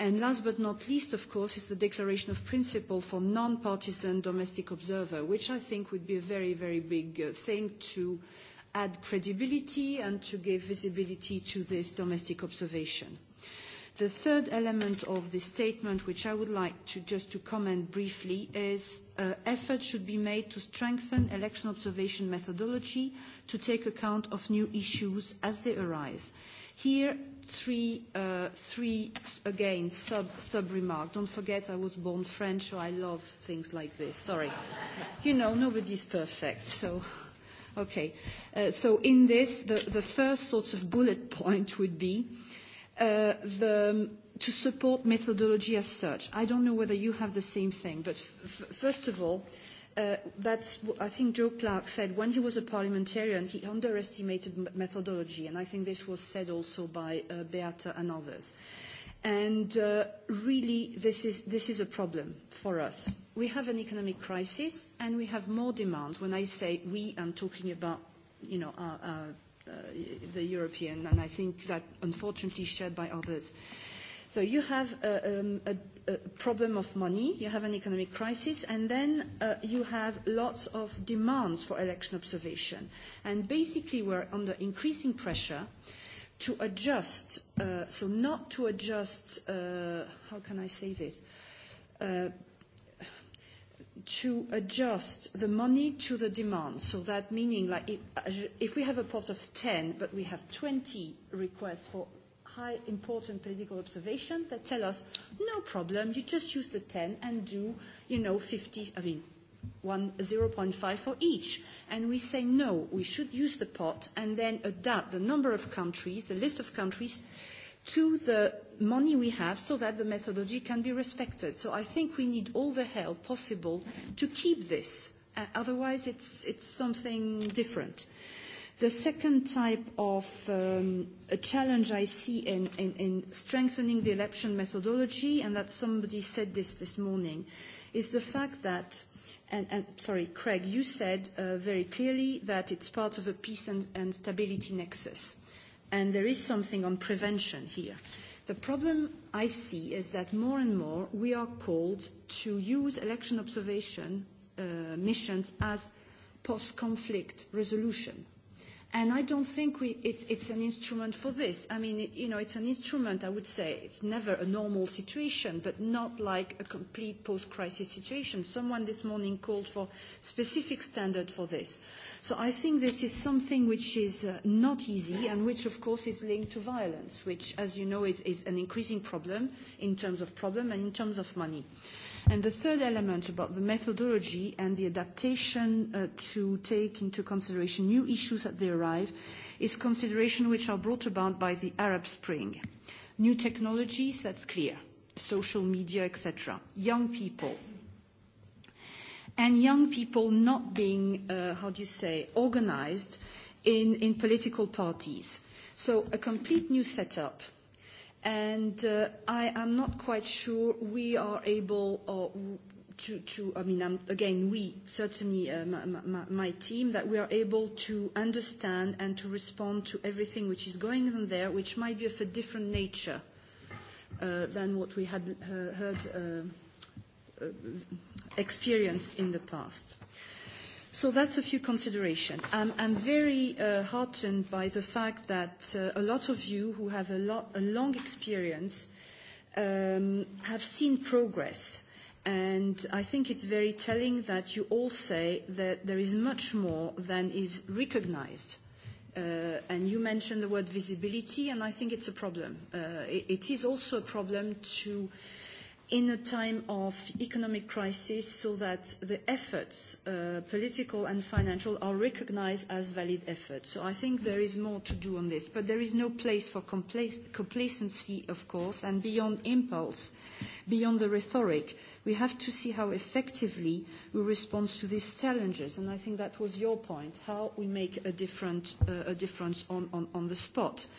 And last but not least, of course, is the declaration of principle for non-partisan domestic observer, which I think would be a very, very big uh, thing to add credibility and to give visibility to this domestic observation. The third element of the statement, which I would like to just to comment briefly, is uh, effort should be made to strengthen election observation methodology to take account of new issues as they arise. Here, three, uh, three again, sub, sub-remark. Don't forget I was born French, so I love things like this. Sorry. You know, nobody's perfect, so... Okay. Uh, so in this, the, the first sort of bullet point would be uh, the, um, to support methodology as such. I don't know whether you have the same thing, but f f first of all, uh, uh, that's, I think Joe Clark said when he was a parliamentarian, he underestimated methodology, and I think this was said also by uh, Beata and others. And uh, really, this is, this is a problem for us. We have an economic crisis, and we have more demands. When I say we, I'm talking about, you know, our, our, uh, the European, and I think that unfortunately shared by others. Uh, So you have a, um, a, a problem of money, you have an economic crisis, and then uh, you have lots of demands for election observation. And basically we're under increasing pressure to adjust, uh, so not to adjust, uh, how can I say this, uh, to adjust the money to the demand. So that meaning like if, if we have a pot of 10, but we have 20 requests for high important political observation that tell us, no problem, you just use the 10 and do, you know, 50, I mean, one, 0.5 for each. And we say, no, we should use the pot and then adapt the number of countries, the list of countries, to the money we have so that the methodology can be respected. So I think we need all the help possible to keep this. Uh, otherwise, it's, it's something different. Uh, The second type of um, a challenge I see in, in, in strengthening the election methodology, and that somebody said this this morning, is the fact that, and, and sorry, Craig, you said uh, very clearly that it's part of a peace and, and stability nexus. And there is something on prevention here. The problem I see is that more and more we are called to use election observation uh, missions as post-conflict resolution And I don't think we, it, it's an instrument for this. I mean, it, you know, it's an instrument, I would say. It's never a normal situation, but not like a complete post-crisis situation. Someone this morning called for specific standard for this. So I think this is something which is uh, not easy and which, of course, is linked to violence, which, as you know, is, is an increasing problem in terms of problem and in terms of money. Uh, And the third element about the methodology and the adaptation uh, to take into consideration new issues as they arrive is consideration which are brought about by the Arab Spring. New technologies, that's clear, social media, etc. Young people, and young people not being, uh, how do you say, organized in, in political parties. So a complete new setup and uh, I am not quite sure we are able or to, to I mean, um, again, we, certainly uh, my, my, my team, that we are able to understand and to respond to everything which is going on there, which might be of a different nature uh, than what we had uh, heard uh, uh, experienced in the past. Uh, So that's a few considerations. I'm, I'm very uh, heartened by the fact that uh, a lot of you who have a, lot, a long experience um, have seen progress. And I think it's very telling that you all say that there is much more than is recognized. Uh, and you mentioned the word visibility, and I think it's a problem. Uh, it, it is also a problem to uh, in a time of economic crisis so that the efforts, uh, political and financial, are recognized as valid efforts. So I think there is more to do on this. But there is no place for compl complacency, of course, and beyond impulse, beyond the rhetoric, we have to see how effectively we respond to these challenges. And I think that was your point, how we make a, different, uh, a difference on, on, on the spot. Uh,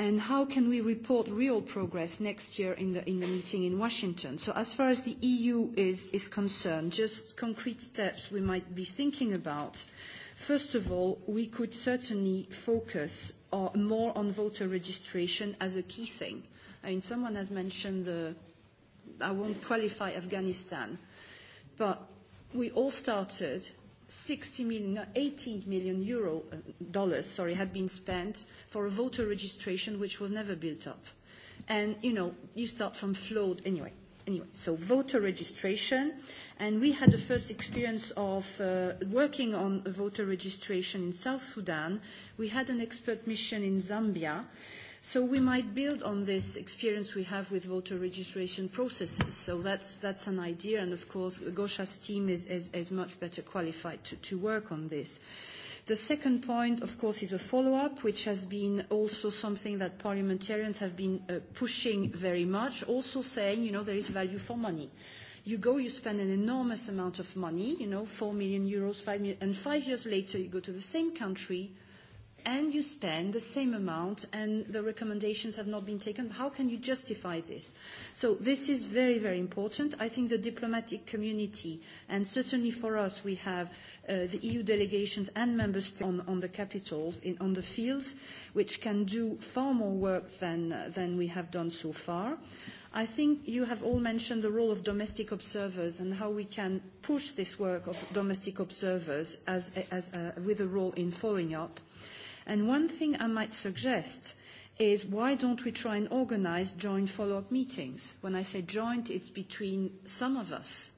and how can we report real progress next year in the, in the meeting in Washington? So as far as the EU is, is concerned, just concrete steps we might be thinking about. First of all, we could certainly focus uh, more on voter registration as a key thing. I mean, someone has mentioned the, I won't qualify Afghanistan, but we all started 60 million, no, 80 million euro, uh, dollars, sorry, had been spent for a voter registration which was never built up. And, you know, you start from flawed, anyway. Anyway, so voter registration, and we had the first experience of uh, working on voter registration in South Sudan. We had an expert mission in Zambia, So we might build on this experience we have with voter registration processes. So that's, that's an idea, and of course, Gosha's team is, is, is much better qualified to, to work on this. The second point, of course, is a follow-up, which has been also something that parliamentarians have been uh, pushing very much, also saying, you know, there is value for money. You go, you spend an enormous amount of money, you know, 4 million euros, 5 million, and five years later you go to the same country, and you spend the same amount and the recommendations have not been taken, how can you justify this? So this is very, very important. I think the diplomatic community, and certainly for us, we have uh, the EU delegations and member states on, on the capitals, in, on the fields, which can do far more work than, uh, than we have done so far. I think you have all mentioned the role of domestic observers and how we can push this work of domestic observers as, as, uh, with a role in following up. And one thing I might suggest is why don't we try and organize joint follow-up meetings? When I say joint, it's between some of us,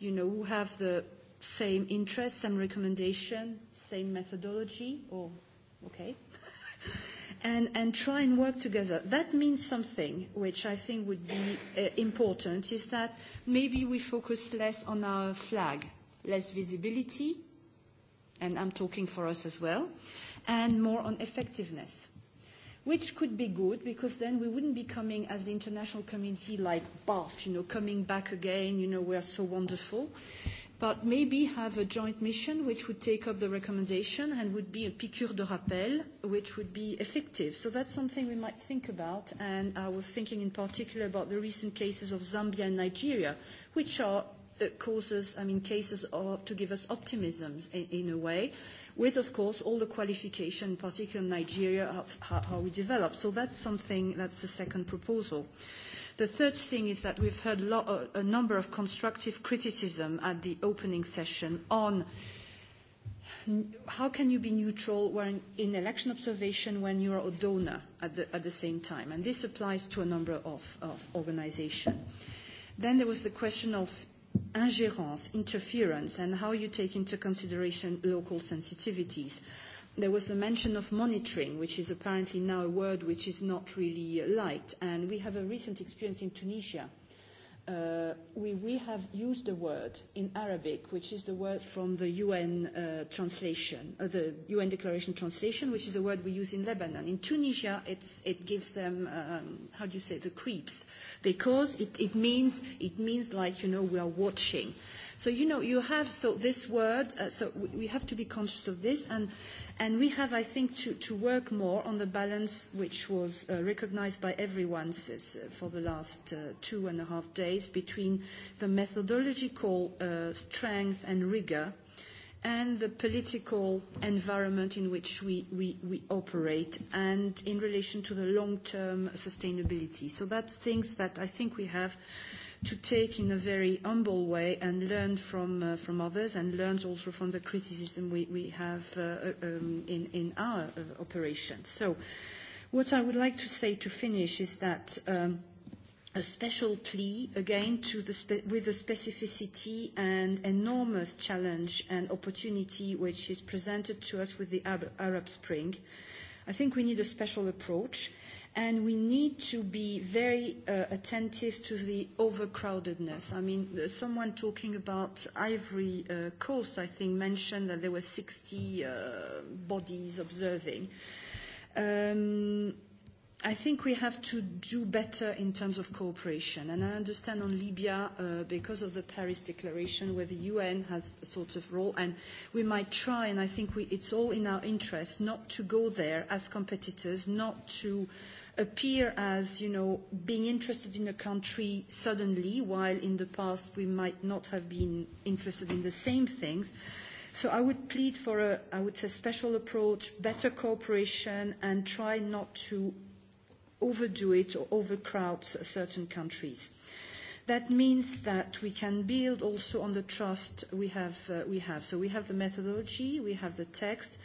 you know, who have the same interests, same recommendation, same methodology, or okay, [LAUGHS] and, and try and work together. That means something which I think would be uh, important is that maybe we focus less on our flag, less visibility, and I'm talking for us as well, and more on effectiveness, which could be good because then we wouldn't be coming as the international community like BAF, you know, coming back again, you know, we are so wonderful. But maybe have a joint mission which would take up the recommendation and would be a piqûre de rappel, which would be effective. So that's something we might think about. And I was thinking in particular about the recent cases of Zambia and Nigeria, which are uh, causes, I mean, cases of, to give us optimism in, in a way, with, of course, all the qualification, particularly in Nigeria, how, how we develop. So that's something, that's the second proposal. The third thing is that we've heard lo uh, a number of constructive criticism at the opening session on how can you be neutral when in election observation when you are a donor at the, at the same time? And this applies to a number of, of organizations. Then there was the question of ingérence, interference, and how you take into consideration local sensitivities. There was the mention of monitoring, which is apparently now a word which is not really liked, and we have a recent experience in Tunisia uh, we, we have used the word in Arabic, which is the word from the UN uh, translation, uh, the UN Declaration translation, which is the word we use in Lebanon. In Tunisia, it's, it gives them, um, how do you say, the creeps, because it, it, means, it means like, you know, we are watching. Uh, So, you know, you have so this word, uh, so we have to be conscious of this, and, and we have, I think, to, to work more on the balance which was uh, recognized by everyone says, uh, for the last uh, two and a half days between the methodological uh, strength and rigor and the political environment in which we, we, we operate and in relation to the long-term sustainability. So that's things that I think we have uh, to take in a very humble way and learn from, uh, from others and learn also from the criticism we, we have uh, uh um, in, in our uh, operations. So what I would like to say to finish is that um, a special plea again to the spe with the specificity and enormous challenge and opportunity which is presented to us with the Arab, Arab Spring. I think we need a special approach and we need to be very uh, attentive to the overcrowdedness. I mean, uh, someone talking about Ivory uh, Coast, I think, mentioned that there were 60 uh, bodies observing. Um, I think we have to do better in terms of cooperation. And I understand on Libya, uh, because of the Paris Declaration, where the UN has a sort of role, and we might try, and I think we, it's all in our interest, not to go there as competitors, not to uh, appear as, you know, being interested in a country suddenly, while in the past we might not have been interested in the same things. So I would plead for a, I would say, special approach, better cooperation, and try not to overdo it or overcrowd certain countries. That means that we can build also on the trust we have. Uh, we have. So we have the methodology, we have the text,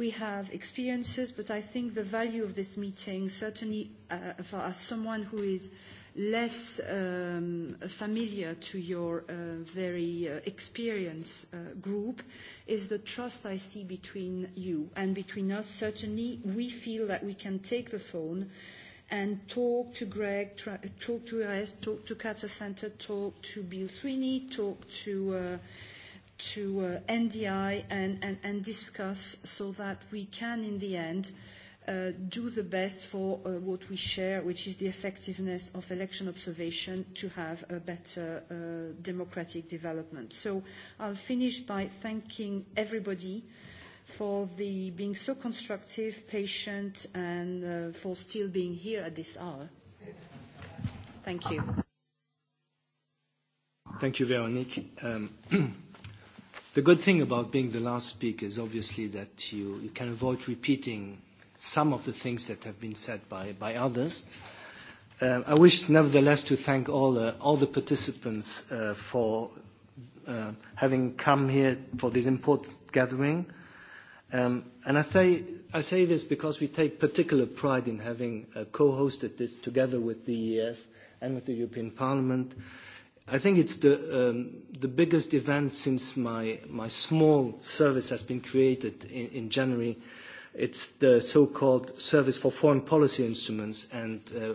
We have experiences, but I think the value of this meeting, certainly uh, for as someone who is less um, familiar to your uh, very uh, experienced uh, group is the trust I see between you and between us. Certainly, we feel that we can take the phone and talk to Greg, try talk to Rest, talk to Carter Center, talk to Bill Sweeney, talk to uh, to uh, NDI and, and, and discuss so that we can, in the end, uh, do the best for uh, what we share, which is the effectiveness of election observation to have a better uh, democratic development. So I'll finish by thanking everybody for the being so constructive, patient, and uh, for still being here at this hour. Thank you. Thank you, Veronique. Um, [CLEARS THROAT] The good thing about being the last speaker is obviously that you, you can avoid repeating some of the things that have been said by, by others. Uh, I wish nevertheless to thank all, uh, all the participants uh, for uh, having come here for this important gathering. Um, and I say, I say this because we take particular pride in having uh, co-hosted this together with the EES and with the European Parliament. Mm-hmm I think it's the, um, the biggest event since my, my small service has been created in, in January. It's the so-called Service for Foreign Policy Instruments, and uh,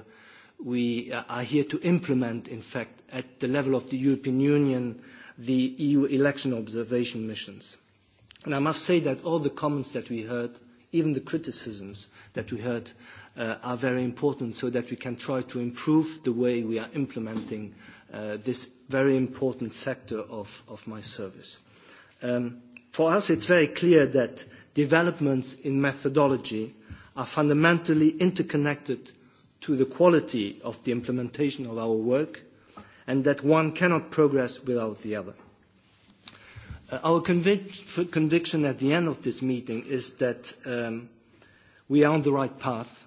we uh, are here to implement, in fact, at the level of the European Union, the EU election observation missions. And I must say that all the comments that we heard, even the criticisms that we heard, uh, are very important so that we can try to improve the way we are implementing uh, Uh, this very important sector of, of my service. Um, for us, it's very clear that developments in methodology are fundamentally interconnected to the quality of the implementation of our work and that one cannot progress without the other. Uh, our convic conviction at the end of this meeting is that um, we are on the right path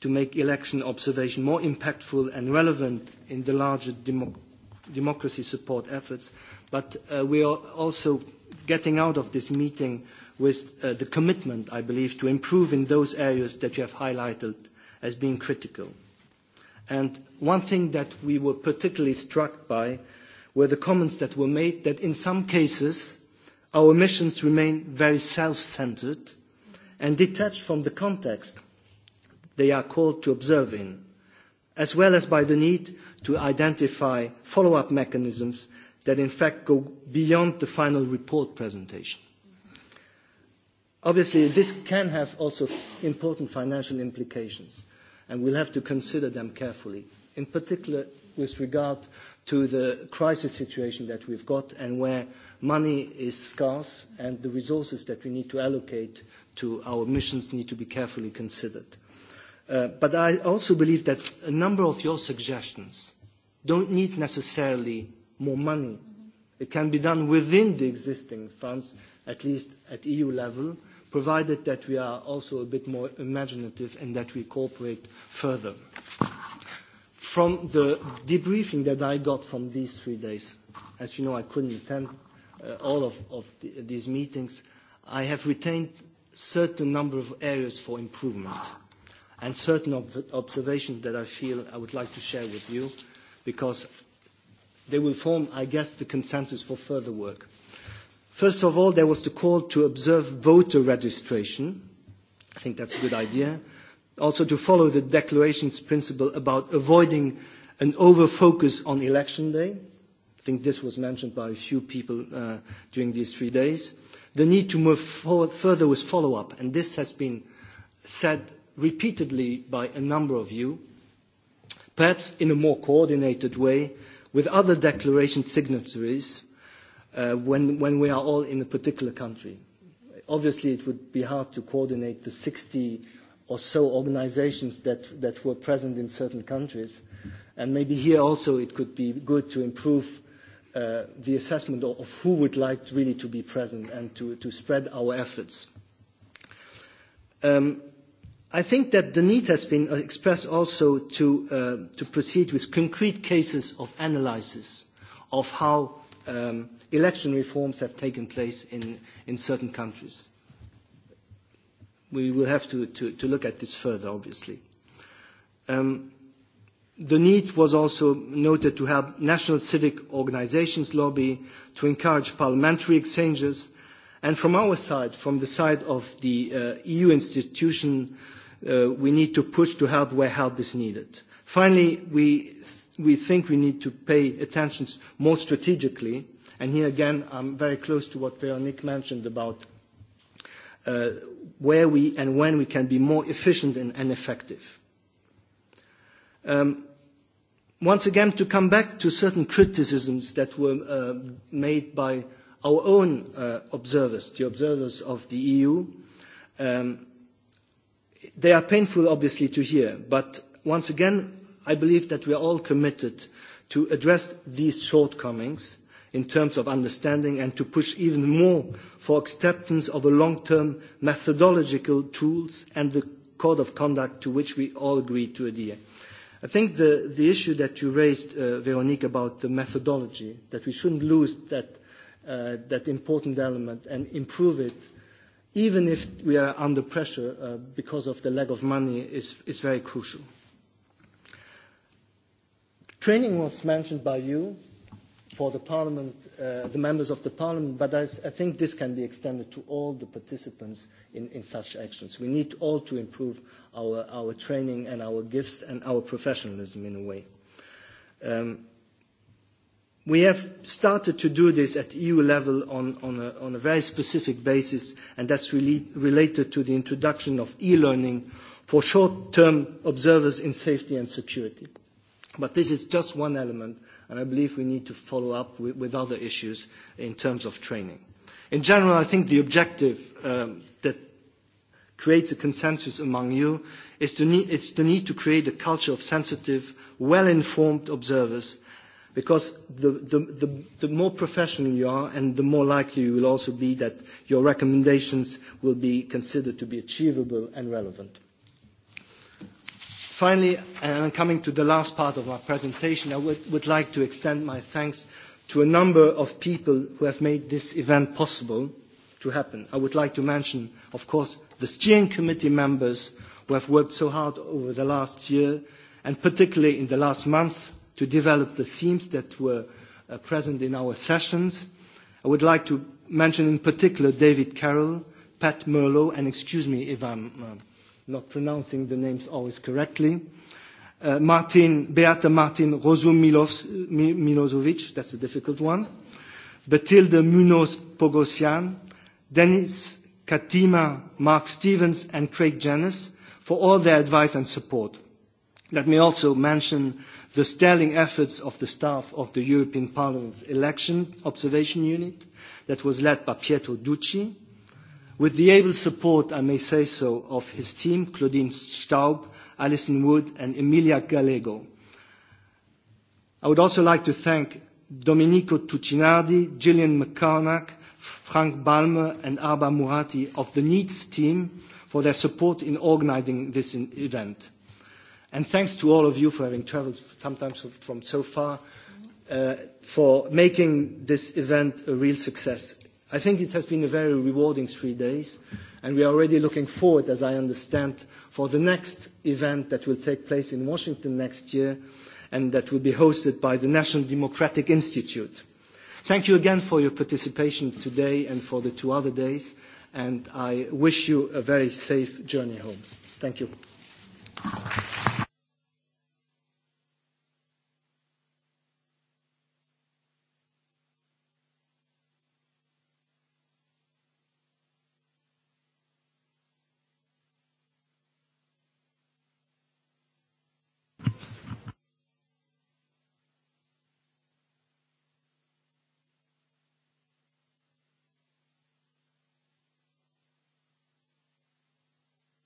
to make election observation more impactful and relevant in the larger democ democracy support efforts. But uh, we are also getting out of this meeting with uh, the commitment, I believe, to improve in those areas that you have highlighted as being critical. And one thing that we were particularly struck by were the comments that were made that in some cases our missions remain very self-centered and detached from the context they are called to observe in, as well as by the need to identify follow-up mechanisms that in fact go beyond the final report presentation. Obviously, this can have also important financial implications, and we'll have to consider them carefully, in particular with regard to the crisis situation that we've got and where money is scarce and the resources that we need to allocate to our missions need to be carefully considered. Uh, but I also believe that a number of your suggestions don't need necessarily more money. It can be done within the existing funds, at least at EU level, provided that we are also a bit more imaginative and that we cooperate further. From the debriefing that I got from these three days, as you know, I couldn't attend uh, all of, of the, these meetings, I have retained certain number of areas for improvement and certain ob observations that I feel I would like to share with you because they will form, I guess, the consensus for further work. First of all, there was the call to observe voter registration. I think that's a good idea. Also to follow the declaration's principle about avoiding an over-focus on election day. I think this was mentioned by a few people uh, during these three days. The need to move forward further with follow-up, and this has been said repeatedly by a number of you, perhaps in a more coordinated way with other declaration signatories uh, when, when we are all in a particular country. Obviously, it would be hard to coordinate the 60 or so organizations that, that were present in certain countries. And maybe here also it could be good to improve uh, the assessment of, of who would like really to be present and to, to spread our efforts. Um, I think that the need has been expressed also to, uh, to proceed with concrete cases of analysis of how um, election reforms have taken place in, in certain countries. We will have to, to, to look at this further, obviously. Um, the need was also noted to help national civic organizations lobby, to encourage parliamentary exchanges, and from our side, from the side of the uh, EU institution, uh, uh, we need to push to help where help is needed. Finally, we, we think we need to pay attention more strategically, and here again I'm very close to what Veronique mentioned about uh, where we and when we can be more efficient and, and effective. Um, once again, to come back to certain criticisms that were uh, made by our own uh, observers, the observers of the EU, um, They are painful, obviously, to hear, but once again, I believe that we are all committed to address these shortcomings in terms of understanding and to push even more for acceptance of a long-term methodological tools and the code of conduct to which we all agreed to adhere. I think the, the issue that you raised, uh, Veronique, about the methodology, that we shouldn't lose that, uh, that important element and improve it even if we are under pressure uh, because of the lack of money, is, is very crucial. Training was mentioned by you for the parliament, uh, the members of the parliament, but I, I think this can be extended to all the participants in, in such actions. We need all to improve our, our training and our gifts and our professionalism in a way. Um, We have started to do this at EU level on, on, a, on a very specific basis, and that's really related to the introduction of e-learning for short-term observers in safety and security. But this is just one element, and I believe we need to follow up with, with other issues in terms of training. In general, I think the objective um, that creates a consensus among you is the, need, it's the need to create a culture of sensitive, well-informed observers – because the, the, the, the more professional you are and the more likely you will also be that your recommendations will be considered to be achievable and relevant. Finally, and coming to the last part of my presentation, I would, would like to extend my thanks to a number of people who have made this event possible to happen. I would like to mention, of course, the steering committee members who have worked so hard over the last year and particularly in the last month to develop the themes that were uh, present in our sessions. I would like to mention in particular David Carroll, Pat Merlo, and excuse me if I'm uh, not pronouncing the names always correctly, uh, Martin, Beata Martin Rozum Milosevic, that's a difficult one, Batilda Munoz Pogosian, Denis Katima, Mark Stevens, and Craig Janis for all their advice and support. Let me also mention the sterling efforts of the staff of the European Parliament's Election Observation Unit that was led by Pietro Ducci, with the able support, I may say so, of his team, Claudine Staub, Alison Wood and Emilia Gallego. I would also like to thank Domenico Tucinardi, Gillian McCarnack, Frank Balmer and Abba Murati of the NEEDS team for their support in organizing this event. And thanks to all of you for having traveled sometimes from so far, uh, for making this event a real success. I think it has been a very rewarding three days, and we are already looking forward, as I understand, for the next event that will take place in Washington next year and that will be hosted by the National Democratic Institute. Thank you again for your participation today and for the two other days, and I wish you a very safe journey home. Thank you.